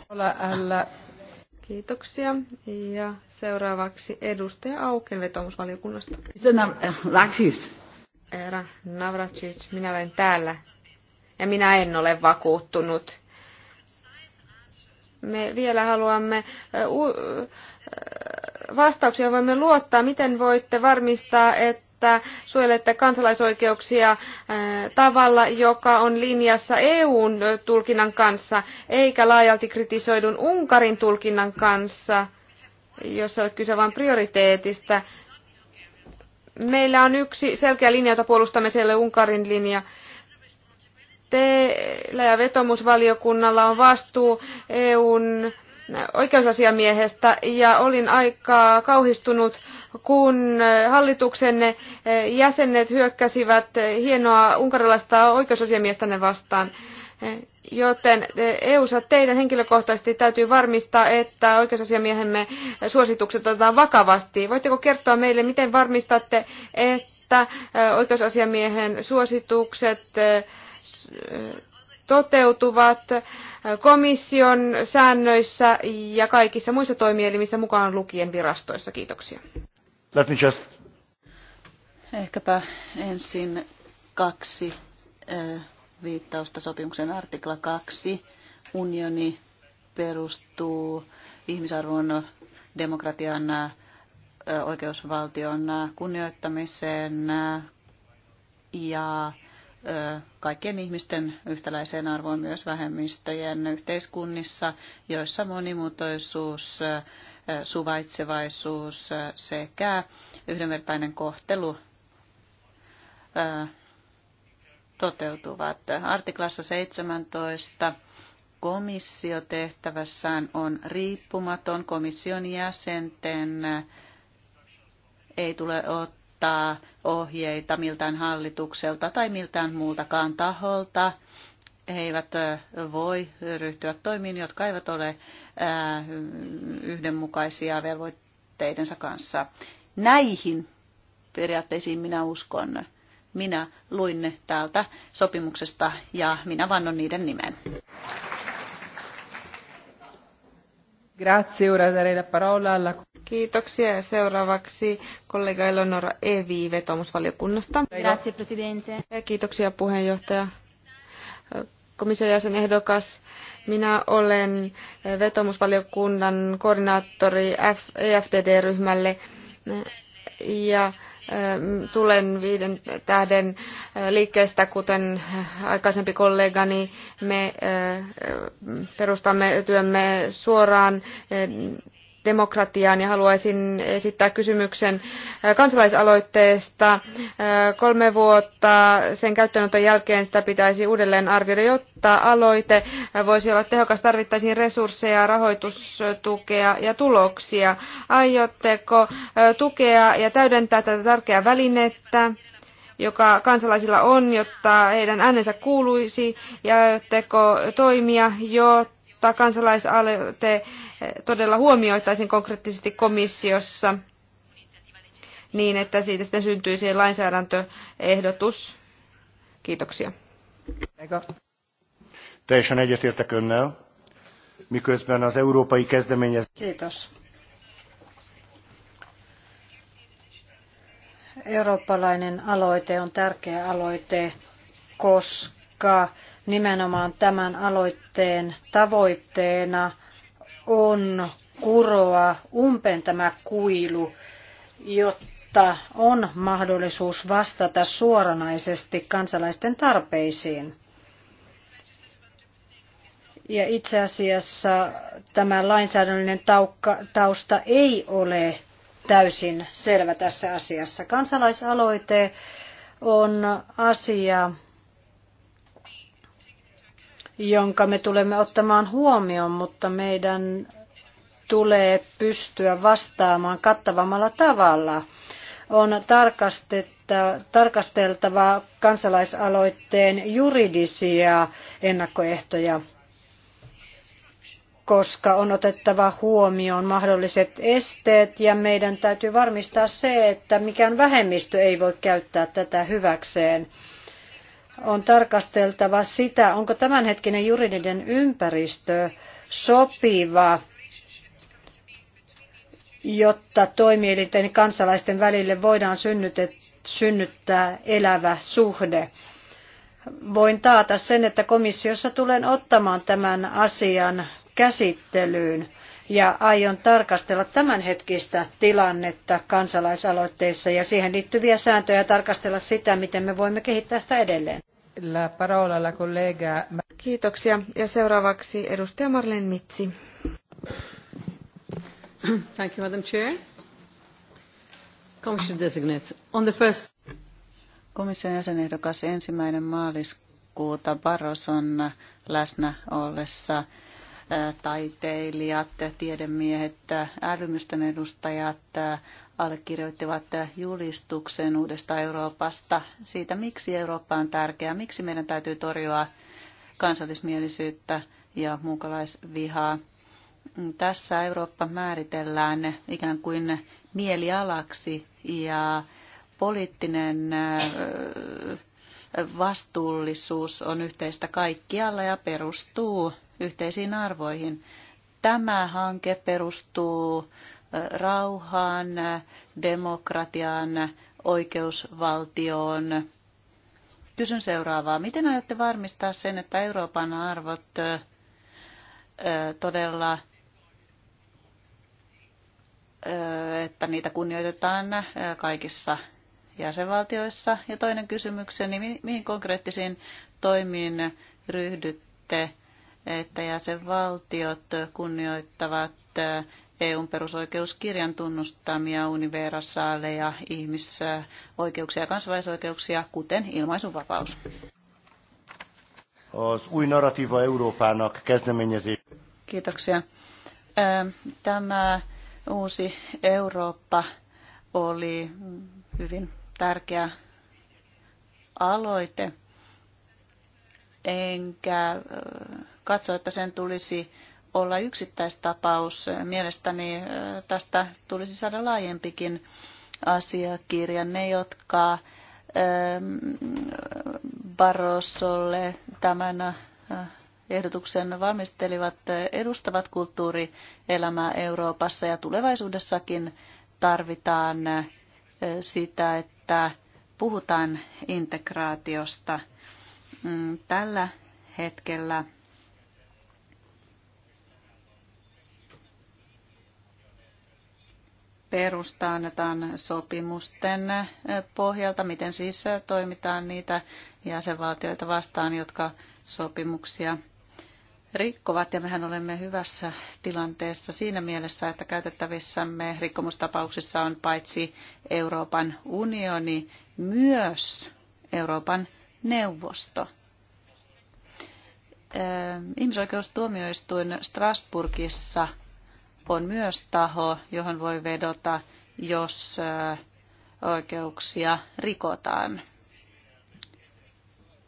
Kiitoksia. Ja seuraavaksi edustaja Auken vetomusvaliokunnasta. Eh, Laksis. Eera Navracic, minä olen täällä. Ja minä en ole vakuuttunut. Me vielä haluamme eh, eh, vastauksia voimme luottaa? Miten voitte varmistaa, että suojelette kansalaisoikeuksia äh, tavalla, joka on linjassa EUn tulkinnan kanssa, eikä laajalti kritisoidun Unkarin tulkinnan kanssa, jossa on kyse vain prioriteetista? Meillä on yksi selkeä linja, jota puolustamme siellä Unkarin linja teillä ja vetomusvaliokunnalla on vastuu EUn oikeusasiamiehestä ja olin aika kauhistunut, kun hallituksenne jäsenet hyökkäsivät hienoa unkarilaista oikeusasiamiestanne vastaan. Joten EU-ssa teidän henkilökohtaisesti täytyy varmistaa, että oikeusasiamiehemme suositukset otetaan vakavasti. Voitteko kertoa meille, miten varmistatte, että oikeusasiamiehen suositukset toteutuvat komission säännöissä ja kaikissa muissa toimielimissä mukaan lukien virastoissa. Kiitoksia. Let me just... Ehkäpä ensin kaksi äh, viittausta sopimuksen artikla 2. Unioni perustuu ihmisarvon demokratian äh, oikeusvaltion äh, kunnioittamiseen ja kaikkien ihmisten yhtäläiseen arvoon myös vähemmistöjen yhteiskunnissa, joissa monimuotoisuus, suvaitsevaisuus sekä yhdenvertainen kohtelu toteutuvat. Artiklassa 17 komissio tehtävässään on riippumaton komission jäsenten ei tule ottaa odottaa ohjeita miltään hallitukselta tai miltään muultakaan taholta. He eivät voi ryhtyä toimiin, jotka eivät ole yhdenmukaisia velvoitteidensa kanssa. Näihin periaatteisiin minä uskon. Minä luin ne täältä sopimuksesta ja minä vannon niiden nimen. Grazie, ora darei la parola alla... Kiitoksia. Seuraavaksi kollega Eleonora Evi vetomusvaliokunnasta. Grazie, presidente. Kiitoksia puheenjohtaja. Komission jäsenehdokas, minä olen vetomusvaliokunnan koordinaattori EFDD-ryhmälle ja Ähm, tulen viiden tähden äh, liikkeestä, kuten äh, aikaisempi kollegani, me äh, perustamme työmme suoraan demokratiaan ja haluaisin esittää kysymyksen äh, kansalaisaloitteesta. Äh, kolme vuotta sen käyttöönoton jälkeen sitä pitäisi uudelleen arvioida, jotta aloite äh, voisi olla tehokas. Tarvittaisiin resursseja, rahoitustukea ja tuloksia. Aiotteko tukea ja täydentää tätä tärkeää välinettä? joka kansalaisilla on, jotta heidän äänensä kuuluisi, ja teko toimia, jotta kansalaisaloite todella huomioitaisiin konkreettisesti komissiossa niin, että siitä sitten syntyisi lainsäädäntöehdotus. Kiitoksia. Teljesen egyetértek önnel, miközben az európai kezdeményezés... Kiitos. Eurooppalainen aloite on tärkeä aloite, koska nimenomaan tämän aloitteen tavoitteena – on kuroa umpeen tämä kuilu, jotta on mahdollisuus vastata suoranaisesti kansalaisten tarpeisiin. Ja itse asiassa tämä lainsäädännöllinen tausta ei ole täysin selvä tässä asiassa. Kansalaisaloite on asia, jonka me tulemme ottamaan huomioon, mutta meidän tulee pystyä vastaamaan kattavammalla tavalla. On tarkasteltava kansalaisaloitteen juridisia ennakkoehtoja, koska on otettava huomioon mahdolliset esteet ja meidän täytyy varmistaa se, että mikään vähemmistö ei voi käyttää tätä hyväkseen on tarkasteltava sitä, onko tämänhetkinen juridinen ympäristö sopiva, jotta toimielinten kansalaisten välille voidaan synnyttää elävä suhde. Voin taata sen, että komissiossa tulen ottamaan tämän asian käsittelyyn ja aion tarkastella tämänhetkistä tilannetta kansalaisaloitteissa ja siihen liittyviä sääntöjä ja tarkastella sitä, miten me voimme kehittää sitä edelleen. La parola la collega. Kiitoksia. Ja seuraavaksi edustaja Marlen Mitsi. Thank you, Madam Chair. Commission designate. On the first... Komission jäsenehdokas ensimmäinen maaliskuuta Barroson läsnä ollessa taiteilijat, tiedemiehet, älymystön edustajat allekirjoittivat julistuksen uudesta Euroopasta siitä, miksi Eurooppa on tärkeää, miksi meidän täytyy torjua kansallismielisyyttä ja muukalaisvihaa. Tässä Eurooppa määritellään ikään kuin mielialaksi ja poliittinen vastuullisuus on yhteistä kaikkialla ja perustuu yhteisiin arvoihin. Tämä hanke perustuu rauhaan, demokratiaan, oikeusvaltioon. Kysyn seuraavaa. Miten aiotte varmistaa sen, että Euroopan arvot todella että niitä kunnioitetaan kaikissa jäsenvaltioissa. Ja toinen kysymykseni, mihin konkreettisiin toimiin ryhdytte että jäsenvaltiot kunnioittavat EUn perusoikeuskirjan tunnustamia universaaleja ihmisoikeuksia ja kansalaisoikeuksia, kuten ilmaisunvapaus. Az új narratíva Európának kezdeményezés. Kiitoksia. Tämä uusi Eurooppa oli hyvin tärkeä aloite, enkä katso, että sen tulisi olla yksittäistapaus. Mielestäni tästä tulisi saada laajempikin asiakirja. Ne, jotka Barrosolle tämän ehdotuksen valmistelivat, edustavat kulttuurielämää Euroopassa ja tulevaisuudessakin tarvitaan sitä, että puhutaan integraatiosta. Mm, tällä hetkellä perusta annetaan sopimusten eh, pohjalta, miten siis eh, toimitaan niitä jäsenvaltioita vastaan, jotka sopimuksia rikkovat. Ja mehän olemme hyvässä tilanteessa siinä mielessä, että käytettävissämme rikkomustapauksissa on paitsi Euroopan unioni, myös Euroopan neuvosto. Eh, ihmisoikeustuomioistuin Strasburgissa – on myös taho, johon voi vedota, jos oikeuksia rikotaan.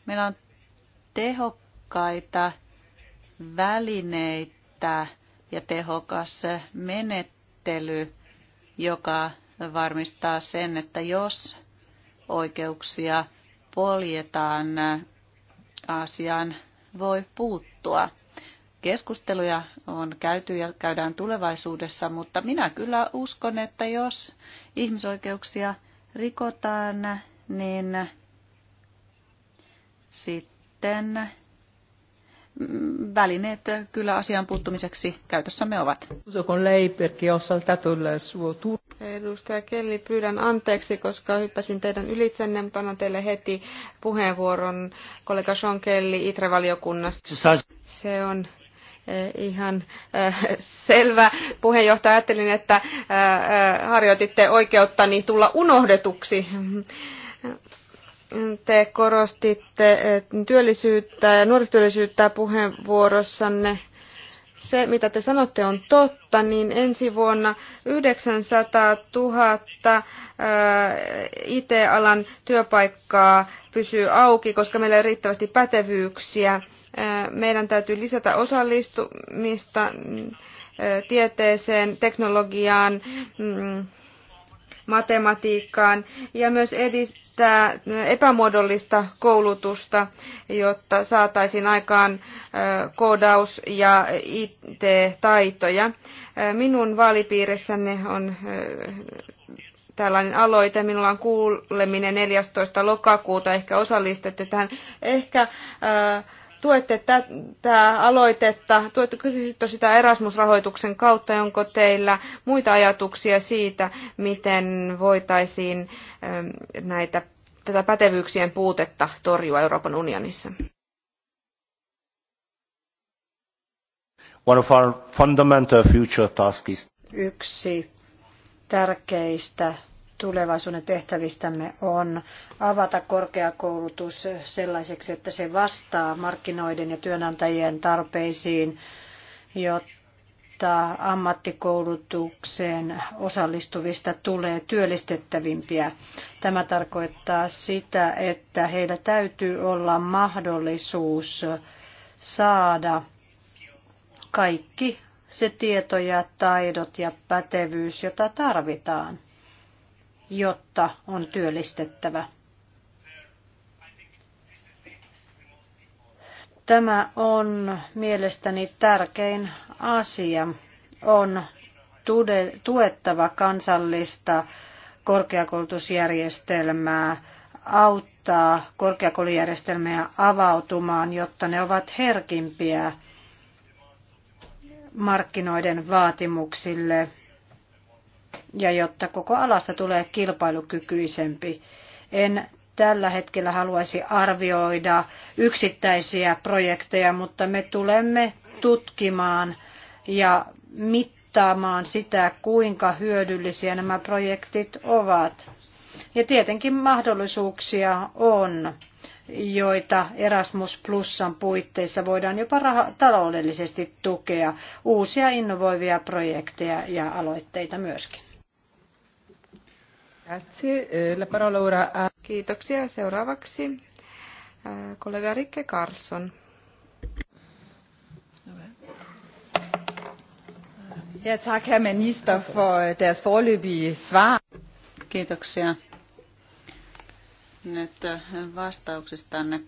Meillä on tehokkaita välineitä ja tehokas menettely, joka varmistaa sen, että jos oikeuksia poljetaan, asiaan voi puuttua keskusteluja on käyty ja käydään tulevaisuudessa, mutta minä kyllä uskon, että jos ihmisoikeuksia rikotaan, niin sitten välineet kyllä asian puuttumiseksi käytössämme ovat. Edustaja Kelli, pyydän anteeksi, koska hyppäsin teidän ylitsenne, mutta annan teille heti puheenvuoron kollega Sean Kelly Itre-valiokunnasta. Se on Eh, ihan eh, selvä. Puheenjohtaja, ajattelin, että eh, harjoititte oikeuttani tulla unohdetuksi. Te korostitte työllisyyttä ja nuorisotyöllisyyttä puheenvuorossanne se, mitä te sanotte, on totta, niin ensi vuonna 900 000 IT-alan työpaikkaa pysyy auki, koska meillä ei ole riittävästi pätevyyksiä meidän täytyy lisätä osallistumista tieteeseen, teknologiaan, mm, matematiikkaan ja myös edistää epämuodollista koulutusta, jotta saataisiin aikaan koodaus- ja IT-taitoja. Minun vaalipiirissäni on tällainen aloite. Minulla on kuuleminen 14. lokakuuta. Ehkä osallistutte tähän. Ehkä äh, tuette tätä aloitetta, kysyisitte sitä Erasmus-rahoituksen kautta, onko teillä muita ajatuksia siitä, miten voitaisiin ähm, näitä, tätä pätevyyksien puutetta torjua Euroopan unionissa? One of our fundamental future tasks. Yksi tärkeistä tulevaisuuden tehtävistämme on avata korkeakoulutus sellaiseksi, että se vastaa markkinoiden ja työnantajien tarpeisiin, jotta ammattikoulutukseen osallistuvista tulee työllistettävimpiä. Tämä tarkoittaa sitä, että heillä täytyy olla mahdollisuus saada kaikki se tieto ja taidot ja pätevyys, jota tarvitaan jotta on työllistettävä. Tämä on mielestäni tärkein asia. On tuettava kansallista korkeakoulutusjärjestelmää, auttaa korkeakoulujärjestelmiä avautumaan, jotta ne ovat herkimpiä markkinoiden vaatimuksille ja jotta koko alasta tulee kilpailukykyisempi. En tällä hetkellä haluaisi arvioida yksittäisiä projekteja, mutta me tulemme tutkimaan ja mittaamaan sitä, kuinka hyödyllisiä nämä projektit ovat. Ja tietenkin mahdollisuuksia on, joita Erasmus Plusan puitteissa voidaan jopa taloudellisesti tukea, uusia innovoivia projekteja ja aloitteita myöskin. Eh, Kiitoksia. Seuraavaksi eh, kollega Rikke Carlson. Ja, tak, herr minister, for eh, deres forløbige svar. Kiitoksia nyt vastauksistanne.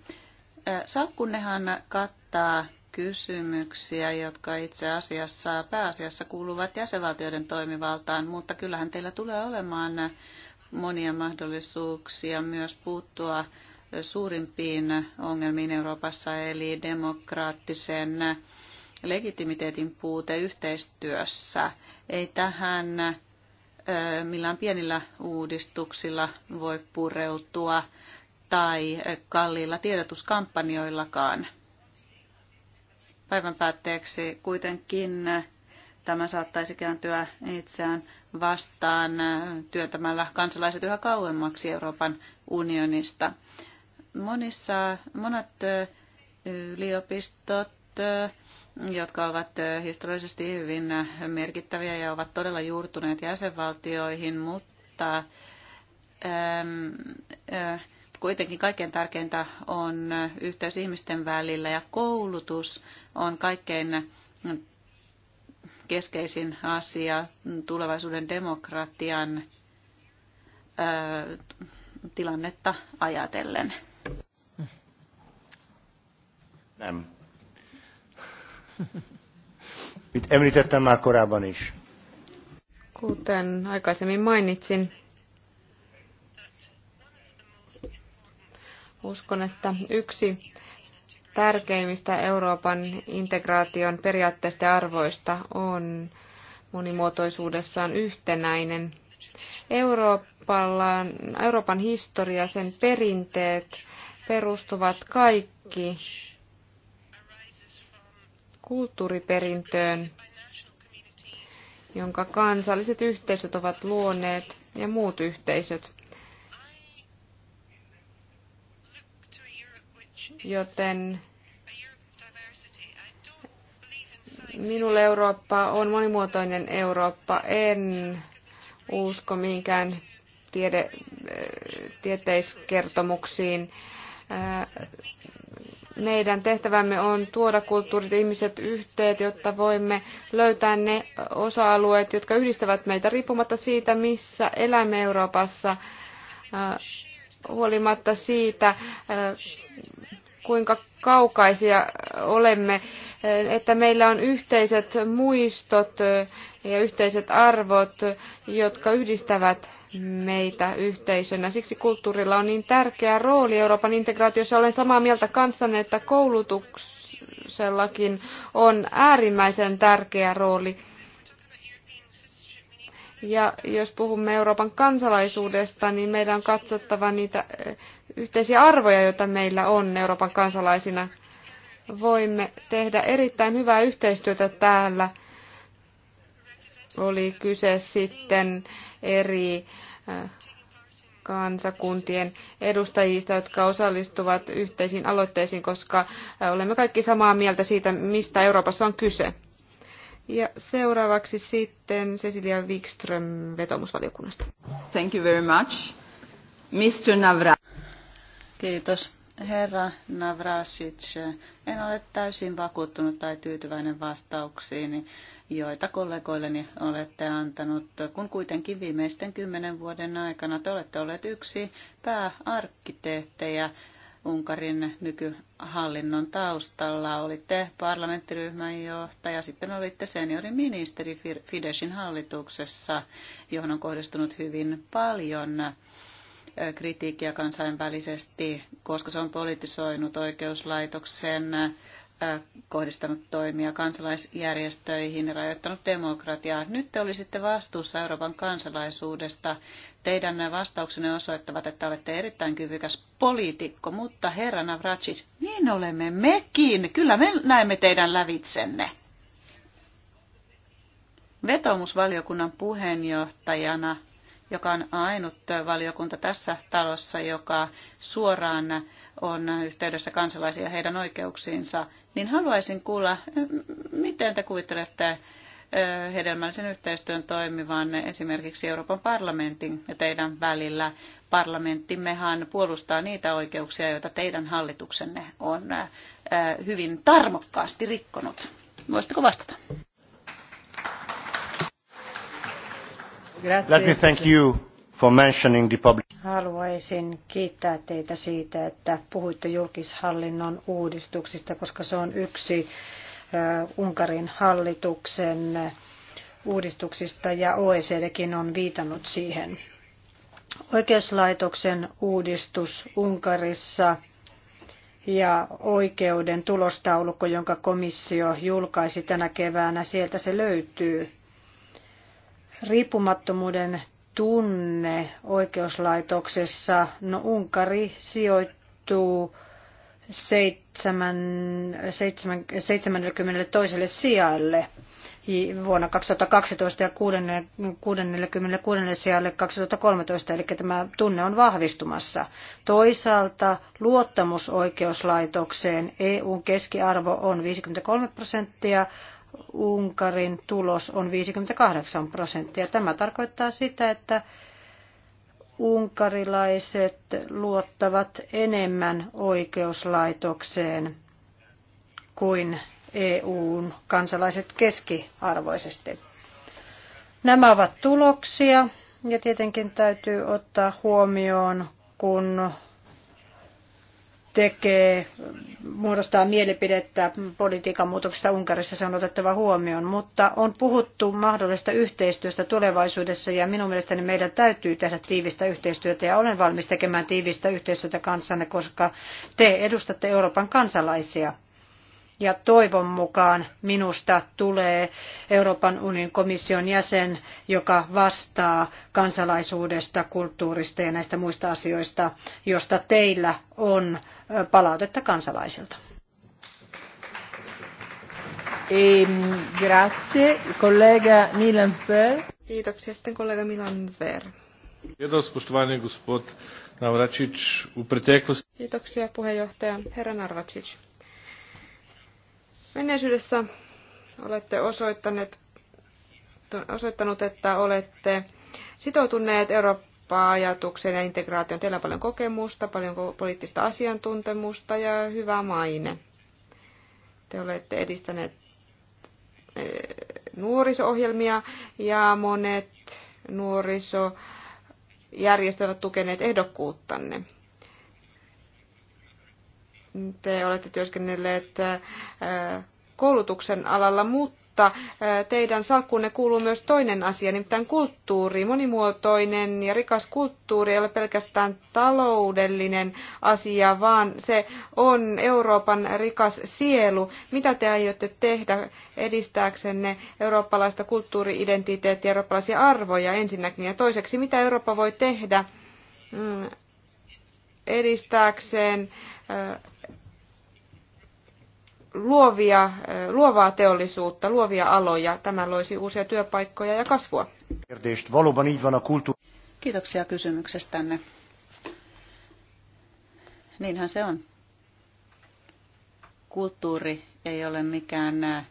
Salkkunnehan kattaa kysymyksiä, jotka itse asiassa pääasiassa kuuluvat jäsenvaltioiden toimivaltaan, mutta kyllähän teillä tulee olemaan monia mahdollisuuksia myös puuttua suurimpiin ongelmiin Euroopassa, eli demokraattisen legitimiteetin puute yhteistyössä. Ei tähän millään pienillä uudistuksilla voi pureutua tai kalliilla tiedotuskampanjoillakaan. Päivän päätteeksi kuitenkin tämä saattaisi kääntyä itseään vastaan äh, työntämällä kansalaiset yhä kauemmaksi Euroopan unionista. Monissa, monet äh, yliopistot, äh, jotka ovat historiallisesti hyvin merkittäviä ja ovat todella juurtuneet jäsenvaltioihin, mutta ähm, kuitenkin kaikkein tärkeintä on yhteys ihmisten välillä ja koulutus on kaikkein keskeisin asia tulevaisuuden demokratian tilannetta ajatellen. Nem. Mit említettem már korábban is. Kuten aikaisemmin mainitsin, uskon, että yksi tärkeimmistä Euroopan integraation periaatteista ja arvoista on monimuotoisuudessaan yhtenäinen. Euroopan historia, sen perinteet perustuvat kaikki kulttuuriperintöön, jonka kansalliset yhteisöt ovat luoneet ja muut yhteisöt. joten minulle Eurooppa on monimuotoinen Eurooppa. En usko mihinkään tiede, tieteiskertomuksiin. Meidän tehtävämme on tuoda kulttuurit ihmiset yhteen, jotta voimme löytää ne osa-alueet, jotka yhdistävät meitä riippumatta siitä, missä elämme Euroopassa, huolimatta siitä, kuinka kaukaisia olemme, että meillä on yhteiset muistot ja yhteiset arvot, jotka yhdistävät meitä yhteisönä. Siksi kulttuurilla on niin tärkeä rooli Euroopan integraatiossa. Olen samaa mieltä kanssanne, että koulutuksellakin on äärimmäisen tärkeä rooli. Ja jos puhumme Euroopan kansalaisuudesta, niin meidän on katsottava niitä yhteisiä arvoja, joita meillä on Euroopan kansalaisina. Voimme tehdä erittäin hyvää yhteistyötä täällä. Oli kyse sitten eri kansakuntien edustajista, jotka osallistuvat yhteisiin aloitteisiin, koska olemme kaikki samaa mieltä siitä, mistä Euroopassa on kyse. Ja seuraavaksi sitten Cecilia Wikström vetomusvaliokunnasta. Thank you very much. Mr. Navra. Kiitos. Herra Navrasic, en ole täysin vakuuttunut tai tyytyväinen vastauksiin, joita kollegoilleni olette antanut, kun kuitenkin viimeisten kymmenen vuoden aikana te olette olleet yksi pääarkkitehtejä Unkarin nykyhallinnon taustalla. Olitte parlamenttiryhmän johtaja, sitten olitte senioriministeri Fidesin hallituksessa, johon on kohdistunut hyvin paljon kritiikkiä kansainvälisesti, koska se on politisoinut oikeuslaitoksen, kohdistanut toimia kansalaisjärjestöihin ja rajoittanut demokratiaa. Nyt te olisitte vastuussa Euroopan kansalaisuudesta. Teidän vastauksenne osoittavat, että olette erittäin kyvykäs poliitikko, mutta herra Navracic, niin olemme mekin. Kyllä me näemme teidän lävitsenne. Vetomusvaliokunnan puheenjohtajana joka on ainut valiokunta tässä talossa, joka suoraan on yhteydessä kansalaisia heidän oikeuksiinsa, niin haluaisin kuulla, miten te kuvittelette eh, hedelmällisen yhteistyön toimivan esimerkiksi Euroopan parlamentin ja teidän välillä. Parlamenttimmehan puolustaa niitä oikeuksia, joita teidän hallituksenne on eh, hyvin tarmokkaasti rikkonut. Voisitteko vastata? Let me thank you for mentioning the public. Haluaisin kiittää teitä siitä, että puhuitte julkishallinnon uudistuksista, koska se on yksi Unkarin hallituksen uudistuksista ja OECDkin on viitannut siihen. Oikeuslaitoksen uudistus Unkarissa ja oikeuden tulostaulukko, jonka komissio julkaisi tänä keväänä, sieltä se löytyy riippumattomuuden tunne oikeuslaitoksessa. No Unkari sijoittuu 7, 7, 72. sijalle vuonna 2012 ja 66. sijalle 2013, eli tämä tunne on vahvistumassa. Toisaalta luottamus oikeuslaitokseen EUn keskiarvo on 53 prosenttia, Unkarin tulos on 58 prosenttia. Tämä tarkoittaa sitä, että unkarilaiset luottavat enemmän oikeuslaitokseen kuin EUn kansalaiset keskiarvoisesti. Nämä ovat tuloksia ja tietenkin täytyy ottaa huomioon, kun tekee, muodostaa mielipidettä politiikan muutoksesta Unkarissa, se on otettava huomioon. Mutta on puhuttu mahdollisesta yhteistyöstä tulevaisuudessa ja minun mielestäni meidän täytyy tehdä tiivistä yhteistyötä ja olen valmis tekemään tiivistä yhteistyötä kanssanne, koska te edustatte Euroopan kansalaisia ja toivon mukaan minusta tulee Euroopan unionin komission jäsen, joka vastaa kansalaisuudesta, kulttuurista ja näistä muista asioista, josta teillä on palautetta kansalaisilta. Ehm, grazie, kollega Milan Zver. Kiitoksia sitten kollega Milan Zver. Kiitos, spoštovani gospod Navračič. U preteklosti... Kiitoksia puheenjohtaja, herra Narvačić Menneisyydessä olette osoittaneet, osoittanut, että olette sitoutuneet Eurooppa-ajatukseen ja integraatioon. Teillä on paljon kokemusta, paljon poliittista asiantuntemusta ja hyvä maine. Te olette edistäneet eh, nuoriso-ohjelmia ja monet nuorisojärjestöt ovat tukeneet ehdokkuuttanne te olette työskennelleet äh, koulutuksen alalla, mutta äh, teidän salkkuunne kuuluu myös toinen asia, nimittäin kulttuuri. Monimuotoinen ja rikas kulttuuri ei ole pelkästään taloudellinen asia, vaan se on Euroopan rikas sielu. Mitä te aiotte tehdä edistääksenne eurooppalaista kulttuuriidentiteettiä, eurooppalaisia arvoja ensinnäkin? Ja toiseksi, mitä Eurooppa voi tehdä mm, edistääkseen äh, luovia, eh, luovaa teollisuutta, luovia aloja. Tämä loisi uusia työpaikkoja ja kasvua. Kiitoksia kysymyksestänne. Niinhän se on. Kulttuuri ei ole mikään eh,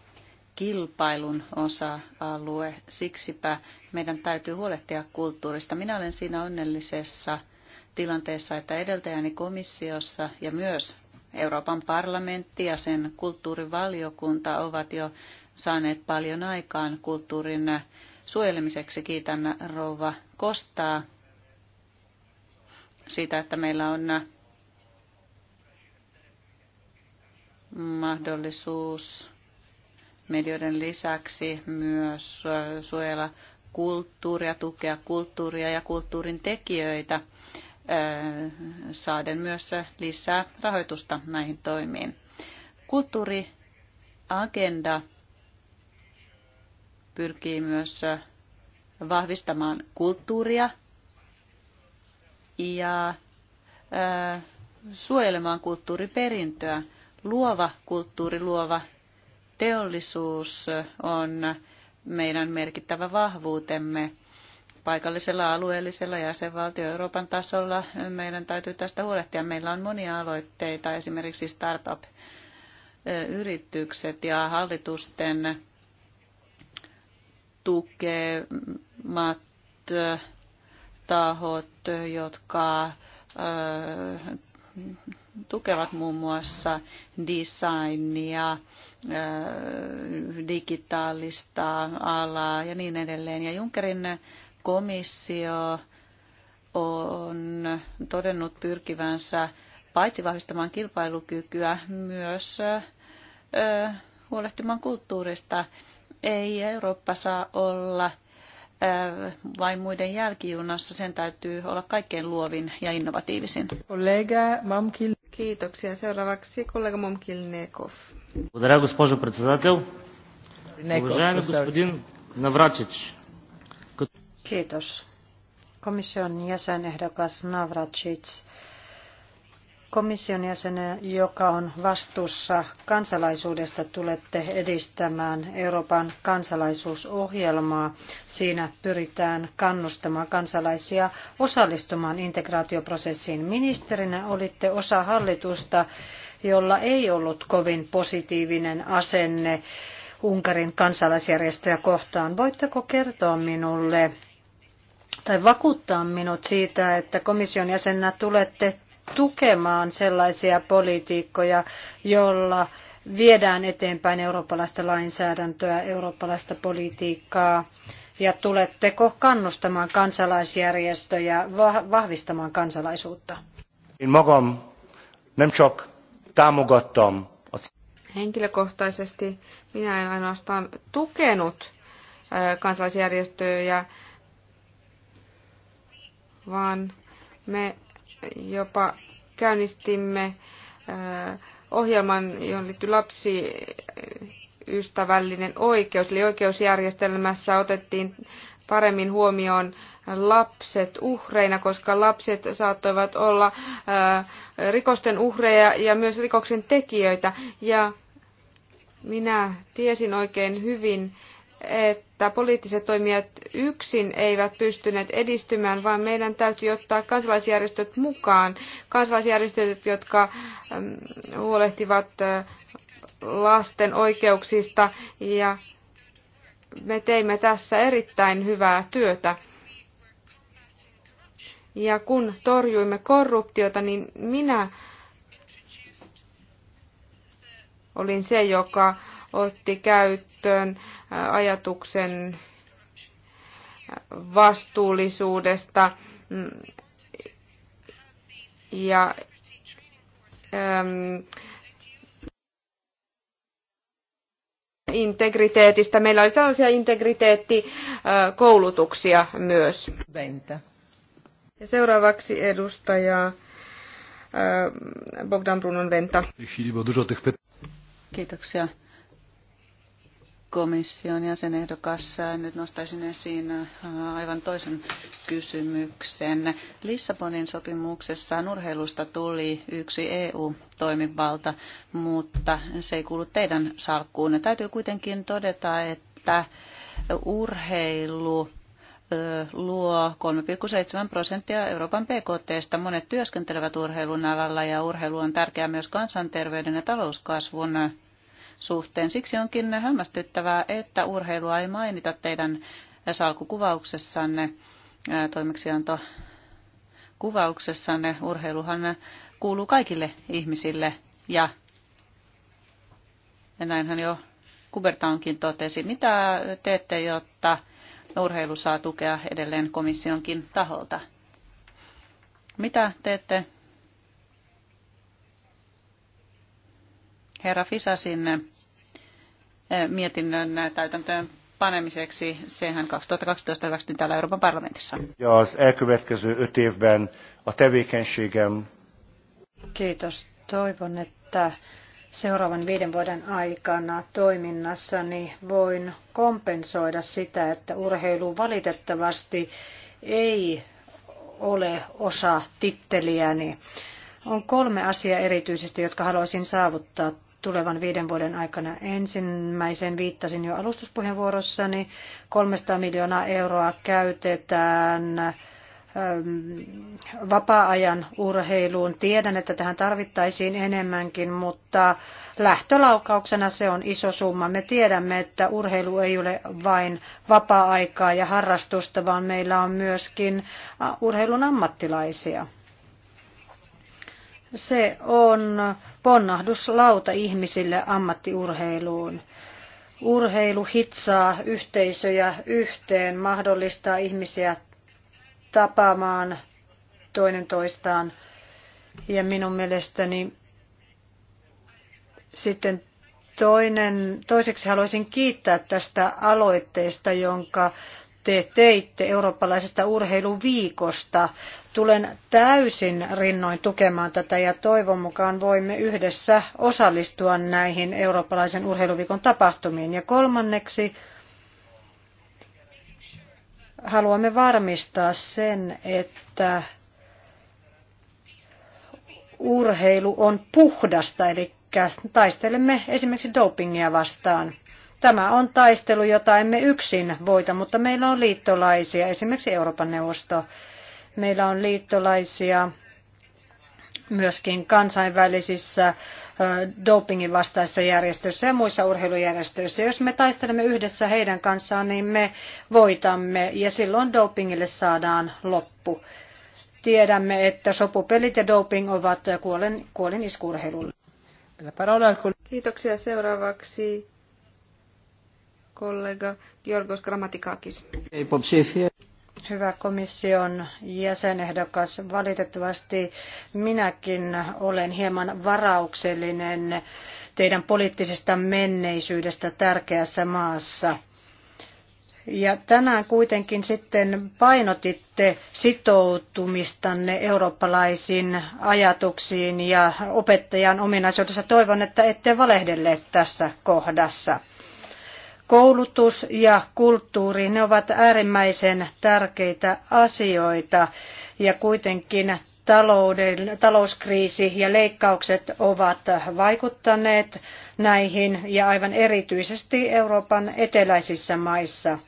kilpailun osa-alue. Siksipä meidän täytyy huolehtia kulttuurista. Minä olen siinä onnellisessa tilanteessa, että edeltäjäni komissiossa ja myös Euroopan parlamentti ja sen kulttuurivaliokunta ovat jo saaneet paljon aikaan kulttuurin suojelemiseksi. Kiitän rouva Kostaa siitä, että meillä on mahdollisuus medioiden lisäksi myös suojella kulttuuria, tukea kulttuuria ja kulttuurin tekijöitä saaden myös lisää rahoitusta näihin toimiin. Kulttuuriagenda pyrkii myös vahvistamaan kulttuuria ja suojelemaan kulttuuriperintöä. Luova kulttuuri, luova teollisuus on meidän merkittävä vahvuutemme paikallisella, alueellisella, ja jäsenvaltio Euroopan tasolla meidän täytyy tästä huolehtia. Meillä on monia aloitteita, esimerkiksi startup-yritykset ja hallitusten tukemat tahot, jotka tukevat muun muassa designia, digitaalista alaa ja niin edelleen. Ja Junckerin komissio on todennut pyrkivänsä paitsi vahvistamaan kilpailukykyä, myös huolehtimaan kulttuurista. Ei Eurooppa saa olla vain muiden jälkijunassa. Sen täytyy olla kaikkein luovin ja innovatiivisin. Kollega Mamkil. Kiitoksia. Seuraavaksi kollega Mamkil Nekov. Благодаря, госпожо председател. Уважаеми господин Navracic. Kiitos. Komission jäsenehdokas Navracic komission jäsenen joka on vastuussa kansalaisuudesta, tulette edistämään Euroopan kansalaisuusohjelmaa. Siinä pyritään kannustamaan kansalaisia osallistumaan integraatioprosessiin. Ministerinä olitte osa hallitusta, jolla ei ollut kovin positiivinen asenne Unkarin kansalaisjärjestöjä kohtaan. Voitteko kertoa minulle tai vakuuttaa minut siitä, että komission jäsenä tulette tukemaan sellaisia politiikkoja, joilla viedään eteenpäin eurooppalaista lainsäädäntöä, eurooppalaista politiikkaa ja tuletteko kannustamaan kansalaisjärjestöjä vahvistamaan kansalaisuutta? In magam nem csak támogattam Henkilökohtaisesti minä en ainoastaan tukenut kansalaisjärjestöjä, vaan me jopa käynnistimme ohjelman, johon liittyy ystävällinen oikeus. Eli oikeusjärjestelmässä otettiin paremmin huomioon lapset uhreina, koska lapset saattoivat olla rikosten uhreja ja myös rikoksen tekijöitä. Ja minä tiesin oikein hyvin, että poliittiset toimijat yksin eivät pystyneet edistymään, vaan meidän täytyy ottaa kansalaisjärjestöt mukaan. Kansalaisjärjestöt, jotka huolehtivat lasten oikeuksista ja me teimme tässä erittäin hyvää työtä. Ja kun torjuimme korruptiota, niin minä olin se, joka otti käyttöön ajatuksen vastuullisuudesta mm, ja ähm, integriteetistä. Meillä oli tällaisia integriteettikoulutuksia myös. Ja seuraavaksi edustaja Bogdan Brunon Venta. Kiitoksia komission jäsenehdokas. Nyt nostaisin esiin äh, aivan toisen kysymyksen. Lissabonin sopimuksessa urheilusta tuli yksi EU-toimivalta, mutta se ei kuulu teidän salkkuunne. Täytyy kuitenkin todeta, että urheilu luo 3,7 prosenttia Euroopan BKTstä. Monet työskentelevät urheilun alalla ja urheilu on tärkeää myös kansanterveyden ja talouskasvun suhteen. Siksi onkin hämmästyttävää, että urheilua ei mainita teidän salkukuvauksessanne, toimeksianto kuvauksessanne. Urheiluhan kuuluu kaikille ihmisille ja näinhän jo onkin totesi, mitä teette, jotta urheilu saa tukea edelleen komissionkin taholta. Mitä teette herra Fisasin eh, mietinnön eh, täytäntöön panemiseksi. Sehän 2012 hyväksyttiin täällä Euroopan parlamentissa. Kiitos. Toivon, että seuraavan viiden vuoden aikana toiminnassani voin kompensoida sitä, että urheilu valitettavasti ei ole osa titteliäni. On kolme asiaa erityisesti, jotka haluaisin saavuttaa tulevan viiden vuoden aikana. Ensimmäisen viittasin jo alustuspuheenvuorossani. 300 miljoonaa euroa käytetään ähm, vapaa-ajan urheiluun. Tiedän, että tähän tarvittaisiin enemmänkin, mutta lähtölaukauksena se on iso summa. Me tiedämme, että urheilu ei ole vain vapaa-aikaa ja harrastusta, vaan meillä on myöskin äh, urheilun ammattilaisia. Se on ponnahduslauta ihmisille ammattiurheiluun. Urheilu hitsaa yhteisöjä yhteen, mahdollistaa ihmisiä tapaamaan toinen toistaan. Ja minun mielestäni sitten toinen, toiseksi haluaisin kiittää tästä aloitteesta, jonka te teitte eurooppalaisesta urheiluviikosta. Tulen täysin rinnoin tukemaan tätä ja toivon mukaan voimme yhdessä osallistua näihin eurooppalaisen urheiluviikon tapahtumiin. Ja kolmanneksi haluamme varmistaa sen, että urheilu on puhdasta, eli taistelemme esimerkiksi dopingia vastaan. Tämä on taistelu, jota emme yksin voita, mutta meillä on liittolaisia, esimerkiksi Euroopan neuvosto. Meillä on liittolaisia myöskin kansainvälisissä dopingin vastaisissa järjestöissä ja muissa urheilujärjestöissä. Jos me taistelemme yhdessä heidän kanssaan, niin me voitamme ja silloin dopingille saadaan loppu. Tiedämme, että sopupelit ja doping ovat kuolen, kuolin iskurheilulle. Kiitoksia seuraavaksi kollega Georgos Grammatikakis. Hyvä komission jäsenehdokas, valitettavasti minäkin olen hieman varauksellinen teidän poliittisesta menneisyydestä tärkeässä maassa. Ja tänään kuitenkin sitten painotitte sitoutumistanne eurooppalaisiin ajatuksiin ja opettajan ominaisuudessa toivon, että ette valehdelleet tässä kohdassa. Koulutus ja kulttuuri, ne ovat äärimmäisen tärkeitä asioita ja kuitenkin talouden, talouskriisi ja leikkaukset ovat vaikuttaneet näihin ja aivan erityisesti Euroopan eteläisissä maissa.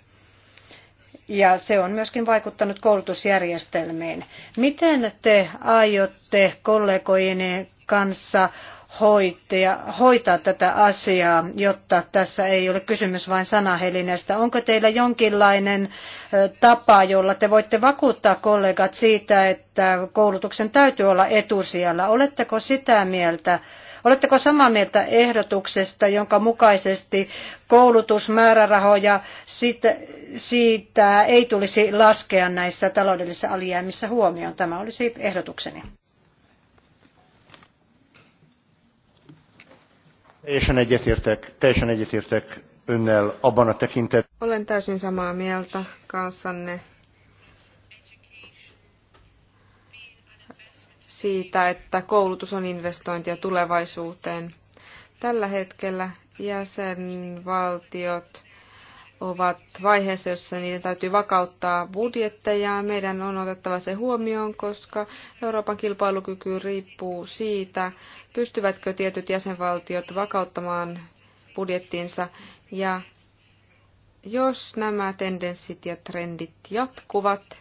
Ja se on myöskin vaikuttanut koulutusjärjestelmiin. Miten te aiotte kollegojen kanssa hoitaa tätä asiaa, jotta tässä ei ole kysymys vain sanahelineestä. Onko teillä jonkinlainen tapa, jolla te voitte vakuuttaa kollegat siitä, että koulutuksen täytyy olla etusijalla? Oletteko sitä mieltä? Oletteko samaa mieltä ehdotuksesta, jonka mukaisesti koulutusmäärärahoja siitä, siitä ei tulisi laskea näissä taloudellisissa alijäämissä huomioon? Tämä olisi ehdotukseni. Teljesen egyetértek, önnel abban a Olen täysin samaa mieltä kanssanne siitä, että koulutus on investointia tulevaisuuteen. Tällä hetkellä jäsenvaltiot ovat vaiheessa, jossa niiden täytyy vakauttaa budjetteja. Meidän on otettava se huomioon, koska Euroopan kilpailukyky riippuu siitä, pystyvätkö tietyt jäsenvaltiot vakauttamaan budjettinsa. Ja jos nämä tendenssit ja trendit jatkuvat,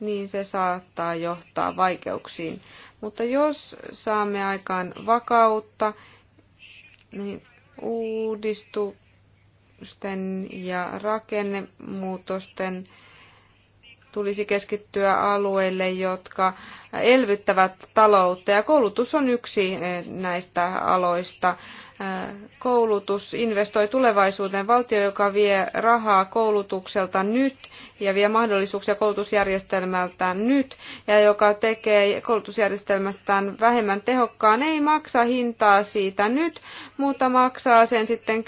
niin se saattaa johtaa vaikeuksiin. Mutta jos saamme aikaan vakautta, niin uudistuu uudistusten ja rakennemuutosten tulisi keskittyä alueille, jotka elvyttävät taloutta. Ja koulutus on yksi eh, näistä aloista koulutus investoi tulevaisuuteen. Valtio, joka vie rahaa koulutukselta nyt ja vie mahdollisuuksia koulutusjärjestelmältä nyt ja joka tekee koulutusjärjestelmästään vähemmän tehokkaan, ei maksa hintaa siitä nyt, mutta maksaa sen sitten 10-50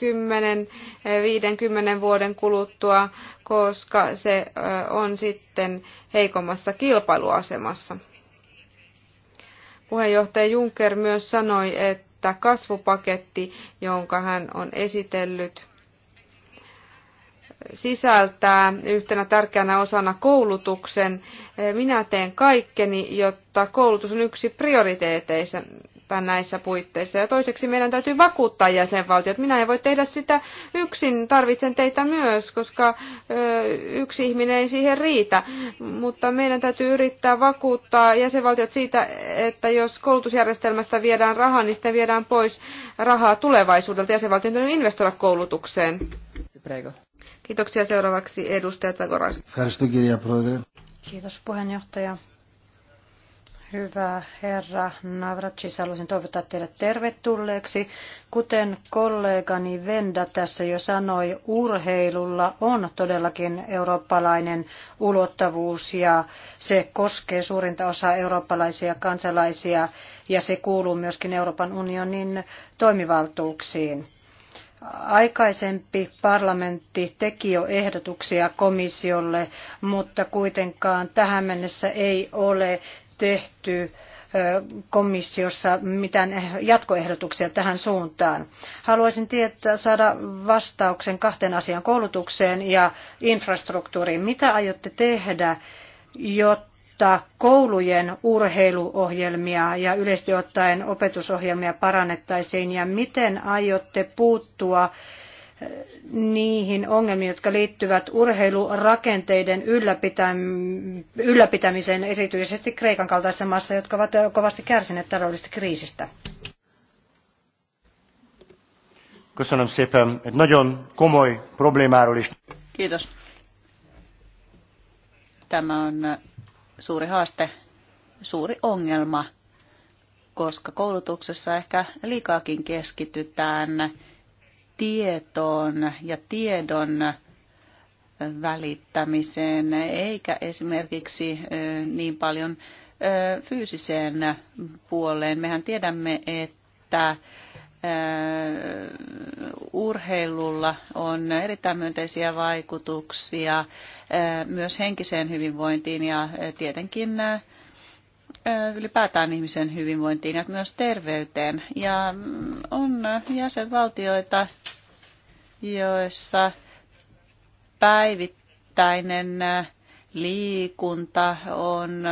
eh, vuoden kuluttua, koska se eh, on sitten heikommassa kilpailuasemassa. Puheenjohtaja Juncker myös sanoi, että että kasvupaketti, jonka hän on esitellyt, sisältää yhtenä tärkeänä osana koulutuksen. Minä teen kaikkeni, jotta koulutus on yksi prioriteeteissa toimia näissä puitteissa. Ja toiseksi meidän täytyy vakuuttaa jäsenvaltiot. Minä en voi tehdä sitä yksin, tarvitsen teitä myös, koska yksi ihminen ei siihen riitä. Mutta meidän täytyy yrittää vakuuttaa jäsenvaltiot siitä, että jos koulutusjärjestelmästä viedään rahaa, niin sitten viedään pois rahaa tulevaisuudelta. Jäsenvaltiot investoida koulutukseen. Kiitoksia seuraavaksi edustaja Tagoras. Kiitos puheenjohtaja. Hyvä herra Navratsis, haluaisin toivottaa teidät tervetulleeksi. Kuten kollegani Venda tässä jo sanoi, urheilulla on todellakin eurooppalainen ulottavuus ja se koskee suurinta osaa eurooppalaisia kansalaisia ja se kuuluu myöskin Euroopan unionin toimivaltuuksiin aikaisempi parlamentti teki jo ehdotuksia komissiolle, mutta kuitenkaan tähän mennessä ei ole tehty komissiossa mitään jatkoehdotuksia tähän suuntaan. Haluaisin tietää, saada vastauksen kahteen asiaan, koulutukseen ja infrastruktuuriin. Mitä aiotte tehdä, jotta koulujen urheiluohjelmia ja yleisesti ottaen opetusohjelmia parannettaisiin ja miten aiotte puuttua niihin ongelmiin, jotka liittyvät urheilurakenteiden ylläpitämiseen, erityisesti Kreikan kaltaisessa maassa, jotka ovat kovasti kärsineet taloudellisesta kriisistä. Kiitos. Tämä on suuri haaste, suuri ongelma, koska koulutuksessa ehkä liikaakin keskitytään tietoon ja tiedon välittämiseen, eikä esimerkiksi niin paljon fyysiseen puoleen. Mehän tiedämme, että urheilulla on erittäin myönteisiä vaikutuksia myös henkiseen hyvinvointiin ja tietenkin ylipäätään ihmisen hyvinvointiin ja myös terveyteen. Ja mm, on jäsenvaltioita, joissa päivittäinen liikunta on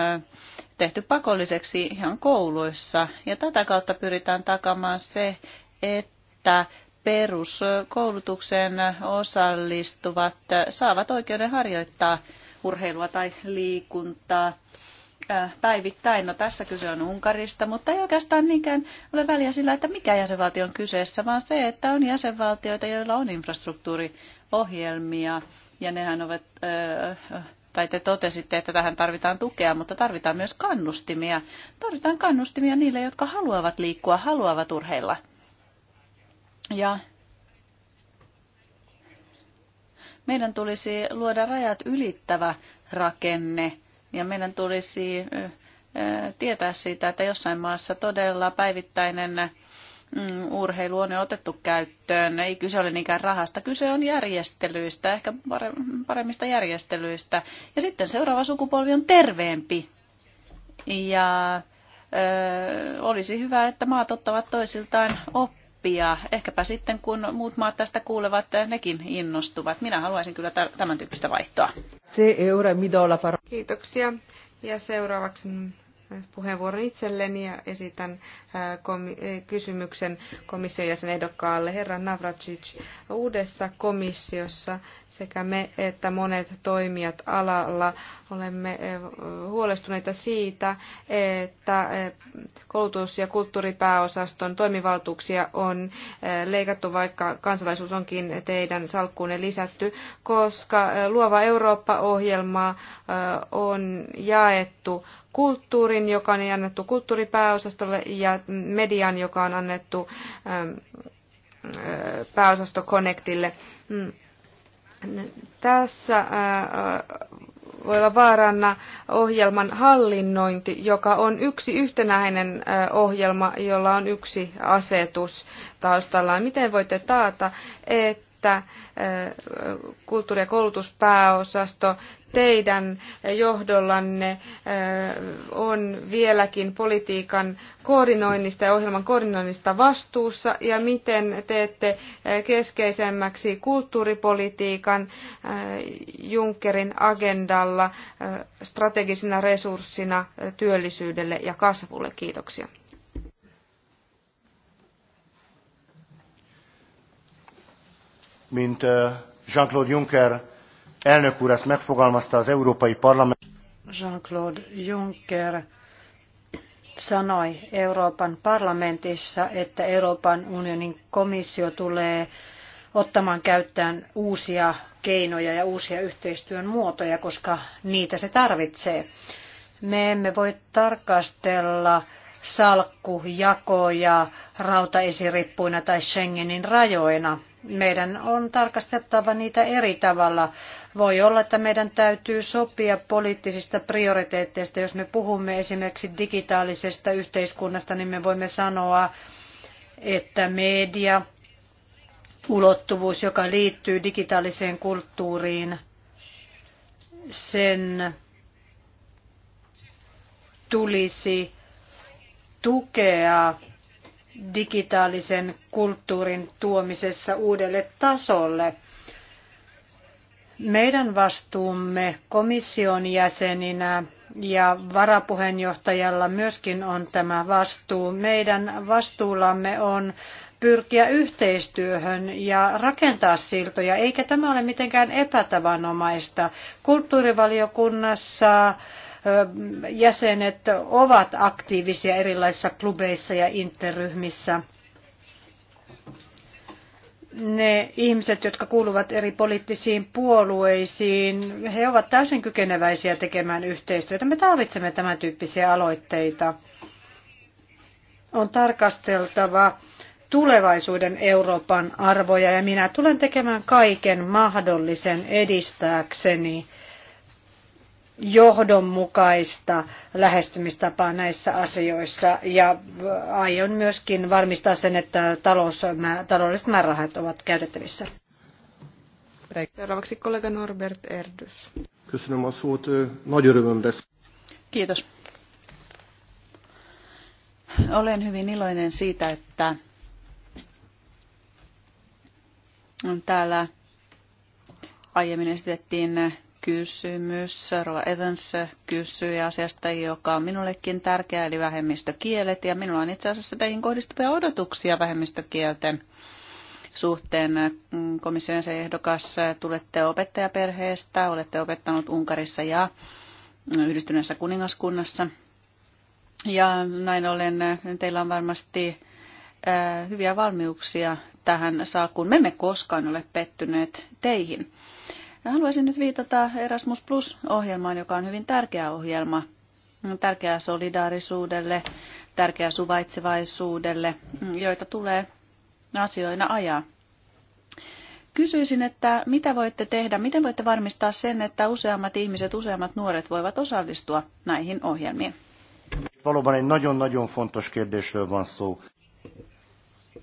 tehty pakolliseksi ihan kouluissa. Ja tätä kautta pyritään takamaan se, että peruskoulutukseen osallistuvat saavat oikeuden harjoittaa urheilua tai liikuntaa Äh, päivittäin. No tässä kyse on Unkarista, mutta ei oikeastaan niinkään ole väliä sillä, että mikä jäsenvaltio on kyseessä, vaan se, että on jäsenvaltioita, joilla on infrastruktuuriohjelmia, ja nehän ovat, äh, äh, tai te totesitte, että tähän tarvitaan tukea, mutta tarvitaan myös kannustimia. Tarvitaan kannustimia niille, jotka haluavat liikkua, haluavat urheilla. Ja meidän tulisi luoda rajat ylittävä rakenne ja meidän tulisi tietää siitä, että jossain maassa todella päivittäinen mm, urheilu on jo otettu käyttöön. Ei kyse ole niinkään rahasta, kyse on järjestelyistä, ehkä paremmista järjestelyistä. Ja sitten seuraava sukupolvi on terveempi. Ja ö, olisi hyvä, että maat ottavat toisiltaan oppia oppia. Ehkäpä sitten, kun muut maat tästä kuulevat, nekin innostuvat. Minä haluaisin kyllä tämän tyyppistä vaihtoa. Kiitoksia. Ja seuraavaksi puheenvuoron itselleni ja esitän kysymyksen komission jäsenehdokkaalle herra Navracic uudessa komissiossa sekä me että monet toimijat alalla olemme eh, huolestuneita siitä, että eh, koulutus- ja kulttuuripääosaston toimivaltuuksia on eh, leikattu, vaikka kansalaisuus onkin teidän salkkuunne lisätty, koska Luova Eurooppa-ohjelma on jaettu kulttuurin, joka on annettu kulttuuripääosastolle, ja median, joka on annettu pääosasto Connectille. Mm. Tässä voi olla vaarana ohjelman hallinnointi, joka on yksi yhtenäinen ohjelma, jolla on yksi asetus taustallaan. Miten voitte taata, että että eh, kulttuuri- ja koulutuspääosasto teidän johdollanne eh, on vieläkin politiikan koordinoinnista ja ohjelman koordinoinnista vastuussa ja miten teette eh, keskeisemmäksi kulttuuripolitiikan Junckerin agendalla strategisena resurssina työllisyydelle ja kasvulle. Kiitoksia. mint Jean-Claude Juncker elnök úr ezt megfogalmazta az Európai Parlament. Jean-Claude Juncker sanoi Euroopan parlamentissa, että Euroopan unionin komissio tulee ottamaan käyttöön uusia keinoja ja uusia yhteistyön muotoja, koska niitä se tarvitsee. Me emme voi tarkastella salkkujakoja rautaesirippuina tai Schengenin rajoina – meidän on tarkastettava niitä eri tavalla. Voi olla, että meidän täytyy sopia poliittisista prioriteetteista. Jos me puhumme esimerkiksi digitaalisesta yhteiskunnasta, niin me voimme sanoa, että media, ulottuvuus, joka liittyy digitaaliseen kulttuuriin, sen tulisi tukea digitaalisen kulttuurin tuomisessa uudelle tasolle. Meidän vastuumme komission jäseninä ja varapuheenjohtajalla myöskin on tämä vastuu. Meidän vastuullamme on pyrkiä yhteistyöhön ja rakentaa siltoja, eikä tämä ole mitenkään epätavanomaista. Kulttuurivaliokunnassa jäsenet ovat aktiivisia erilaisissa klubeissa ja interryhmissä. Ne ihmiset, jotka kuuluvat eri poliittisiin puolueisiin, he ovat täysin kykeneväisiä tekemään yhteistyötä. Me tarvitsemme tämän tyyppisiä aloitteita. On tarkasteltava tulevaisuuden Euroopan arvoja ja minä tulen tekemään kaiken mahdollisen edistääkseni johdonmukaista lähestymistapaa näissä asioissa ja aion myöskin varmistaa sen, että talous, taloudelliset määrärahat ovat käytettävissä. Seuraavaksi kollega Norbert Erdys. Kiitos. Olen hyvin iloinen siitä, että täällä aiemmin esitettiin kysymys. Rova Evans kysyi asiasta, joka on minullekin tärkeä, eli vähemmistökielet. Ja minulla on itse asiassa teihin kohdistuvia odotuksia vähemmistökielten suhteen. Komission se ehdokas, tulette opettajaperheestä, olette opettanut Unkarissa ja yhdistyneessä kuningaskunnassa. Ja näin ollen teillä on varmasti äh, hyviä valmiuksia tähän saakkuun. Me emme koskaan ole pettyneet teihin. Haluaisin nyt viitata Erasmus Plus-ohjelmaan, joka on hyvin tärkeä ohjelma, tärkeää solidaarisuudelle, tärkeää suvaitsevaisuudelle, joita tulee asioina ajaa. Kysyisin, että mitä voitte tehdä, miten voitte varmistaa sen, että useammat ihmiset, useammat nuoret voivat osallistua näihin ohjelmiin?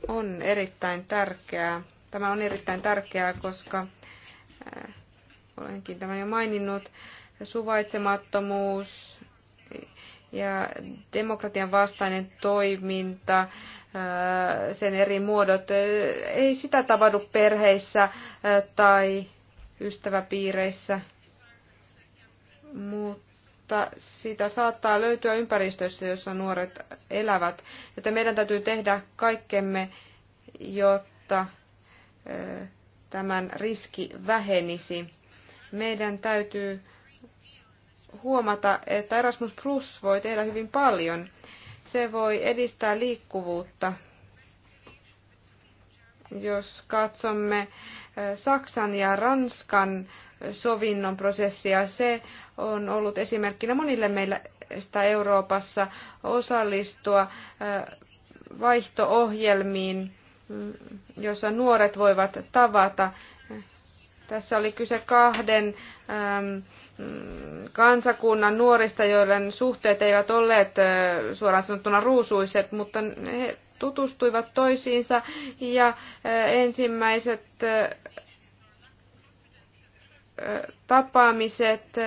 On erittäin tärkeää. Tämä on erittäin tärkeää, koska olenkin tämän jo maininnut, suvaitsemattomuus ja demokratian vastainen toiminta, sen eri muodot, ei sitä tavadu perheissä tai ystäväpiireissä, mutta sitä saattaa löytyä ympäristössä, jossa nuoret elävät. Joten meidän täytyy tehdä kaikkemme, jotta tämän riski vähenisi meidän täytyy huomata, että Erasmus Plus voi tehdä hyvin paljon. Se voi edistää liikkuvuutta. Jos katsomme Saksan ja Ranskan sovinnon prosessia, se on ollut esimerkkinä monille meillä Euroopassa osallistua vaihtoohjelmiin, jossa nuoret voivat tavata tässä oli kyse kahden ähm, kansakunnan nuorista, joiden suhteet eivät olleet äh, suoraan sanottuna ruusuiset, mutta he tutustuivat toisiinsa ja äh, ensimmäiset äh, tapaamiset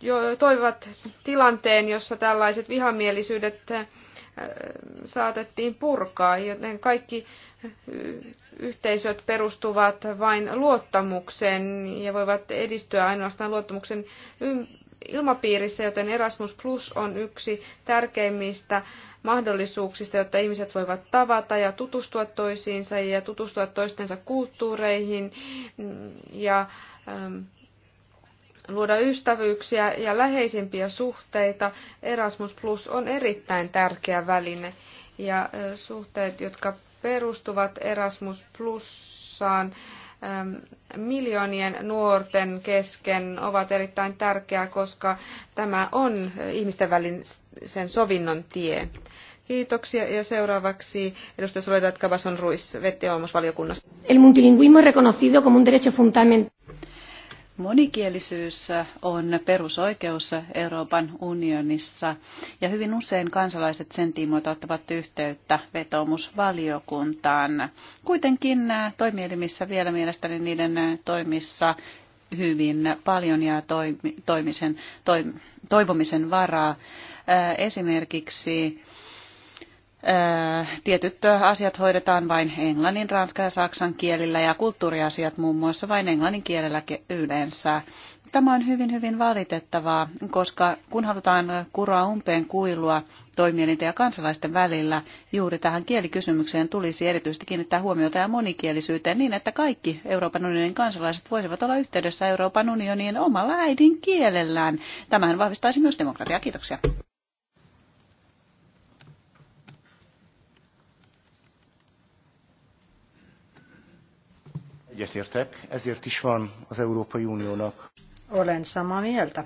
jo toivat tilanteen, jossa tällaiset vihamielisyydet saatettiin purkaa, joten kaikki yhteisöt perustuvat vain luottamukseen ja voivat edistyä ainoastaan luottamuksen ilmapiirissä, joten Erasmus Plus on yksi tärkeimmistä mahdollisuuksista, jotta ihmiset voivat tavata ja tutustua toisiinsa ja tutustua toistensa kulttuureihin ja luoda ystävyyksiä ja läheisempiä suhteita. Erasmus Plus on erittäin tärkeä väline ja suhteet, jotka perustuvat Erasmus Plussaan miljoonien nuorten kesken ovat erittäin tärkeää, koska tämä on ihmisten välisen sovinnon tie. Kiitoksia ja seuraavaksi edustaja Soledad Cabason Ruiz, vetteomusvaliokunnasta. El multilingüismo es reconocido como un derecho fundamental. Monikielisyys on perusoikeus Euroopan unionissa ja hyvin usein kansalaiset sen tiimoilta ottavat yhteyttä vetoomusvaliokuntaan. Kuitenkin toimielimissä vielä mielestäni niiden toimissa hyvin paljon ja toimisen, toivomisen varaa. Esimerkiksi Äh, tietyt asiat hoidetaan vain englannin, ranskan ja saksan kielillä ja kulttuuriasiat muun muassa vain englannin kielellä yleensä. Tämä on hyvin, hyvin valitettavaa, koska kun halutaan kuroa umpeen kuilua toimielinten ja kansalaisten välillä, juuri tähän kielikysymykseen tulisi erityisesti kiinnittää huomiota ja monikielisyyteen niin, että kaikki Euroopan unionin kansalaiset voisivat olla yhteydessä Euroopan unioniin omalla äidinkielellään. Tämähän vahvistaisi myös demokratiaa. Kiitoksia. Egyetértek, ezért is van az Európai Uniónak. Olen samaa mieltä.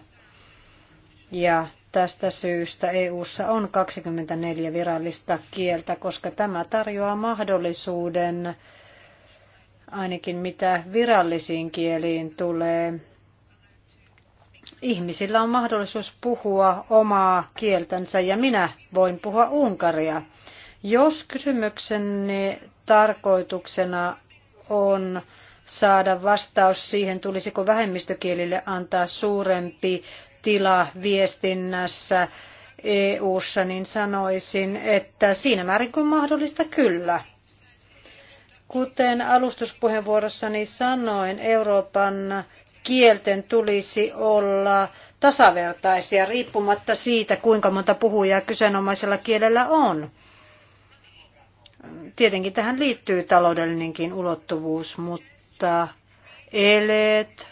Ja tästä syystä EU:ssa on 24 virallista kieltä, koska tämä tarjoaa mahdollisuuden ainakin mitä virallisiin kieliin tulee. Ihmisillä on mahdollisuus puhua omaa kieltänsä ja minä voin puhua unkaria. Jos kysymyksenne tarkoituksena on saada vastaus siihen, tulisiko vähemmistökielille antaa suurempi tila viestinnässä EU-ssa, niin sanoisin, että siinä määrin kuin mahdollista kyllä. Kuten alustuspuheenvuorossani sanoin, Euroopan kielten tulisi olla tasavertaisia riippumatta siitä, kuinka monta puhujaa kyseenomaisella kielellä on. Tietenkin tähän liittyy taloudellinenkin ulottuvuus, mutta että elet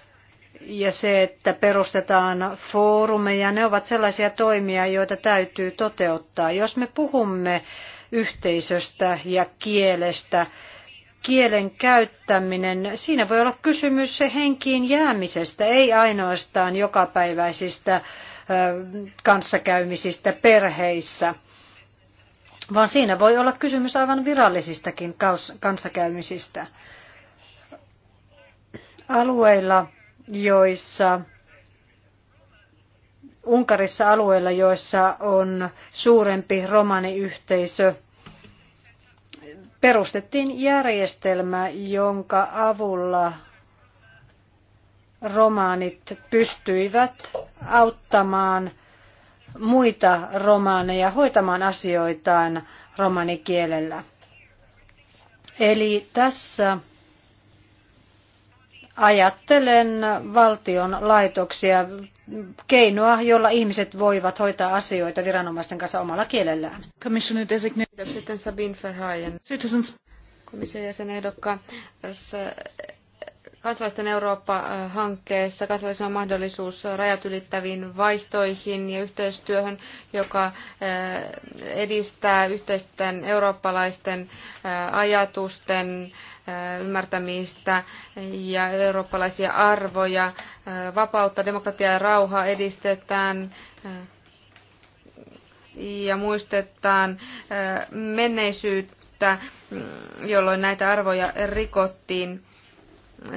ja se, että perustetaan foorumeja, ne ovat sellaisia toimia, joita täytyy toteuttaa. Jos me puhumme yhteisöstä ja kielestä, kielen käyttäminen, siinä voi olla kysymys se henkiin jäämisestä, ei ainoastaan jokapäiväisistä kanssakäymisistä perheissä, vaan siinä voi olla kysymys aivan virallisistakin kanssakäymisistä. Alueilla, joissa Unkarissa alueilla, joissa on suurempi romaniyhteisö, perustettiin järjestelmä, jonka avulla romaanit pystyivät auttamaan muita romaaneja hoitamaan asioitaan romanikielellä. Eli tässä Ajattelen valtion laitoksia, keinoa, jolla ihmiset voivat hoitaa asioita viranomaisten kanssa omalla kielellään. Commissioner designate sitten Sabine Verhaajan. Citizens. Komission jäsenehdokka. Tässä kansalaisten Eurooppa-hankkeessa kansalaisilla on mahdollisuus rajat ylittäviin vaihtoihin ja yhteistyöhön, joka eh, edistää yhteisten eurooppalaisten eh, ajatusten eh, ymmärtämistä ja eurooppalaisia arvoja. Vapautta, demokratiaa ja rauhaa edistetään ja muistetaan menneisyyttä, mm, jolloin näitä arvoja rikottiin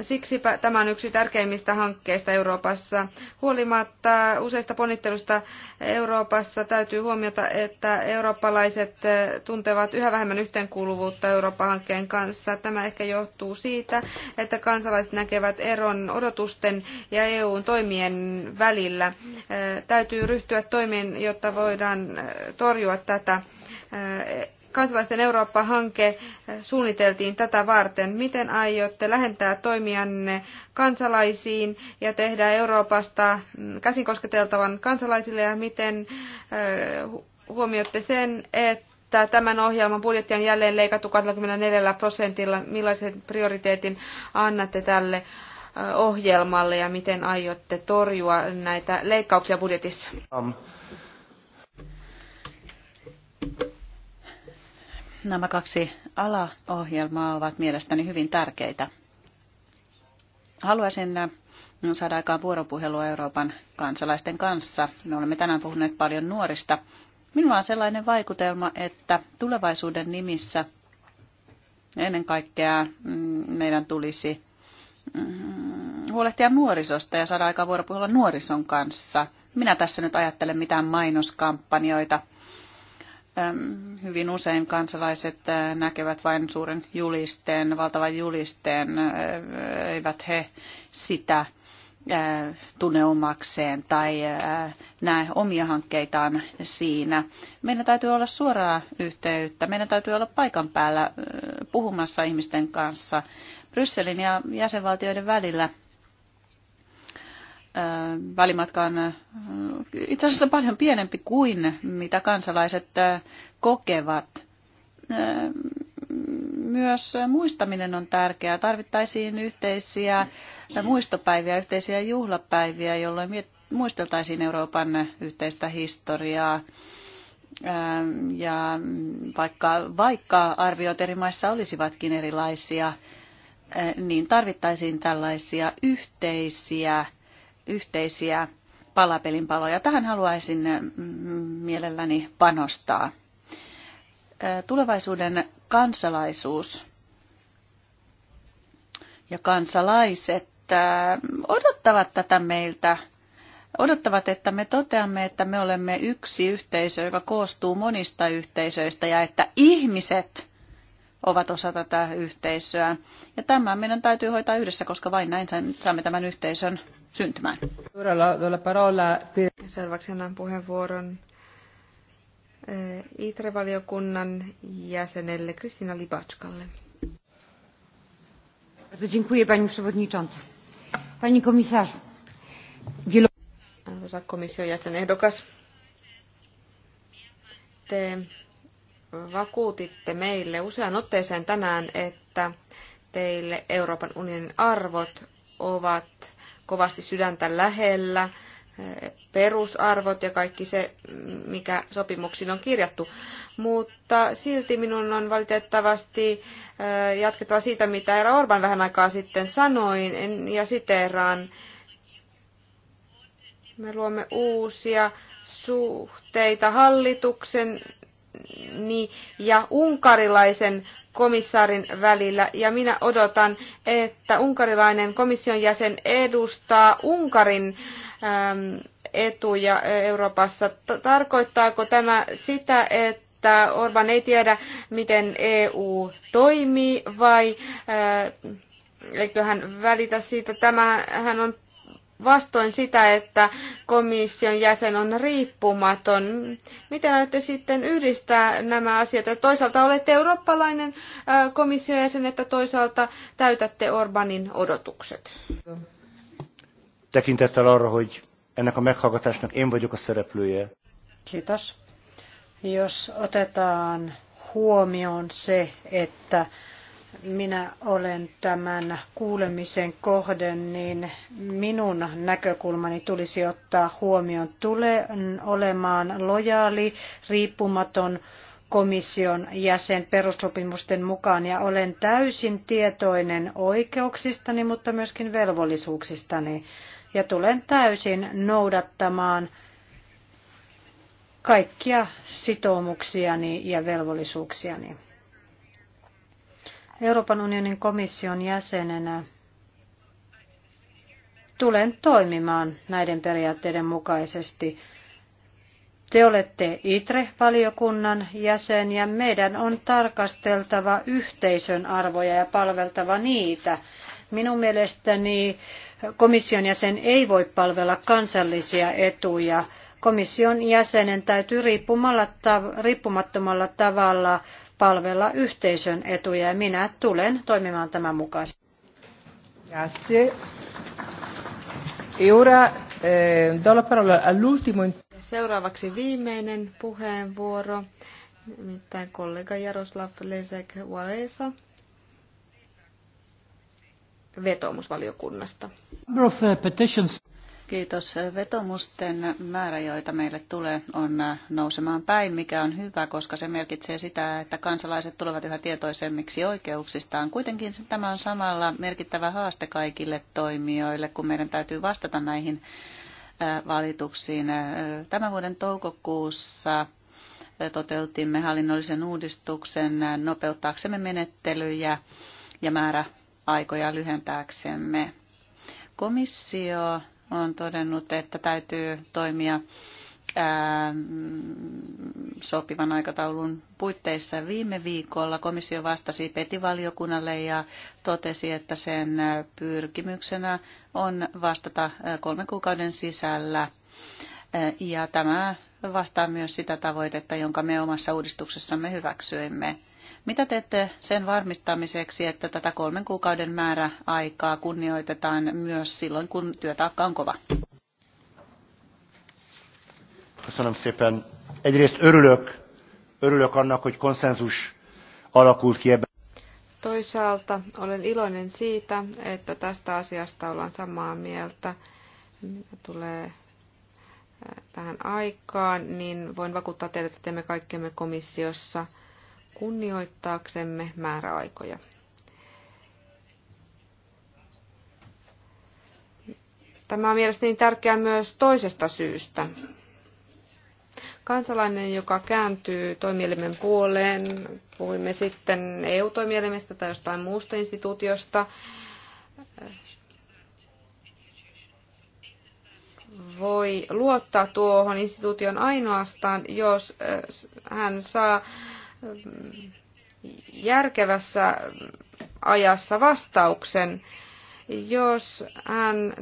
Siksipä tämä on yksi tärkeimmistä hankkeista Euroopassa. Huolimatta useista ponnittelusta Euroopassa täytyy huomiota, että eurooppalaiset eh, tuntevat yhä vähemmän yhteenkuuluvuutta Eurooppa-hankkeen kanssa. Tämä ehkä johtuu siitä, että kansalaiset näkevät eron odotusten ja EUn toimien välillä. Eh, täytyy ryhtyä toimiin, jotta voidaan eh, torjua tätä kansalaisten Eurooppa-hanke suunniteltiin tätä varten. Miten aiotte lähentää toimijanne kansalaisiin ja tehdä Euroopasta käsin kosketeltavan kansalaisille ja miten huomioitte sen, että tämän ohjelman budjetti on jälleen leikattu 24 prosentilla. Millaisen prioriteetin annatte tälle ohjelmalle ja miten aiotte torjua näitä leikkauksia budjetissa? Um, Nämä kaksi alaohjelmaa ovat mielestäni hyvin tärkeitä. Haluaisin saada aikaan vuoropuhelua Euroopan kansalaisten kanssa. Me olemme tänään puhuneet paljon nuorista. Minulla on sellainen vaikutelma, että tulevaisuuden nimissä ennen kaikkea mm, meidän tulisi mm, huolehtia nuorisosta ja saada aikaan vuoropuhelua nuorison kanssa. Minä tässä nyt ajattelen mitään mainoskampanjoita – Hyvin usein kansalaiset äh, näkevät vain suuren julisteen, valtavan julisteen, äh, eivät he sitä äh, tunne omakseen tai näe omia hankkeitaan siinä. Meidän täytyy olla suoraa yhteyttä, meidän täytyy olla paikan päällä puhumassa ihmisten kanssa Brysselin ja jäsenvaltioiden välillä välimatka on itse asiassa paljon pienempi kuin mitä kansalaiset kokevat. Myös muistaminen on tärkeää. Tarvittaisiin yhteisiä muistopäiviä, yhteisiä juhlapäiviä, jolloin muisteltaisiin Euroopan yhteistä historiaa. Ja vaikka, vaikka arviot eri maissa olisivatkin erilaisia, niin tarvittaisiin tällaisia yhteisiä yhteisiä palapelin paloja. Tähän haluaisin mm, mielelläni panostaa. Tulevaisuuden kansalaisuus ja kansalaiset odottavat tätä meiltä odottavat, että me toteamme, että me olemme yksi yhteisö, joka koostuu monista yhteisöistä ja että ihmiset ovat osa tätä yhteisöä. Ja tämä meidän täytyy hoitaa yhdessä, koska vain näin saamme tämän yhteisön syntymään. Seuraavaksi annan puheenvuoron eh, ITRE-valiokunnan jäsenelle Kristina Libatskalle. Bardzo dziękuję Pani Przewodnicząca. Pani Komisarzu. Arvoisa komission ehdokas, te vakuutitte meille usean otteeseen tänään, että teille Euroopan unionin arvot ovat kovasti sydäntä lähellä, perusarvot ja kaikki se, mikä sopimuksiin on kirjattu. Mutta silti minun on valitettavasti äh, jatkettava siitä, mitä Eero Orban vähän aikaa sitten sanoi, ja siteeraan. Me luomme uusia suhteita hallituksen ja unkarilaisen komissaarin välillä ja minä odotan, että unkarilainen komission jäsen edustaa Unkarin ähm, etuja Euroopassa. Tarkoittaako tämä sitä, että että Orban ei tiedä, miten EU toimii vai äh, hän välitä siitä. Tämä hän on vastoin sitä, että komission jäsen on riippumaton. Miten aiotte sitten yhdistää nämä asiat? Toisaalta olette eurooppalainen komission jäsen, että toisaalta täytätte Orbanin odotukset. Tekintettel arra, hogy ennek a meghallgatásnak én vagyok a szereplője. Kiitos. Jos otetaan huomioon se, että minä olen tämän kuulemisen kohde, niin minun näkökulmani tulisi ottaa huomioon. Tulen olemaan lojaali, riippumaton komission jäsen perussopimusten mukaan ja olen täysin tietoinen oikeuksistani, mutta myöskin velvollisuuksistani ja tulen täysin noudattamaan kaikkia sitoumuksiani ja velvollisuuksiani. Euroopan unionin komission jäsenenä tulen toimimaan näiden periaatteiden mukaisesti. Te olette ITRE-valiokunnan jäsen ja meidän on tarkasteltava yhteisön arvoja ja palveltava niitä. Minun mielestäni komission jäsen ei voi palvella kansallisia etuja. Komission jäsenen täytyy riippumattomalla tavalla palvella yhteisön etuja ja minä tulen toimimaan tämän mukaisesti. Grazie. E ora eh, do la parola all'ultimo. Seuraavaksi viimeinen puheenvuoro, nimittäin kollega Jaroslav Lesek Walesa vetomusvaliokunnasta. Kiitos. Vetomusten määrä, joita meille tulee, on nousemaan päin, mikä on hyvä, koska se merkitsee sitä, että kansalaiset tulevat yhä tietoisemmiksi oikeuksistaan. Kuitenkin tämä on samalla merkittävä haaste kaikille toimijoille, kun meidän täytyy vastata näihin valituksiin. Tämän vuoden toukokuussa toteutimme hallinnollisen uudistuksen nopeuttaaksemme menettelyjä ja määräaikoja lyhentääksemme. Komissio on todennut, että täytyy toimia ähm, sopivan aikataulun puitteissa. Viime viikolla komissio vastasi petivaliokunnalle ja totesi, että sen pyrkimyksenä on vastata äh, kolmen kuukauden sisällä. Äh, ja tämä vastaa myös sitä tavoitetta, jonka me omassa uudistuksessamme hyväksyimme. Mitä teette sen varmistamiseksi, että tätä kolmen kuukauden määrä aikaa kunnioitetaan myös silloin, kun työtaakka on kova? Köszönöm szépen. Egyrészt örülök, örülök annak, hogy konszenzus alakult ki ebben. Toisaalta olen iloinen siitä, että tästä asiasta ollaan samaa mieltä, mitä tulee tähän aikaan, niin voin vakuuttaa teille, että teemme kaikkemme komissiossa – kunnioittaaksemme määräaikoja. Tämä on mielestäni niin tärkeää myös toisesta syystä. Kansalainen, joka kääntyy toimielimen puoleen, puhuimme sitten EU-toimielimestä tai jostain muusta instituutiosta, voi luottaa tuohon instituution ainoastaan, jos äh, hän saa järkevässä ajassa vastauksen. Jos hän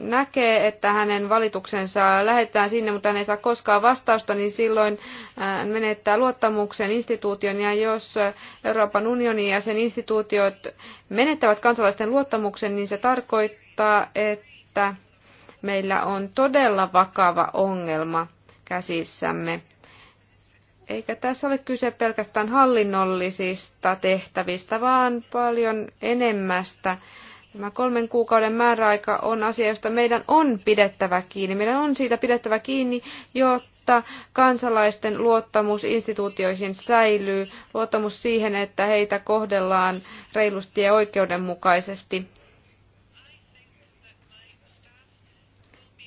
näkee, että hänen valituksensa lähetetään sinne, mutta hän ei saa koskaan vastausta, niin silloin hän menettää luottamuksen instituution. Ja jos Euroopan unioni ja sen instituutiot menettävät kansalaisten luottamuksen, niin se tarkoittaa, että meillä on todella vakava ongelma käsissämme. Eikä tässä ole kyse pelkästään hallinnollisista tehtävistä, vaan paljon enemmästä. Tämä kolmen kuukauden määräaika on asia, josta meidän on pidettävä kiinni. Meidän on siitä pidettävä kiinni, jotta kansalaisten luottamus instituutioihin säilyy, luottamus siihen, että heitä kohdellaan reilusti ja oikeudenmukaisesti.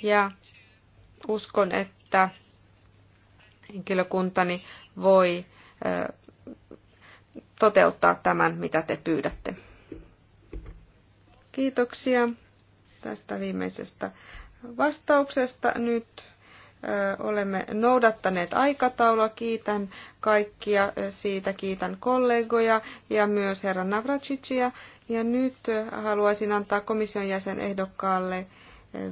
Ja uskon, että henkilökuntani voi toteuttaa tämän, mitä te pyydätte. Kiitoksia tästä viimeisestä vastauksesta. Nyt olemme noudattaneet aikataulua. Kiitän kaikkia siitä, kiitän kollegoja ja myös herra Navracicia. Ja nyt haluaisin antaa komission jäsenehdokkaalle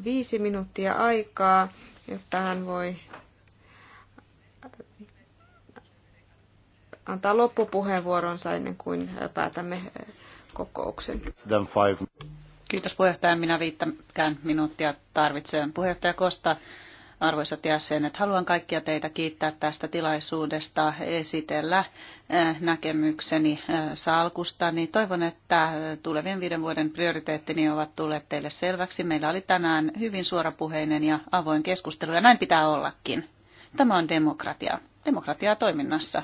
viisi minuuttia aikaa, jotta hän voi antaa loppupuheenvuoronsa ennen kuin päätämme kokouksen. Kiitos puheenjohtaja. Minä viittäkään minuuttia tarvitsen. Puheenjohtaja Kosta, arvoisat jäsenet, haluan kaikkia teitä kiittää tästä tilaisuudesta esitellä näkemykseni salkusta. Niin toivon, että tulevien viiden vuoden prioriteettini ovat tulleet teille selväksi. Meillä oli tänään hyvin suorapuheinen ja avoin keskustelu, ja näin pitää ollakin. Tämä on demokratia. Demokratiaa toiminnassa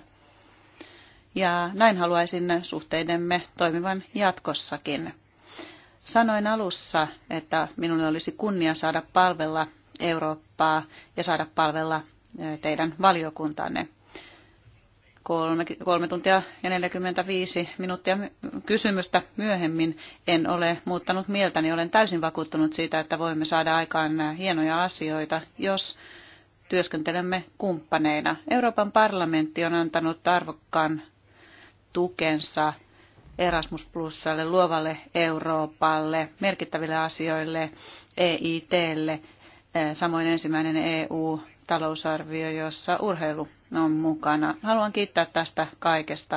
ja näin haluaisin suhteidemme toimivan jatkossakin. Sanoin alussa, että minulle olisi kunnia saada palvella Eurooppaa ja saada palvella teidän valiokuntanne. Kolme, kolme tuntia ja 45 minuuttia kysymystä myöhemmin en ole muuttanut mieltäni. Olen täysin vakuuttunut siitä, että voimme saada aikaan hienoja asioita, jos työskentelemme kumppaneina. Euroopan parlamentti on antanut arvokkaan tukensa Erasmus Plusalle, luovalle Euroopalle, merkittäville asioille, EITlle, eh, samoin ensimmäinen EU-talousarvio, jossa urheilu on mukana. Haluan kiittää tästä kaikesta.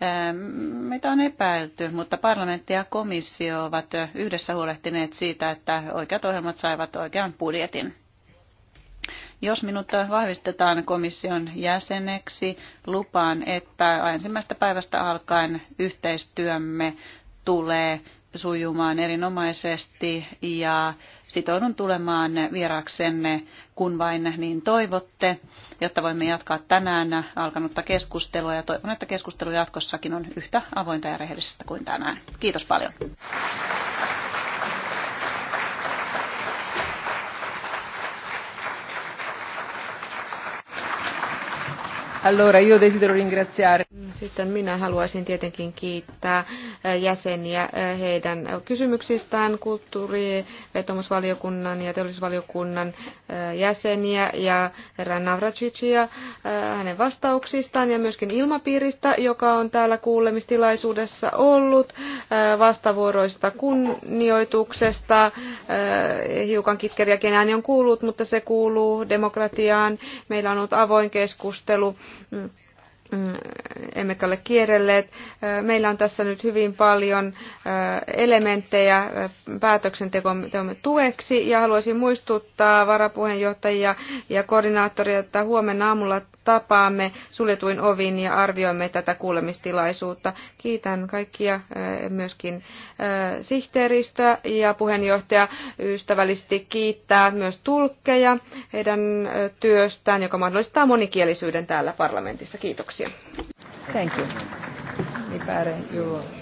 Eh, meitä on epäilty, mutta parlamentti ja komissio ovat yhdessä huolehtineet siitä, että oikeat ohjelmat saivat oikean budjetin. Jos minut vahvistetaan komission jäseneksi, lupaan, että ensimmäistä päivästä alkaen yhteistyömme tulee sujumaan erinomaisesti ja sitoudun tulemaan vieraksenne, kun vain niin toivotte, jotta voimme jatkaa tänään alkanutta keskustelua ja toivon, että keskustelu jatkossakin on yhtä avointa ja rehellisestä kuin tänään. Kiitos paljon. Sitten minä haluaisin tietenkin kiittää eh, jäseniä eh, heidän kysymyksistään, kulttuurivetomusvaliokunnan ja teollisuusvaliokunnan eh, jäseniä ja herra Navracicia hänen vastauksistaan ja myöskin ilmapiiristä, joka on täällä kuulemistilaisuudessa ollut, vastavuoroista kunnioituksesta, hiukan kitkeriäkin ääni on kuullut, mutta se kuuluu demokratiaan. Meillä on ollut avoin keskustelu Mm, mm, emmekä ole kierrelleet. Meillä on tässä nyt hyvin paljon elementtejä päätöksentekomme tueksi ja haluaisin muistuttaa varapuheenjohtajia ja koordinaattoria, että huomenna aamulla tapaamme suljetuin ovin ja arvioimme tätä kuulemistilaisuutta. Kiitän kaikkia myöskin sihteeristöä ja puheenjohtaja ystävällisesti kiittää myös tulkkeja heidän työstään, joka mahdollistaa monikielisyyden täällä parlamentissa. Kiitoksia. Thank you. Niin